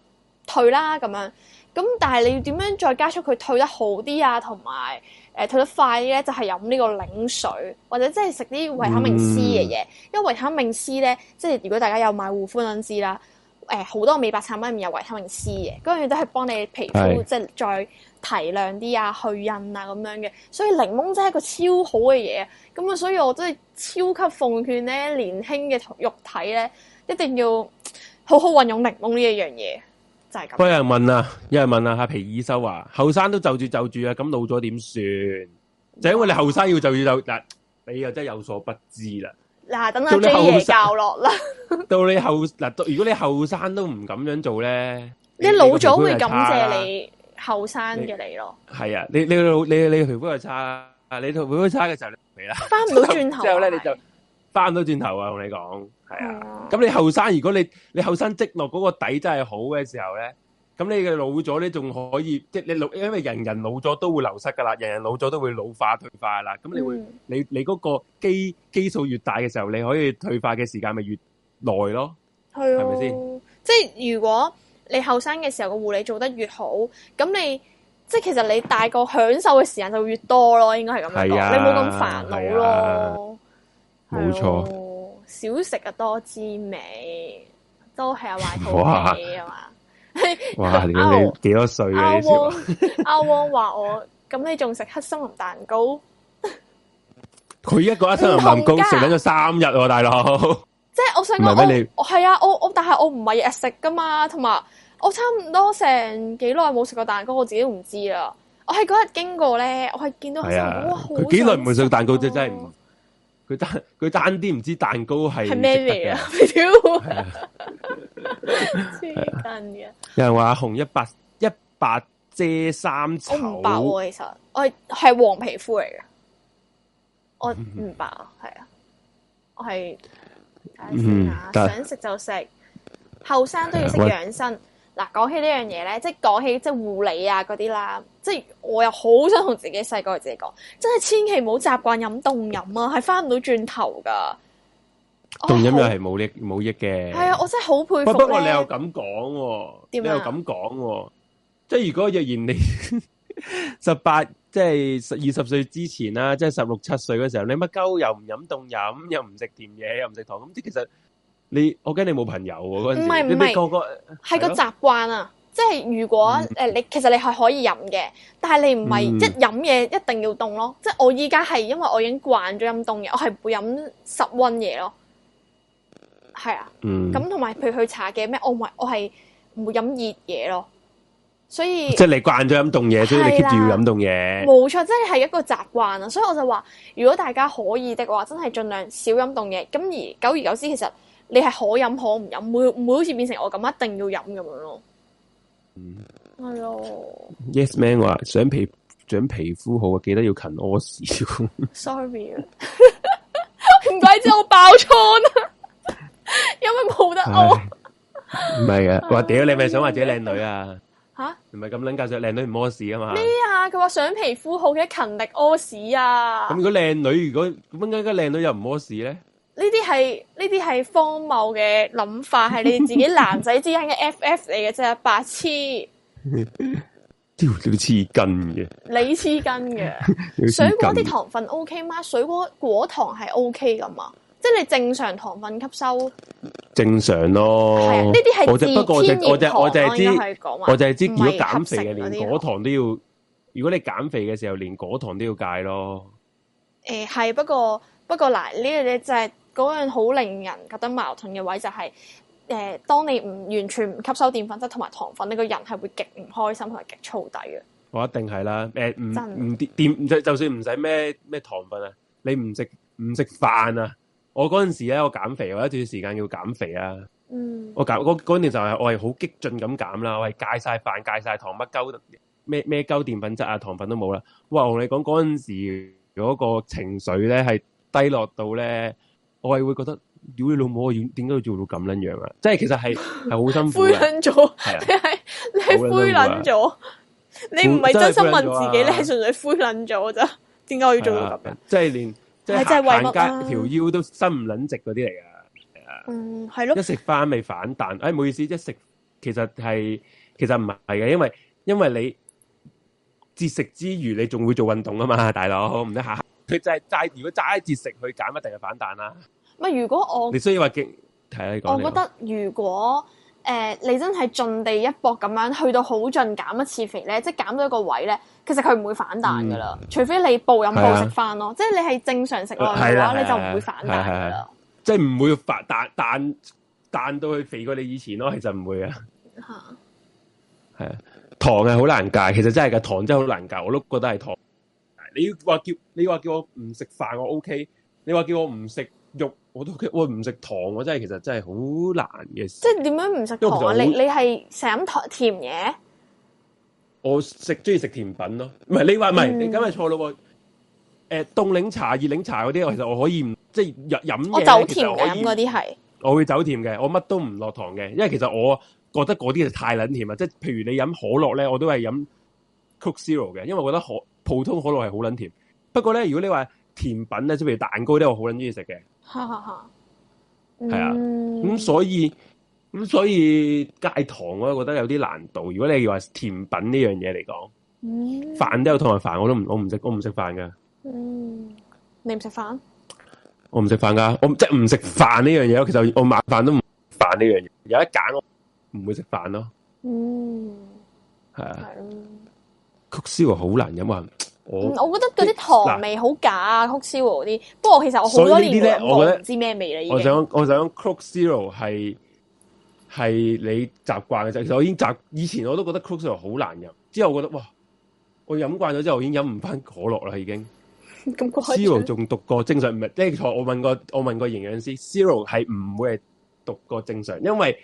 退啦咁樣。咁但係你要點樣再加速佢退得好啲啊？同埋。誒退得快咧，就係飲呢個檸水，或者即係食啲維他命 C 嘅嘢，嗯。因為維他命 C 咧，即係如果大家有買護膚品知啦，誒好多美白產品入面有維他命 C 嘅，跟住都係幫你皮膚即係再提亮啲啊、去印啊咁樣嘅。所以檸檬真係一個超好嘅嘢，咁啊，所以我真係超級奉勸咧年輕嘅肉體咧，一定要好好運用檸檬呢一樣嘢。就係咁，有人問啊，有人問啊，阿皮爾修話：後生都就住就住啊，咁老咗點算？就因為你後生要就住就，嗱，你又真係有所不知啦。嗱、啊，等阿 J 爺教落啦。到你， <laughs> 到你後嗱，如果你後生都唔咁樣做咧，你老咗會感謝你後生嘅你咯。係啊，啊，你你老你你皮膚又差，你皮膚差嘅時候你死啦、啊，翻唔到轉頭。之後咧你就翻唔到轉頭啊！同你講。係啊，咁你後生如果你你後生積落嗰個底真係好嘅時候咧，咁你嘅老咗咧仲可以即係你老，因為人人老咗都會流失噶啦，人人老咗都會老化退化噶啦，咁你會你你個基基數越大嘅時候，你可以退化嘅時間咪越耐咯，係咪先？即係如果你後生嘅時候個護理做得越好，咁你即係其實你大個享受嘅時間就會越多咯，應該係咁樣，你冇咁煩惱咯，冇錯，啊。少食啊，多滋味，都係啊，買套嘢啊嘛。哇，你幾多歲啊？阿汪阿汪話我咁，你仲食黑森林蛋糕？佢一個黑森林蛋糕食緊咗三日啊，大佬！即係我想講，我係啊，我我但係我唔係日食噶嘛，同埋我差唔多成幾耐冇食過蛋糕，我自己都唔知啦。我係嗰日經過咧，我係見到，哇，佢幾耐唔會食蛋糕啫，真係唔～佢單佢單啲唔知蛋糕係係咩味啊！屌，真嘅！有人話阿紅一白一白遮三醜，我唔白喎，其實我係黃皮膚嚟嘅，我唔白啊，係啊，我係、啊、嗯，想食就食，後生都要識養生。嗯嗱，講起呢樣嘢咧，即係講起即係護理啊嗰啲啦，即係我又好想同自己細個嘅自己講，真係千祈唔好習慣飲凍飲啊，係翻唔到轉頭噶。凍飲又係冇益冇益嘅。係啊，我真係好佩服不，不過你又咁講，啊啊，你又咁講，啊，即係如果若然你十八，即係十二十歲之前啦，啊，即係十六七歲嘅時候，你乜鳩又唔飲凍飲，又唔食甜嘢，又唔食糖，咁即其實。你我驚你冇朋友喎，嗰陣時唔係唔係，你哋個個係個習慣啊！嗯、即係如果誒，你其實你係可以飲嘅，但係你唔係一係飲嘢一定要凍咯。嗯、即係我依家係因為我已經慣咗飲凍嘢，我係唔會飲室溫嘢咯。係啊，咁同埋譬如去茶嘅咩，我唔係我係唔會飲熱嘢咯。所以即係你慣咗飲凍嘢，所以你 keep 住要飲凍嘢。冇錯、啊，即係係一個習慣啊！所以我就話，如果大家可以的話，真係盡量少飲凍嘢。咁而久而久之，其實。你係可飲可唔飲，唔會唔會好似變成我咁一定要飲咁樣咯。係咯。Yes man 話想皮想皮膚好啊，記得要勤屙屎。Sorry 啊，唔怪之我爆瘡啦，因為冇得屙。唔係啊，佢話屌你咪想話自己靚女啊？吓，唔係咁捻架想靚女唔屙屎啊嘛？咩啊？佢話想皮膚好嘅勤力屙屎啊？咁如果靚女如果咁點解而家靚女又唔屙屎咧？呢啲係呢啲係荒謬嘅諗法，係你自己男仔之間嘅 FF 嚟嘅啫， <laughs> 白痴。屌 <laughs> 你黐筋嘅， <laughs> 你黐筋嘅。水果啲糖分 OK 嗎？水果果糖係 OK 㗎嘛？即係你正常糖分吸收正常咯。係啊，呢啲係自然糖。我只我只係知道，話我只係知，知如果減肥嘅，連果糖都要。如果你減肥嘅時候，連果糖都要戒咯。誒、欸、係，不過不過嗱，呢樣嘢就係、是。嗰樣好令人覺得矛盾嘅位就係、是、誒、呃，當你唔完全唔吸收澱粉質同埋糖分，你個人係會極唔開心同埋極燥底嘅。我一定係啦，誒唔唔澱澱就就算唔使咩咩糖分啊，你唔食唔食飯啊。我嗰陣時咧，我減肥，我一段時間要減肥啊。嗯，我減嗰年就係我係好激進咁減啦，我係戒晒飯、戒晒糖，乜鳩咩咩鳩澱粉質啊、糖分都冇啦。哇，同你講嗰陣時嗰個情緒咧係低落到咧～我係會覺得，屌你老母！我點解要做到咁卵樣的啊？即係其實係係好辛苦啊。灰卵咗，你係你係灰卵咗，你唔係真心問自己，你係純粹灰卵咗咋？點解我要做到咁，啊？即係連即係行街條、啊、腰都伸唔卵直嗰啲嚟噶。嗯，係咯。一食翻咪反彈。哎，唔好意思。一食其實係其實唔係嘅，因為因為你節食之餘，你仲會做運動啊嘛，大佬唔得吓。佢就係、是、齋，如果齋節食去減，一定係反彈啦。唔如果我你雖然話極，我覺得如果誒、呃、你真係盡地一搏咁樣去到好盡減一次肥咧，即係減到一個位咧，其實佢唔會反彈噶啦、嗯。除非你暴飲暴食翻咯，即係你係正常食落嘅話、啊啊啊，你就唔會反彈嘅。即係唔會反彈彈彈到去肥過你以前咯，其實唔會嘅。嚇係啊，啊！糖係好難戒，其實真係噶，糖真係好難戒，我都覺得係糖。你要話叫你話叫我唔食飯我 OK，你話叫我唔食肉我都 OK，我唔食糖我真係其實真係好難嘅事，即係點樣唔食糖？你你係成日飲糖甜嘢？我食中意食甜品咯，唔係你話，唔係你梗係錯咯喎。誒凍檸茶、熱檸茶嗰啲，其實我可以唔即係飲走甜，其實可以。我會走甜嘅，我乜都唔落糖嘅，因為其實我覺得嗰啲就太撚甜啦、嗯呃。即係譬如你飲可樂咧，我都係飲 Coke Zero 嘅，因為我覺得可。普通可樂係好撚甜，不過咧，如果你話甜品咧，即譬如蛋糕咧，我好撚中意食嘅。哈哈，吓，係啊，咁所以咁所以戒糖我都覺得有啲難度。如果你話甜品呢樣嘢嚟講，飯 <laughs> 都有同埋飯，我都唔我唔食我唔食飯噶。嗯，你唔食飯？我唔食飯噶，我即係唔食飯呢樣嘢。其實我晚飯都唔食飯呢樣嘢，有得揀我唔會食飯咯。嗯，係啊， <laughs> 曲燒好難飲啊！我，我覺得啲糖味好假啊 Coke Zero 啲。不過其實我好多年都覺得唔知咩味啦。已經我想我想 Coke Zero 係係你習慣嘅啫，其實我已經習以前我都覺得 Coke Zero 好難飲。之後我覺得哇，我飲慣咗之後，我已經飲唔翻可樂啦。已經 Coke Zero 仲讀過正常唔係？即係我問過我問過營養師，Zero 係唔會係讀過正常，因為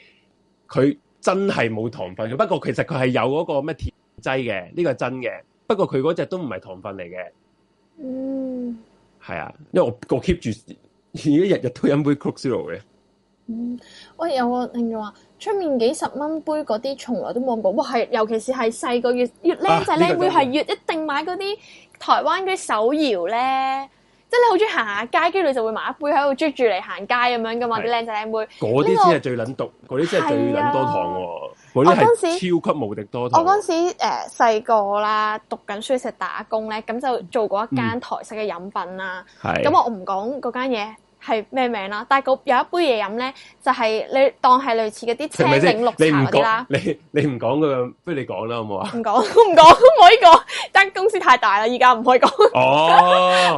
佢真係冇糖分。不過其實佢係有嗰個咩甜劑嘅，呢個真嘅。不過佢嗰隻都唔係糖分嚟嘅，嗯，係啊，因為我我 keep 住而家日日都飲杯 Coke Zero 嘅，嗯，喂，有個聽眾話出面幾十蚊杯嗰啲從來都冇飲過，哇，係，尤其是係細個越，越靚仔靚，會係越、啊、一定買嗰啲台灣嗰啲手搖咧。即係你好中意行下街，跟住你就會買一杯喺度啜住嚟行街咁樣噶嘛？啲靚仔靚妹嗰啲先係最撚毒，嗰啲真係最撚多糖喎。我嗰陣時超級無敵多糖。我嗰陣時誒細個啦，讀緊書食打工咧，咁就做過一間台式嘅飲品啦。咁我唔講嗰間嘢係咩名啦，但係嗰有一杯嘢飲咧，就係你當係類似嗰啲青檸綠茶嗰啲啦。你你唔講嘅，不如你講啦，好唔好啊？唔講，我唔講，我依個，但係公司太大啦，依家唔可以講。哦。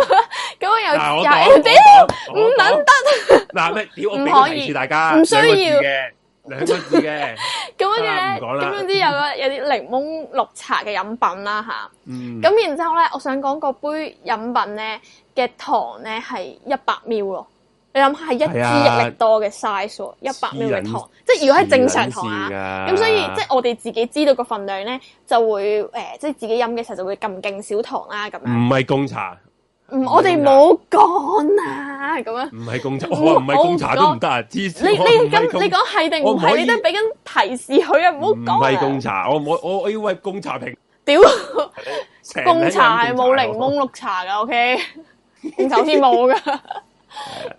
咁我又又唔等得，嗱，咩屌，我俾個提示大家，唔需要嘅，兩個嘅，咁樣嘅咧，咁總之有個有啲檸檬綠茶嘅飲品啦吓，咁、嗯嗯嗯、然之後咧，我想講個杯飲品咧嘅糖咧係一百 ml 咯，你諗下係一支益力多嘅 size，一百 ml 嘅糖，即係如果係正常糖啊，咁所以即係我哋自己知道個份量咧，就會誒、呃、即係自己飲嘅時候就會撳勁少糖啦咁樣，唔係貢茶。唔，我哋冇講啊，咁樣唔係貢茶，我唔係貢茶都唔得啊！知你你咁你講係定唔係？你都俾緊提示佢啊！唔好講。唔係貢茶，我我我要喂貢茶瓶。屌，貢茶係冇檸檬綠茶噶，OK，頭 <laughs> 先冇噶。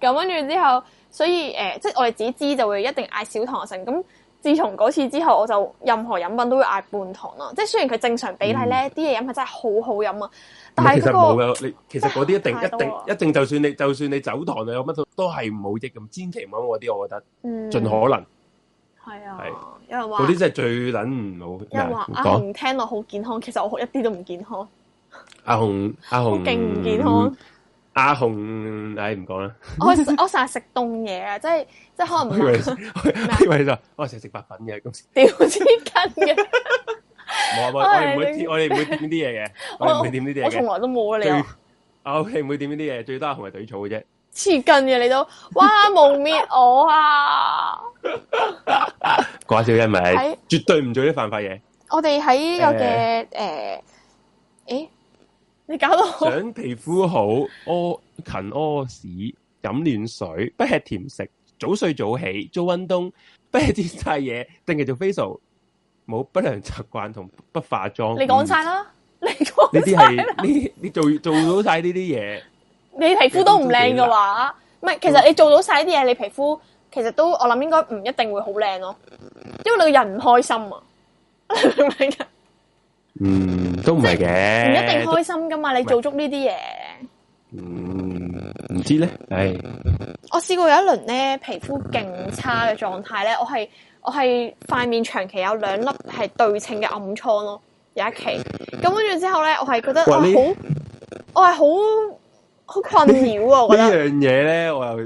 咁跟住之後，所以、呃、即係我哋自己知就會一定嗌少糖性、啊。咁自從嗰次之後，我就任何飲品都會嗌半糖啦、啊。即係雖然佢正常比例咧，啲、嗯、嘢飲係真係好好飲啊。但係其實冇嘅，你、那個、其實嗰啲一定一定一定，一定一定就算你就算你走堂你有乜都都係唔好益咁，千祈唔好嗰啲，我覺得，盡可能係、嗯、啊。有人話嗰啲真係最撚唔好。有人話阿紅聽落好健康，其實我一啲都唔健康。阿紅阿紅，好勁唔健康。阿紅唉唔講啦。我我成日食凍嘢啊，即係即係可能不。呢位呢位就我成日食白粉嘅咁，吊絲根嘅。我我我唔會我哋唔會點呢啲嘢嘅，我哋唔會點呢啲嘢嘅。我從來都冇啊你。啊，你唔、啊哦、會點呢啲嘢，最多係同人懟草嘅啫。黐筋嘅你都，哇！冇蔑我啊！掛少因咪，絕對唔做啲犯法嘢。我哋喺個嘅誒、呃，誒，你搞到想皮膚好，屙勤屙屎，飲暖水，不吃甜食，早睡早起，做運動，不吃啲晒嘢，定期做 facial。冇不良習慣同不化妝，你講晒啦，你講晒啦。呢啲係呢啲，你做做到晒呢啲嘢，你皮膚都唔靚嘅話，唔係，其實你做到晒呢啲嘢，你皮膚其實都我諗應該唔一定會好靚咯，因為你個人唔開心啊，明唔明噶？嗯，都唔係嘅，唔一定開心噶嘛，你做足呢啲嘢，嗯，唔知咧，唉，我試過有一輪咧，皮膚勁差嘅狀態咧，我係。我係塊面長期有兩粒係對稱嘅暗瘡咯，有一期。咁跟住之後咧，我係覺得哇好，我係好好困擾啊！我覺得呢樣嘢咧，我又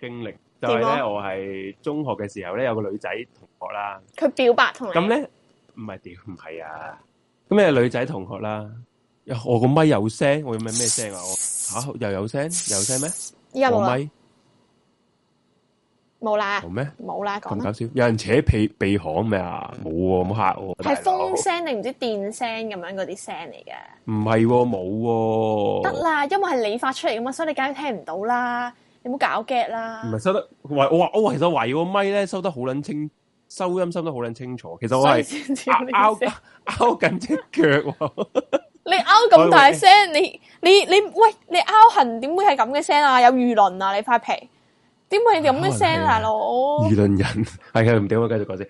經歷就係咧，我係中學嘅時候咧，有個女仔同學啦，佢表白同咁咧，唔係屌唔係啊！咁你係女仔同學啦，我個咪有聲，我要咩咩聲啊？我吓、就是啊啊啊啊、又有聲，又有聲咩？我咪？冇啦，冇咩？冇啦，講啦。咁搞笑，有人扯鼻鼻鼾咩啊？冇喎，冇吓喎。係風聲定唔知電聲咁樣嗰啲聲嚟嘅？唔係喎，冇喎。得啦，因為係你發出嚟嘅嘛，所以你梗係聽唔到啦。你唔好搞 get 啦。唔係收得，喂，我話我話，其實懷疑個咪咧收得好捻清，收音收得好捻清楚。其實我係先拗拗緊隻腳，你拗咁大聲，你你你喂，你拗痕點會係咁嘅聲啊？有輿論啊，你塊皮。點會咁嘅聲，大佬？輿論人係佢唔點，我繼續講先。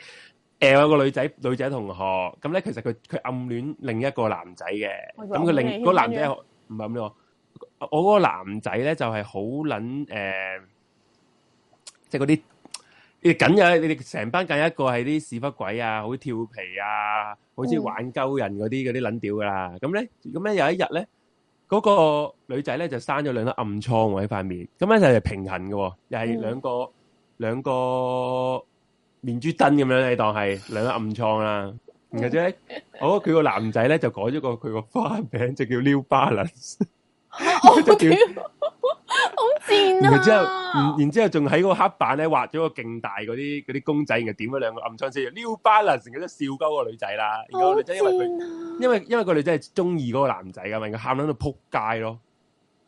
誒，有個女仔，女仔同學咁咧，其實佢佢暗戀另一個男仔嘅。我話你。咁佢另嗰男仔唔係咁樣。我嗰個男仔咧就係好捻誒，即係嗰啲你揀一，你哋成班揀一個係啲屎忽鬼啊，好調皮啊，好中意玩鳩人嗰啲嗰啲捻屌㗎喇。咁咧，咁咧有一日咧。嗰、那個女仔咧就生咗兩粒暗瘡喎，喺塊面，咁咧就係平衡嘅、哦，又係兩個兩、嗯、個面珠墩咁樣，你當係兩粒暗瘡啦。然之後咧，我覺得佢個男仔咧就改咗個佢個花名，就叫 New Balance <laughs> <laughs> 就叫。我唔好賤啊！然之後，然之後仲喺個黑板咧畫咗個勁大嗰啲啲公仔，然後點咗兩個暗瘡先，撩翻啦，成日都笑鳩個女仔啦。好、啊、女仔因為因為個女仔係中意嗰個男仔噶嘛，佢喊到喺度扑街咯，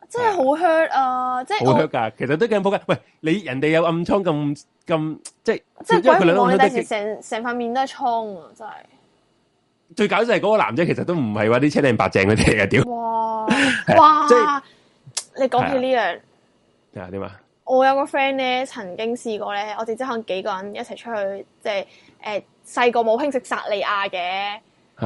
真係好 hurt 啊！啊即係好 hurt 噶，其實都勁扑街。喂，你人哋有暗瘡咁咁，即係即係鬼望你第時成成塊面都係瘡啊！真係最搞笑係嗰、嗰個男仔，其實都唔係話啲青靚白淨嗰啲啊！屌哇哇！你講起呢樣、啊。點啊，啊？我有個 friend 咧，曾經試過咧，我哋即可能幾個人一齊出去，即係誒，細個冇興食薩利亞嘅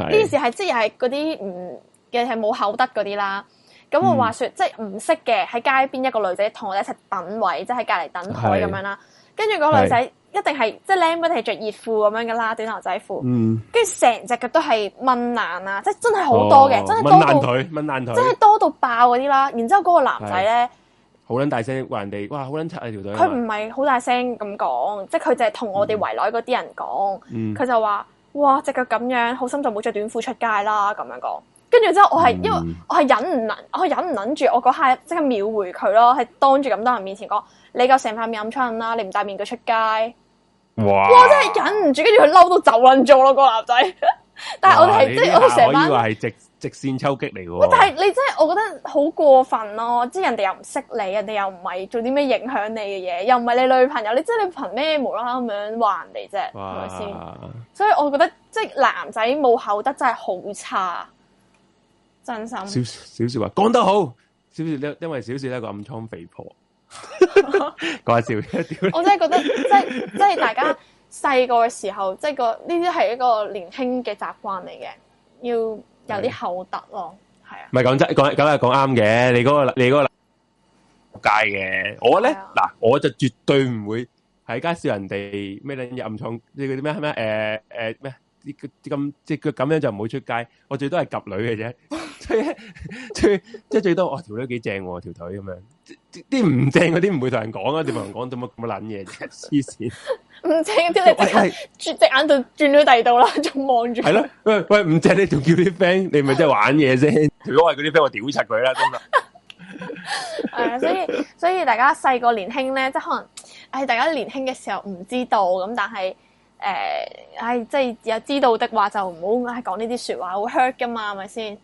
呢件事係即係嗰啲唔嘅係冇口德嗰啲啦。咁我話說，即係唔識嘅喺街邊一個女仔同我哋一齊等位，即係喺隔籬等台咁樣啦。跟住個女仔一定係即係僆啲係着熱褲咁樣噶啦，短牛仔褲，跟住成隻腳都係蚊難啊！即係真係好多嘅，哦，真係多到，蚊難腿，蚊難腿，真係多到爆嗰啲啦。然之後嗰個男仔咧。好捻大聲話人哋，哇好捻柒啊條隊！佢唔係好大聲咁講，即係佢、嗯、淨係同我哋圍內嗰啲人講，佢就話：哇隻腳咁樣，好心就冇着短褲出街啦。咁樣講，跟住之後我係、嗯、因為我係忍唔能，我忍唔忍住，我嗰刻即刻秒回佢咯，係當住咁多人面前講、嗯：你夠成塊面咁春啦，你唔戴面具出街。哇！我真係忍唔住，跟住佢嬲到走捻做咯個男仔。但係我哋係即係成班。我直線抽擊嚟喎，但係你真係我覺得好過分咯、啊！即係人哋又唔識你，人哋又唔係做啲咩影響你嘅嘢，又唔係你女朋友，你真係你憑咩無啦啦咁樣話人哋啫？係咪先？所以我覺得即係、就是、男仔冇口德真係好差，真心。小小少話講得好，小少因因為小少咧個暗瘡肥婆講下笑， <laughs> 我真係覺得 <laughs> 即係即係大家細個嘅時候，即係個呢啲係一個年輕嘅習慣嚟嘅，要。有啲厚德咯，係啊，唔係講真，講梗係講啱嘅。你嗰個你嗰個出街嘅，我咧嗱，我就絕對唔會喺街笑人哋，咩你暗瘡，你嗰啲咩係咩啊？誒誒咩？即係佢咁樣就唔會出街，我最多係及女嘅啫。最即係最多我條女幾正喎，條腿咁樣，啲唔正嗰啲唔會同人講啊，同人講做乜咁撚嘢，黐線！唔正即係轉隻眼就轉咗第二度啦，仲望住。係咯，喂是了是的喂，唔正你仲叫啲 friend？你咪即係玩嘢啫。 <laughs> 如果係嗰啲 friend，我屌柒佢啦，咁啊。真 <laughs> 所以所以大家細個年輕咧，即係可能，唉、哎，大家年輕嘅時候唔知道咁，但係誒，唉、哎、即、哎、係、就是、有知道的話就唔好唉講呢啲說話，好 hurt 噶嘛，係咪先？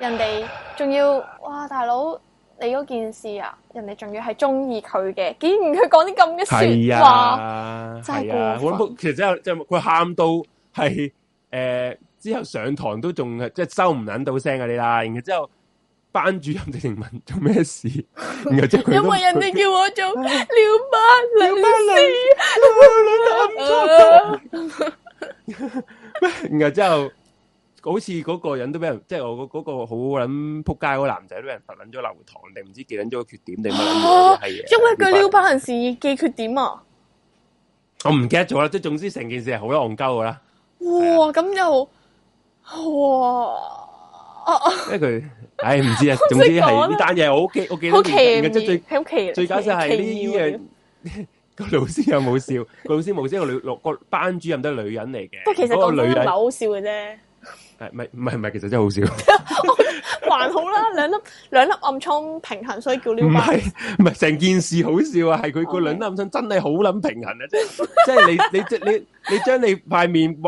人哋仲要哇，大佬你嗰件事啊，人哋仲要係中意佢嘅，竟然佢講啲咁嘅說話，係啊，係啊，咁其實之後即係佢喊到係誒，之後上堂都仲即係收唔捻到聲啊你啦，然之後班主任直情問做咩事，然後之後因為人哋叫我做尿班老師，尿班老師，然後之後。好似嗰個人都俾人，即係我嗰嗰個好撚撲街嗰男仔都俾人罰撚咗留堂定唔知記撚咗個缺點定乜撚嘢係嘅，因為佢撩班人事嘅缺點啊！我唔記得咗啦，即係總之成件事係好一戇鳩噶啦。哇！咁又哇哦哦，因為佢唉唔知啊，總之係呢單嘢，我記我記得。好奇唔好奇？最搞笑係呢啲嘢，個老師又冇笑，個老師冇先個女，個班主任都係女人嚟嘅，都其實個女人好笑嘅啫。係咪唔係唔係？其實真係好笑， <laughs> 還好啦，兩粒兩粒暗瘡平衡，所以叫呢？唔係唔係，成件事好笑啊！係佢個兩粒暗瘡真係好撚平衡啊！即係即係你你即你你將你塊面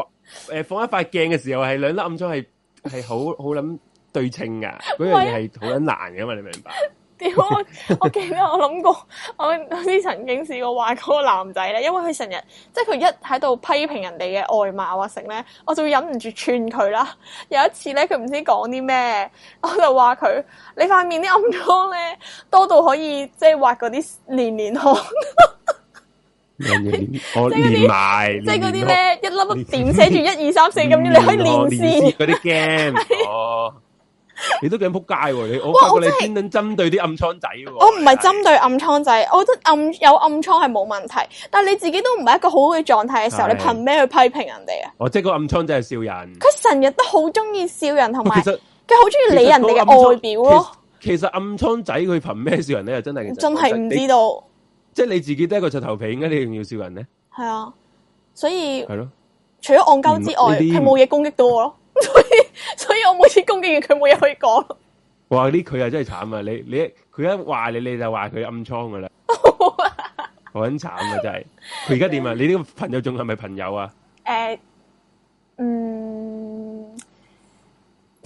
誒放一塊鏡嘅時候，係兩粒暗瘡係係好好撚對稱噶，嗰 <laughs> 樣嘢係好捻難嘅嘛，啊？你明白？ <laughs> <laughs> 我我記得我諗過我我之前曾經試過話嗰個男仔咧，因為佢成日即係佢一喺度批評人哋嘅外貌或成咧，我就會忍唔住串佢啦。有一次咧，佢唔知講啲咩，我就話佢，你塊面啲暗瘡咧多到可以即係畫嗰啲連連看， <laughs> <laughs> 連我連 <laughs> 即係嗰啲咩一粒粒點寫住一二三四咁樣，你可以連線嗰啲 game、 <laughs> 哦。 <laughs> <laughs> 你都幾撲街喎！我你真、啊、我，真我不過你偏偏針對啲暗瘡仔喎。我唔係針對暗瘡仔，我覺得暗有暗瘡係冇問題，但係你自己都唔係一個好嘅狀態嘅時候，是是你憑咩去批評人哋啊？哦，即係個暗瘡仔係笑人。佢成日都好中意笑人，同埋其實佢好中意理人哋嘅外表咯、啊。其實暗瘡仔佢憑咩笑人咧？真係真係唔知道。即係你自己都一個禿頭皮，點解你仲要笑人咧？係啊，所以係咯，除咗戇鳩之外，佢冇嘢攻擊到我咯。所以所以我每次攻擊完佢冇嘢可以講。哇！啲佢又真係慘啊！你你佢一話你你就話佢暗瘡㗎喇，好慘啊！真係。佢而家點啊？你呢個朋友仲係咪朋友啊？誒，嗯，呢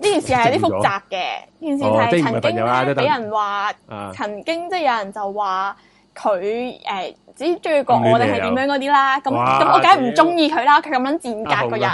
件事係啲複雜嘅。哦，即係唔係朋友啦。俾人話曾經即係有人就話佢誒。只中意過我哋係點樣嗰啲啦，咁咁我梗係唔中意佢啦，佢、啊、咁樣賤格個人，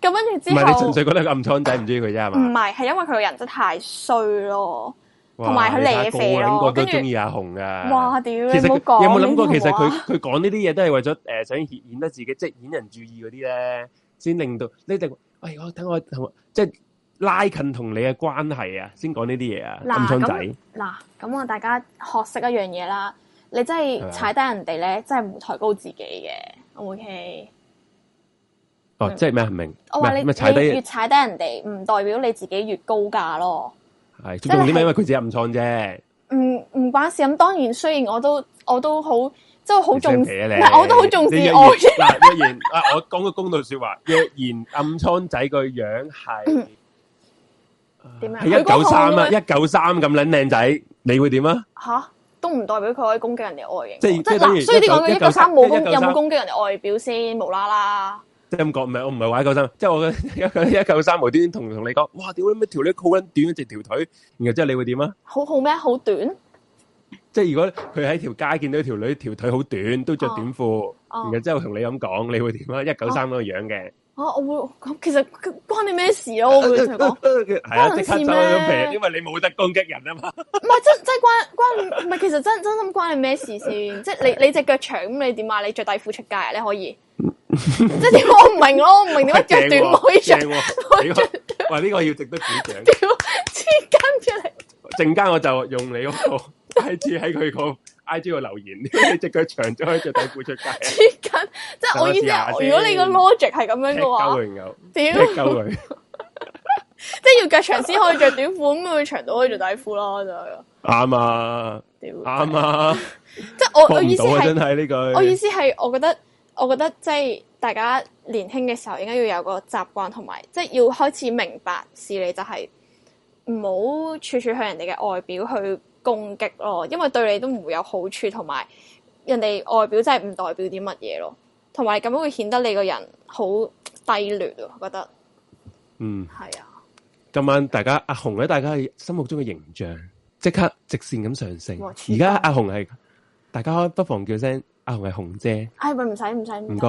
咁跟住之後唔係，你純粹覺得暗瘡仔唔中意佢啫嘛？唔、啊、係，係因為佢個人真係太衰咯，同埋佢脷肥咯。跟住中意阿紅啊！哇屌，你冇講有冇諗過？其實佢佢講呢啲嘢都係為咗誒、呃，想顯得自己即係引人注意嗰啲咧，先令到你哋。哎我等我同即係拉近同你嘅關係啊，先講呢啲嘢啊，暗瘡仔。嗱咁啊，大家學識一樣嘢啦。你真係踩低人哋咧、啊，真係唔會抬高自己嘅。O、okay、K。哦，即係咩啊？明？我話你，你越踩低人哋，唔代表你自己越高價咯。係重點係因為佢自己暗瘡啫。唔唔關事咁，當然，雖然我都我都好，即係好重視你，唔係、啊、我都好重視我。嗱，若然啊， <laughs> 我講個公道說話，若然暗瘡仔個樣係點、嗯、啊？一九三啊，一九三咁撚靚仔，你會點啊？吓！都唔代表佢可以攻擊人哋外形，即係即係嗱，所以啲講嘅一九三冇攻有冇攻擊人哋外表先，無啦啦。即係咁講，唔係我唔係話一九三，即係我嘅一九一九三無端端同同你講，哇！屌你咩條女好撚短咗條腿，然後之後你會點啊？好好咩？好短？即係如果佢喺條街見到條女條腿好短，都着短褲，然後之後同你咁講，你會點啊？一九三嗰個樣嘅。啊、我會咁，其實關你咩事咯，啊？我成日講係啊，食餐炒餅，因為你冇得攻擊人啊嘛。唔 <laughs> 係，真真關關，唔係其實真真心關你咩事先，啊？ <laughs> 即係你你隻腳長，咁你點啊？你着底褲出街，啊，你可以。 <laughs> 即係點我唔明咯，唔明點解腳短唔可以着哇！呢個要值得鼓掌。跟住你。陣間我就用你嗰個，係住喺佢個。I.G. 個留言， <laughs> 你隻腳長咗可以着底褲出街？即係我,嘗嘗我意思係，如果你個 logic 嘗嘗如果這個邏輯係咁樣嘅話，屌！ <laughs> <laughs> 即係要腳長先可以着短褲，咁咪長到可以着底褲咯，就係。啱啊！啱啊！即係我我意思係呢句。 <laughs> 我意思係， <laughs> 我覺得，我覺得即係、就是、大家年輕嘅時候應該要有個習慣，同埋即係要開始明白事理、就是，就係唔好處處向人哋嘅外表去。攻擊咯，因為對你都唔會有好處，同埋人哋外表真係唔代表啲乜嘢咯。同埋咁樣會顯得你個人好低劣我覺得。嗯，係啊。今晚大家阿紅喺大家心目中嘅形象即刻直線咁上升。而家阿紅係大家，不妨叫聲阿紅係紅姐。咪唔使唔使唔該。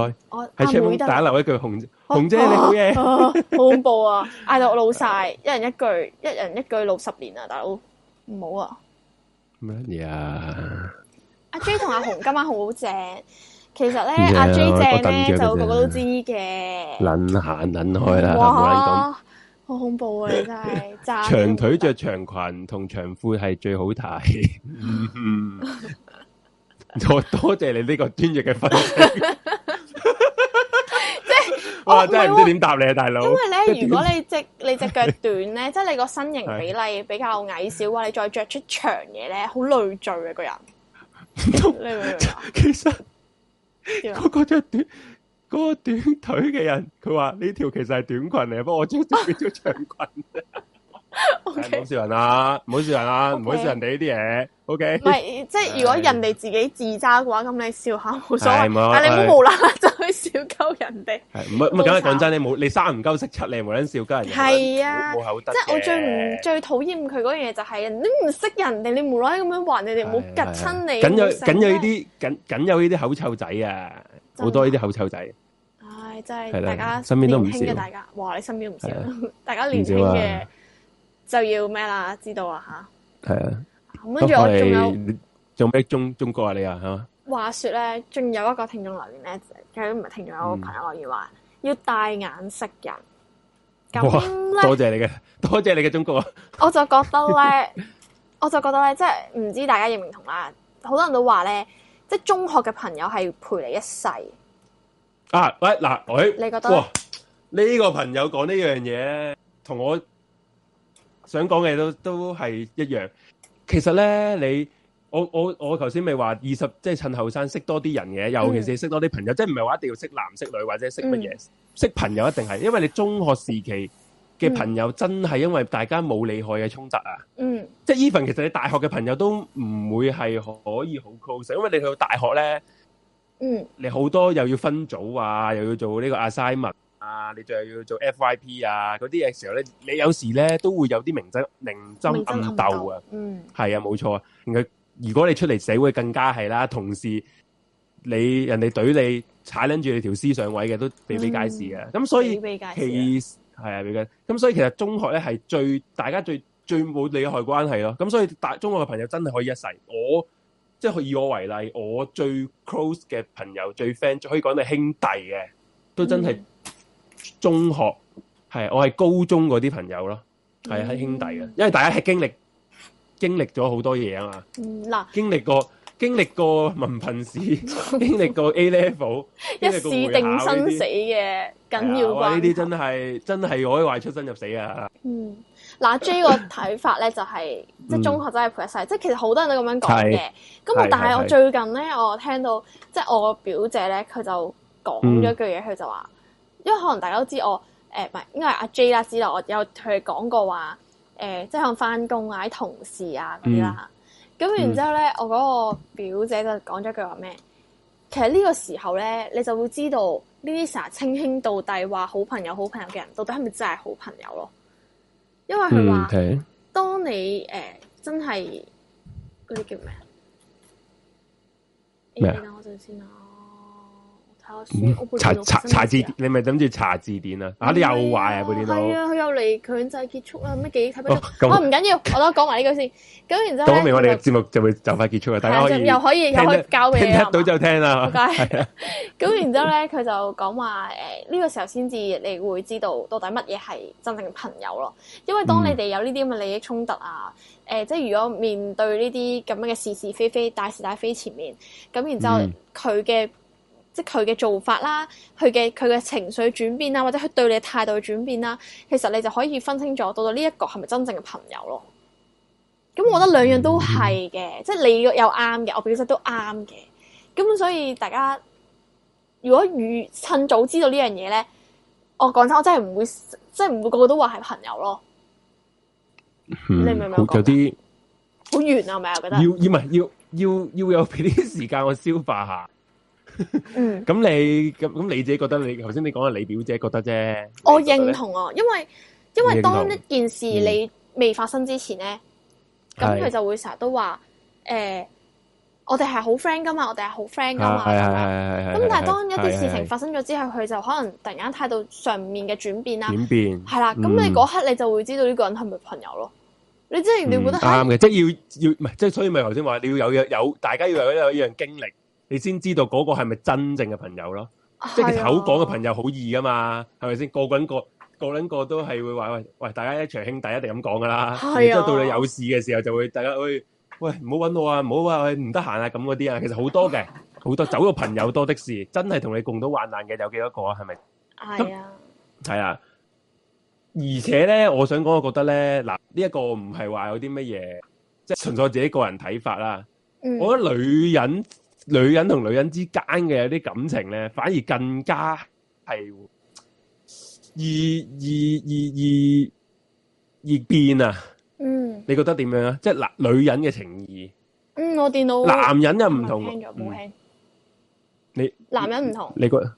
喺串門大家留一句紅姐，啊，紅姐你好嘢，啊啊，好恐怖啊！嗌 <laughs> 到我老晒，一人一句，一人一句六十年啊，大佬唔好啊！乜嘢啊？ <laughs> 啊 J 阿 J 同阿紅今晚好正， <laughs> 其實咧阿、啊啊、J 正咧就個個都知嘅。捻下捻開啦，好恐怖啊！你真係。長腿着長裙同長褲係最好睇、 <laughs> 嗯。嗯，多多謝你呢個專業嘅分析。 <laughs> 我、哦、真係唔知點答你啊、哦，大佬。因為咧，如果你隻你隻腳短咧， <laughs> 即係你個身形比例比較矮小嘅話， <laughs> 你再着出長嘢咧，好累贅嘅個人。你 <laughs> 明白？ <laughs> 其實嗰、嗰個著短嗰、嗰個、短腿嘅人，佢話：呢條其實係短裙嚟，不過我著變咗長裙。 <laughs> 唔、okay，好、哎、笑人啊！唔好笑人啊！唔、okay，好笑人哋呢啲嘢。O K，唔係即係如果人哋自己自嘲嘅話，咁你笑下冇所謂。但係你不要無啦啦、哎、就去笑鳩人哋，係唔係？唔係，梗係講真咧，冇你，你三唔識七，你無啦啦笑鳩人。係啊，口即係我最唔最討厭佢嗰樣嘢就係、是、你唔識人哋，你無啦啦咁樣話你哋唔好夾親你。緊、啊啊、有緊有呢啲緊緊有呢啲口臭仔啊！好多呢啲口臭仔。唉、哎、真、就、係、是啊、大家身邊都唔少嘅，大家哇！你身邊唔少，大家年輕嘅。就要咩啦？知道啊吓，係啊。跟住我仲有做咩中中國啊你啊吓？話說咧，仲有一個聽眾留言咧，佢唔係聽眾，有個朋友留言話、嗯、要戴眼識人。咁多謝你嘅，多謝你嘅中國啊！我就覺得咧， <laughs> 我就覺得咧，即係唔知大家認唔認同啦。好多人都話咧，即係中學嘅朋友係陪你一世。啊喂，嗱，喂、哎，你覺得呢、呢個朋友講呢樣嘢同我？想講嘅都都係一樣。其實呢，你我我我頭先咪話二十，20，即係趁後生識多啲人嘅，尤其係識多啲朋友，嗯、即係唔係話一定要識男識女或者識乜嘢。嗯、識朋友一定係，因為你中學時期嘅朋友真係因為大家冇厲害嘅衝突啊。嗯，即係 even 其實你大學嘅朋友都唔會係可以好 close，因為你去到大學呢，嗯，你好多又要分組啊，又要做呢個 assignment。啊！你仲係要做 FYP 啊？嗰啲嘅時候咧，你有時咧都會有啲明爭明爭暗鬥啊！嗯，係啊，冇錯啊。佢如果你出嚟社會，更加係啦，同事你人哋懟你踩捻住你條思上位嘅，都比比皆是啊，咁、嗯、所以比比皆是係啊，比比。咁所以其實中學咧係最大家最最冇利害關係咯。咁所以大中學嘅朋友真係可以一世。我即係、就是、以我為例，我最 close 嘅朋友、最 friend，可以講係兄弟嘅，都真係。嗯中學係，我係高中嗰啲朋友咯，係兄弟嘅，因為大家係經歷經歷咗好多嘢啊嘛。嗯，嗱、啊，經歷過經歷過文憑試經歷過 A Level，一試定生死嘅緊要關。呢啲、啊、真係真係可話出生入死啊！嗯，嗱，J 個睇法咧就係、是、 <laughs> 即係中學真係陪一世，即係其實好多人都咁樣講嘅。咁但係我最近咧，我聽到,我聽到即係我表姐咧，佢就講咗句嘢，佢就話。嗯因為可能大家都知道我誒，唔、呃、係，因為阿 J 啦知道我有佢講過話，誒、呃，即係響翻工啊同事啊嗰啲啦。咁、嗯、然之後咧、嗯，我嗰個表姐就講咗句話咩？其實呢個時候咧，你就會知道呢啲成日稱兄道弟話好朋友好朋友嘅人到底係咪真係好朋友咯？因為佢話、嗯，當你、呃、真誒真係嗰啲叫咩啊？咩啊？我諗先啦。」啊、查查，查，查字典，你咪諗住查字典啊！啊，你又壞啊，部電腦係啊，佢、啊、又嚟強制結束乜記憶，睇不到、哦啊。我唔緊要，我都講埋呢句先。咁然之後，咁明我哋嘅節目就會就快結束啦，大家可又可以又可以聽。聽到就聽啦。咁、啊、 <laughs> 然之後咧，佢就講話誒、呢、呃這個時候先至你會知道到底乜嘢係真正嘅朋友咯。因為當你哋有呢啲咁嘅利益衝突啊，誒、嗯呃，即係如果面對呢啲咁嘅是是非非、大是大非前面，咁然之後佢、嗯、嘅。即佢嘅做法啦，佢嘅佢嘅情緒轉變啦，或者佢對你嘅態度嘅轉變啦，其實你就可以分清楚到到呢一個係咪真正嘅朋友咯。咁我覺得兩樣都係嘅，嗯，即係你又啱嘅，我表姐都啱嘅。咁所以大家如果越趁早知道這件事呢樣嘢咧，我講真的，我真係唔會，即係唔會個個都話係朋友咯。嗯、你明唔明？有啲好遠啊，係咪啊？我覺得、啊、要要係要要要有俾啲時間我消化一下。嗯，咁 <laughs> 你咁咁你自己覺得你頭先你講下你表姐覺得啫，我認同啊，因為因為當一件事你未發生之前咧，咁佢、嗯、就會成日都話誒、欸，我哋係好 friend 噶嘛，我哋係好 friend 噶嘛，係係係。咁、啊啊啊啊、但係當一啲事情發生咗之後，佢、啊啊、就可能突然間態度上面嘅轉變啦，轉變係啦。咁、啊、你嗰刻你就會知道呢個人係咪朋友咯、嗯？你即係你覺得係啱嘅，即係、就是、要要唔係，即係、就是、所以咪頭先話你要有有，有大家要有有，有一樣經歷你先知道嗰個係咪真正嘅朋友咯？啊、即係口講嘅朋友好易噶嘛？係咪先個輪個個輪個都係會話喂喂，大家一場兄弟一定咁講噶啦。係啊，之後到你有事嘅時候，就會大家去喂唔好搵我啊，唔好話唔得閒啊咁嗰啲啊。其實好多嘅，好 <laughs> 多走個朋友多的是，真係同你共到患難嘅有幾多個啊？係咪？係啊，係啊。而且咧，我想講，我覺得咧，嗱呢一個唔係話有啲乜嘢，即係純粹自己個人睇法啦、嗯。我覺得女人。女人同女人之間嘅有啲感情咧，反而更加係易易易易易變啊！嗯，你覺得點樣啊？即係嗱，女人嘅情意，嗯，我電腦。男人又唔同。咗冇聽、嗯你。你。男人唔同。你覺得？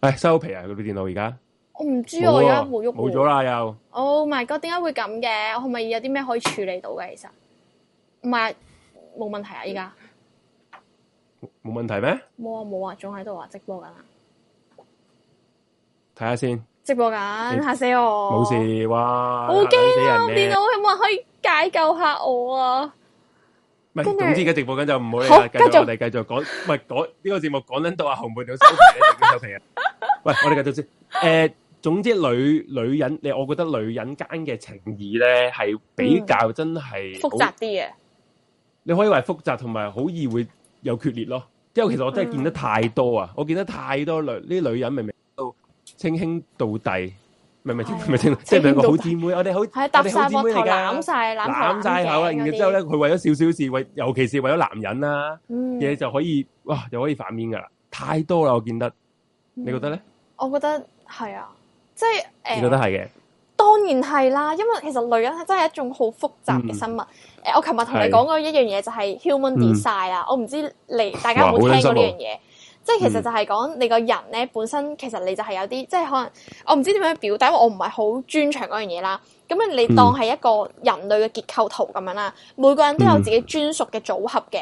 唉、哎，收皮啊！嗰部電腦而家。我唔知啊，而家冇喐。冇咗啦！又。哦，Oh my God，點解會咁嘅？我係咪有啲咩可以處理到嘅？其實。唔係，冇問題啊！而家。嗯。冇問題咩？冇啊，冇啊，仲喺度啊，直播緊啊！睇下先，直播緊吓、欸、死我！冇事哇！好驚啊！啊我電腦有冇可以解救下我啊？唔係總之而家直播緊就唔好咧。好，繼續，繼續，繼續 <laughs> 我哋繼續講，唔係講呢、這個節目講緊到阿紅妹，點 <laughs> 收皮啊？ <laughs> 喂，我哋繼續先。誒、呃，總之女女人，你我覺得女人間嘅情誼咧係比較真係、嗯、複雜啲嘅。你可以話複雜同埋好易會有決裂咯。之後其實我真係見得太多啊！嗯、我見得太多女呢女人明明都稱兄道弟，嗯、明明明明即係兩個好姊妹，弟我哋好了我哋好姊妹嚟噶攬晒攬晒口啦，然之後咧佢為咗少少事，為尤其是為咗男人啦、啊、嘢、嗯、就可以哇，又可以反面噶啦，太多啦我見得，你覺得咧？我覺得係啊，即係誒。呃、你覺得係嘅。當然係啦，因為其實女人係真係一種好複雜嘅生物。嗯呃、我琴日同你講過一樣嘢就係 Human Design 啊、嗯。我唔知你大家有冇聽過呢樣嘢，即係其實就係、是、講你個人咧本身其實你就係有啲、嗯、即係可能我唔知點樣表達因為我唔係好專長嗰樣嘢啦。咁你當係一個人類嘅結構圖咁樣啦，每個人都有自己專屬嘅組合嘅。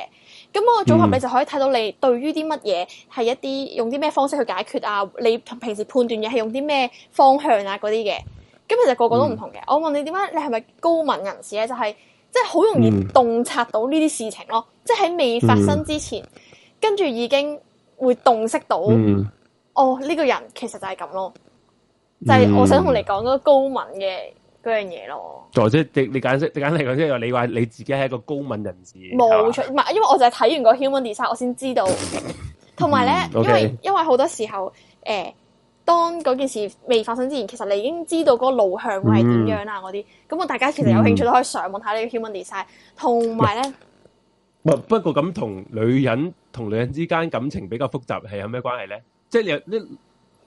咁、嗯、我、嗰個組合你就可以睇到你對於啲乜嘢係一啲用啲咩方式去解決啊？你平時判斷嘢係用啲咩方向啊？嗰啲嘅。咁其實個個都唔同嘅，嗯。我問你點解，你係咪高敏人士咧？就係即係好容易洞察到呢啲事情咯。嗯，即係喺未發生之前，跟，嗯，住已經會洞悉到，嗯，哦呢，這個人其實就係咁咯。就係、是，我想同你講嗰高敏嘅嗰樣嘢咯。在，嗯，即，嗯，你你解釋簡單嚟講，即係你話你自己係一個高敏人士。冇錯，唔係，因為我就係睇完個 human design，我先知道。同埋咧，因為因為好多時候誒。呃當嗰件事未發生之前，其實你已經知道嗰路向會係點樣啦，嗰啲咁啊，大家其實有興趣都、嗯、可以上網睇呢個 human design，同埋咧，不過咁同女人同女人之間感情比較複雜，係有咩關係咧？即係有啲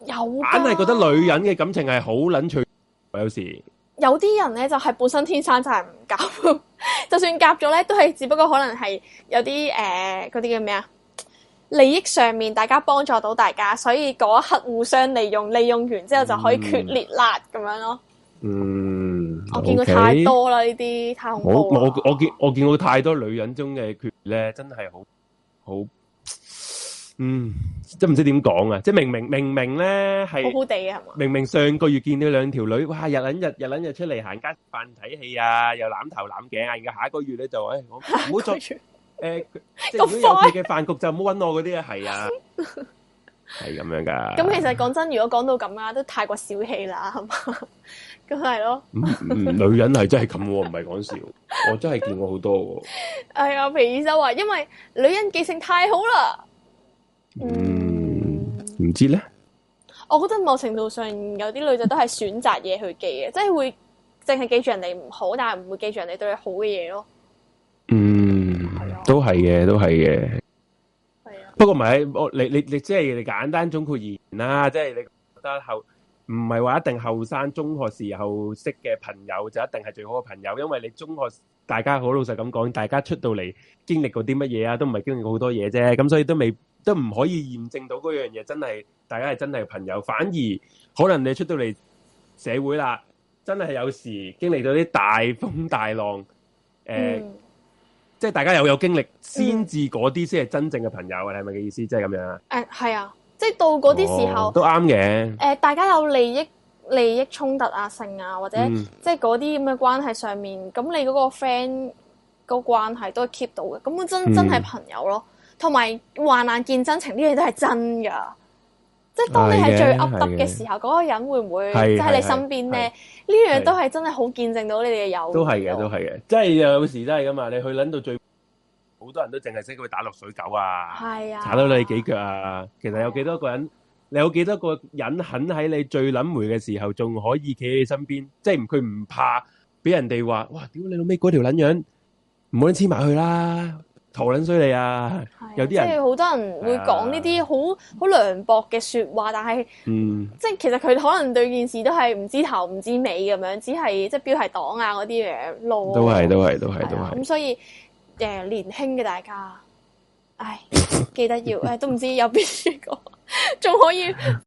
有硬係覺得女人嘅感情係好撚脆，有時有啲人咧就係本身天生就係唔夾，夾 <laughs> 就算夾咗咧，都係只不過可能係有啲誒嗰啲叫咩啊？呃那些什麼利益上面，大家幫助到大家，所以嗰一刻互相利用，利用完之後就可以決裂啦，咁樣咯。嗯，我見過太多啦呢啲，太恐怖。我我見我見過太多女人中嘅決裂，真係好好，嗯，真唔知點講啊！即係明明明明咧係好好地係嘛，明明上個月見到兩條女，哇，日捻日日捻日出嚟行街食飯睇戲啊，又攬頭攬頸啊，而家下一個月咧就誒，我唔好再。誒，如果有別嘅飯局就唔好揾我嗰啲啊，係 <laughs> 啊，係咁樣噶。咁其實講真，如果講到咁啊，都太過小氣啦，係嘛，咁係咯。女人係真係咁，唔係講笑， <laughs> 我真係見過好多。係啊，皮醫生話，因為女人記性太好啦。嗯，唔知咧。我覺得某程度上，有啲女仔都係選擇嘢去記嘅，即係會淨係記住人哋唔好，但係唔會記住人哋對佢好嘅嘢咯。嗯。都係嘅，都係嘅。不過唔係，你你即係你，你簡單總括而言啦，即係你覺得後唔係話一定後生中學時候識嘅朋友就一定係最好嘅朋友，因為你中學大家好老實咁講，大家出到嚟經歷過啲乜嘢啊，都唔係經歷過好多嘢啫，咁所以都未都唔可以驗證到嗰樣嘢真係大家係真係朋友，反而可能你出到嚟社會啦，真係有時經歷到啲大風大浪，誒、呃。嗯即係大家又有，有經歷，先至嗰啲先係真正嘅朋友，啊、嗯，你係咪嘅意思？即係咁樣啊？誒，係啊，即係到嗰啲時候、哦、都啱嘅。誒、呃，大家有利益利益衝突啊、性啊，或者、嗯、即係嗰啲咁嘅關係上面，咁你嗰個 friend 個關係都係 keep 到嘅，咁真、嗯、真係朋友咯。同埋患難見真情，呢啲嘢都係真噶。即係當你係最噏噏嘅時候，嗰個人會唔會喺你身邊咧？呢樣都係真係好見證到你哋嘅友誼。都係嘅，都係嘅。即係有時都係噉呀！你去撚到最，好多人都淨係識佢打落水狗啊，踩到你幾腳啊！其實有幾多個人，你有幾多個人肯喺你最撚霉嘅時候，仲可以企喺身邊？即係佢唔怕俾人哋話：哇，屌你老尾嗰條撚樣，唔好撚黐埋去啦！頭撚衰你啊！有啲人即係，好多人會講呢啲好好涼薄嘅說話，但係、嗯，即係其實佢可能對件事都係唔知頭唔知尾咁樣，只係即係標題黨啊嗰啲嘢，路、啊、都係都係、啊、都係都係。咁、啊嗯、所以，誒、呃，年輕嘅大家，唉，記得要， <laughs> 都唔知有邊個仲可以。 <laughs>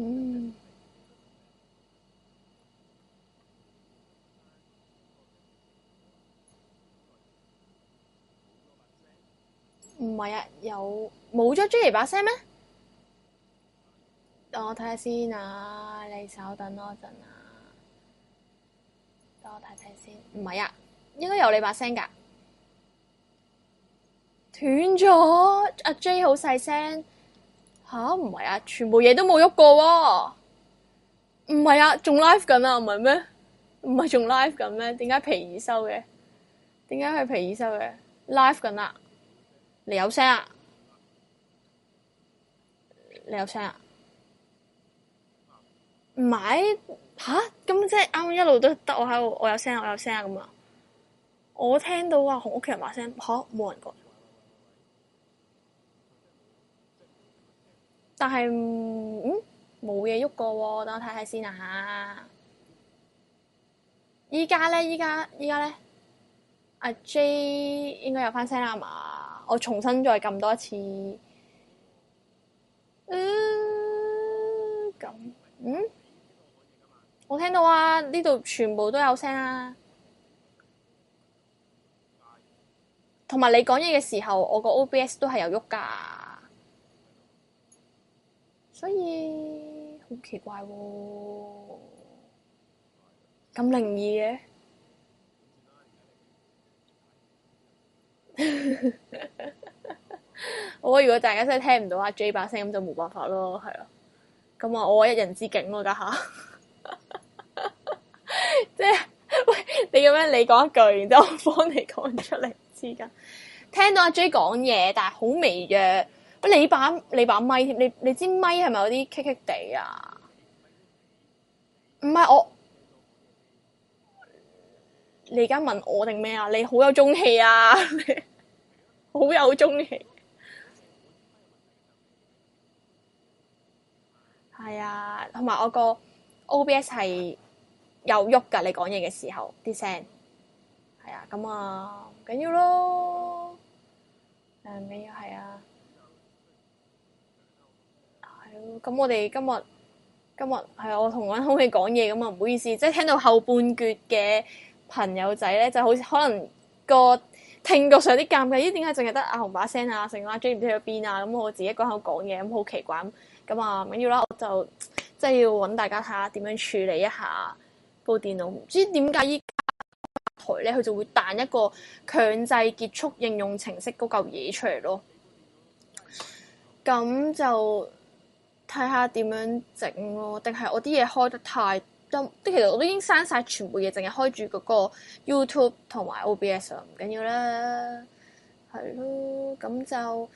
唔、嗯、唔係啊，有冇咗 J 嘅把聲咩？等我睇下先啊，你稍等多陣啊，等我睇睇先。唔係啊，應該有你把聲㗎，斷咗。阿 J 好細聲。吓、啊？唔係啊！全部嘢都冇喐過喎、哦，唔係啊，仲 live 緊啊，唔係咩？唔係仲 live 緊咩、啊？點解皮爾收嘅？點解佢皮爾收嘅？live 緊啊！你有聲啊！你有聲啊！唔係吓？咁、啊、即係啱一路都得我喺度，我有聲，我有聲啊咁啊！我聽到啊，同屋企人話聲，吓、啊？冇人講。但係，嗯，冇嘢喐過喎、哦。等我睇睇先啊！吓！依家咧，依家，依家咧，阿 J 應該有翻聲啦嘛。我重新再撳多次。嗯，咁，嗯，我聽到啊，呢度全部都有聲啊。同埋你講嘢嘅時候，我個 OBS 都係有喐噶。所以好奇怪喎、哦，咁靈異嘅。我 <laughs> 如果大家真係聽唔到阿 J 把聲，咁就冇辦法咯，係啊。咁我一人之境咯，家下。即係，喂，你咁樣你講一句，然之後我幫你講出嚟之間。聽到阿 J 講嘢，但係好微弱。你把你把咪，你你知咪係咪有啲棘棘地啊？唔係我，你而家問我定咩啊？你好有中氣啊！ <laughs> 好有中氣，係啊，同埋我個 OBS 係有喐㗎，你講嘢嘅時候啲聲，係啊，咁啊唔緊要咯，誒唔緊要係啊。咁、嗯、我哋今日今日係我同搵空氣講嘢咁啊，唔好意思，即、就、係、是、聽到後半橛嘅朋友仔咧，就好似可能個聽覺上有啲尷尬，咦、啊？點解淨係得阿紅把聲啊？成個阿 J 唔知去邊啊？咁、啊、我自己關口講嘢咁好奇怪咁，啊唔緊要啦，我就即係要搵大家睇下點樣處理一下部電腦，唔知點解依家台咧佢就會彈一個強制結束應用程式嗰嚿嘢出嚟咯，咁就。睇下點樣整咯、啊，定係我啲嘢開得太多，即其實我都已經刪晒全部嘢，淨係開住嗰個 YouTube 同埋 OBS 唔緊要啦，係咯，咁就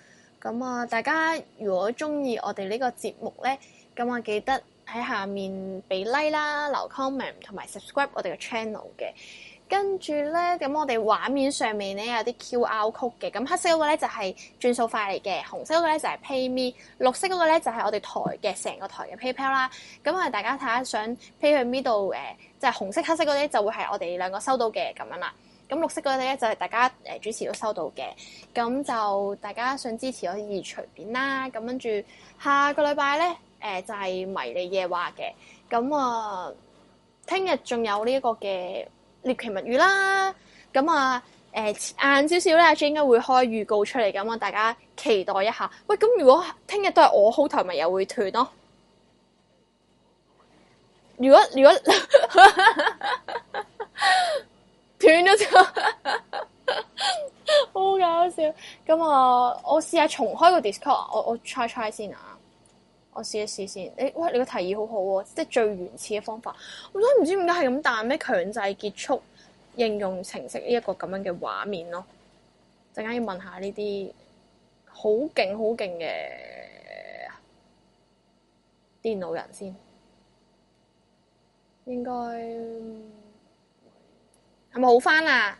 咁啊！大家如果中意我哋呢個節目咧，咁啊記得喺下面俾 like 啦、留 comment 同埋 subscribe 我哋嘅 channel 嘅。跟住咧，咁我哋畫面上面咧，有啲 Q r 曲嘅，咁黑色嗰個咧就係、是、轉數快嚟嘅，紅色嗰個咧就係、是、PayMe，綠色嗰個咧就係、是、我哋台嘅成個台嘅 PayPal 啦。咁啊，大家睇下想 pay 去呢度誒？就係、是、紅色、黑色嗰啲就會係我哋兩個收到嘅咁樣啦。咁綠色嗰啲咧就係、是、大家主持都收到嘅。咁就大家想支持可以隨便啦。咁跟住下個禮拜咧、呃、就係、是、迷你夜話嘅。咁啊，聽日仲有呢一個嘅。獵奇物語啦，咁啊，誒、呃，晏少少咧，阿 J 應該會開預告出嚟，咁啊，大家期待一下。喂，咁如果聽日都係我 hold 台，咪又會斷咯？如果如果斷咗， <laughs> 了就 <laughs> 好搞笑。咁啊，我試下重開個 Discord，我我 try try 先啊。我試一試先。誒喂，你個提議好好、啊、喎，即係最原始嘅方法。我都唔知點解係咁彈咩強制結束應用程式呢一、這個咁樣嘅畫面咯。陣間要問下呢啲好勁好勁嘅電腦人先。應該係咪好翻啊？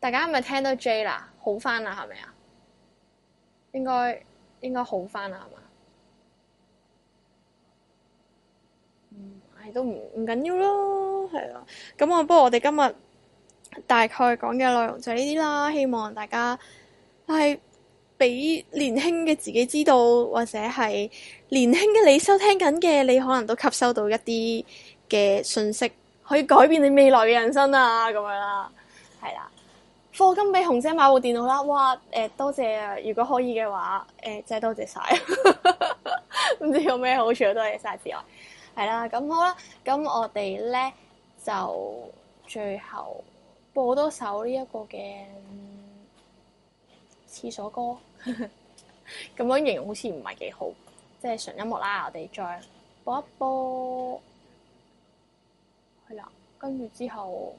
大家係咪聽到 J 啦？好翻啦，係咪啊？應該應該好翻啦，係嘛？都唔唔緊要咯，係啊。咁我不過我哋今日大概講嘅內容就係呢啲啦。希望大家係俾年輕嘅自己知道，或者係年輕嘅你收聽緊嘅，你可能都吸收到一啲嘅信息，可以改變你未來嘅人生啊。咁樣啦，係啦。課金俾紅姐買部電腦啦。哇，誒、呃，多謝。如果可以嘅話，誒、呃，真係多謝晒。唔 <laughs> 知道有咩好處，多謝晒之外。係啦，咁好啦，咁我哋咧就最後播多首呢、這、一個嘅廁所歌，咁 <laughs> 樣形容好似唔係幾好，即係純音樂啦。我哋再播一播，係啦，跟住之後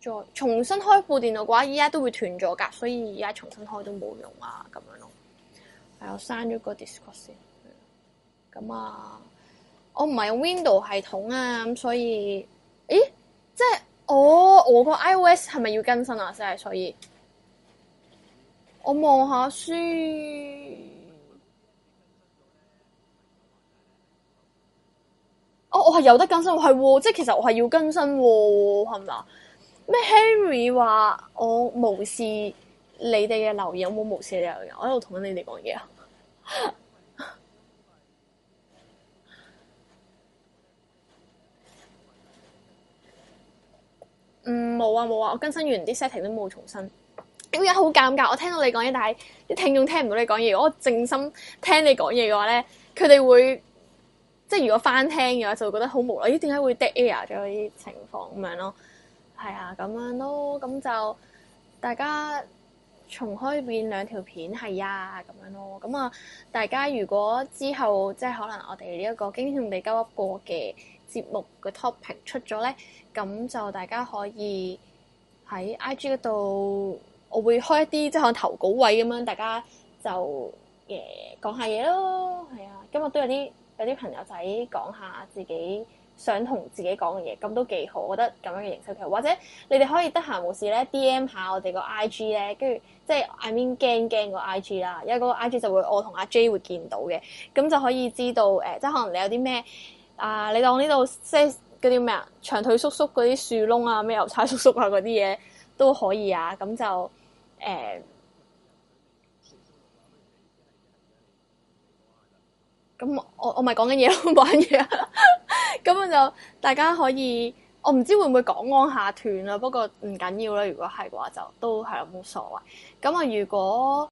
再重新開部電腦嘅話，依家都會斷咗噶，所以而家重新開都冇用啊，咁樣咯。係我刪咗個 Discord 先，咁啊。我唔係用 Windows 系統啊，咁所以，咦，即係、哦、我我個 iOS 係咪要更新啊？先係所以，我望下先。哦，我係有得更新，我、哦、係、哦、即係其實我係要更新喎、哦，係咪啊？咩 <music> Harry 話我無視你哋嘅留言，我冇無視你哋嘅留言，我喺度同緊你哋講嘢啊！ <laughs> 嗯，冇啊冇啊，我更新完啲 setting 都冇重新，咁樣好尷尬。我聽到你講嘢，但係啲聽眾聽唔到你講嘢。如果我靜心聽你講嘢嘅話咧，佢哋會即係如果翻聽嘅話，就會覺得好無奈。咦，點解會 dead air 咗啲情況咁樣咯？係啊，咁樣咯，咁就大家重開變兩條片，係啊，咁樣咯。咁啊，大家如果之後即係可能我哋呢一個經常地交握過嘅。節目嘅 topic 出咗咧，咁就大家可以喺 IG 嗰度，我會開一啲即係可能投稿位咁樣，大家就誒講、yeah, 下嘢咯，係啊，今日都有啲有啲朋友仔講下自己想同自己講嘅嘢，咁都幾好，我覺得咁樣嘅形式其實，或者你哋可以得閒無事咧 DM 一下我哋個 IG 咧，跟住即係 I mean 驚驚個 IG 啦，因為嗰個 IG 就會我同阿 J 會見到嘅，咁就可以知道誒、呃，即係可能你有啲咩。啊、uh,！你當呢度即係嗰啲咩啊，長腿叔叔嗰啲樹窿啊，咩郵差叔叔啊嗰啲嘢都可以啊，咁就誒。咁、欸、我我咪講緊嘢咯，講緊嘢。咁就大家可以，我唔知道會唔會講安下斷啊，不過唔緊要啦。如果係嘅話，就都係冇所謂。咁啊，如果。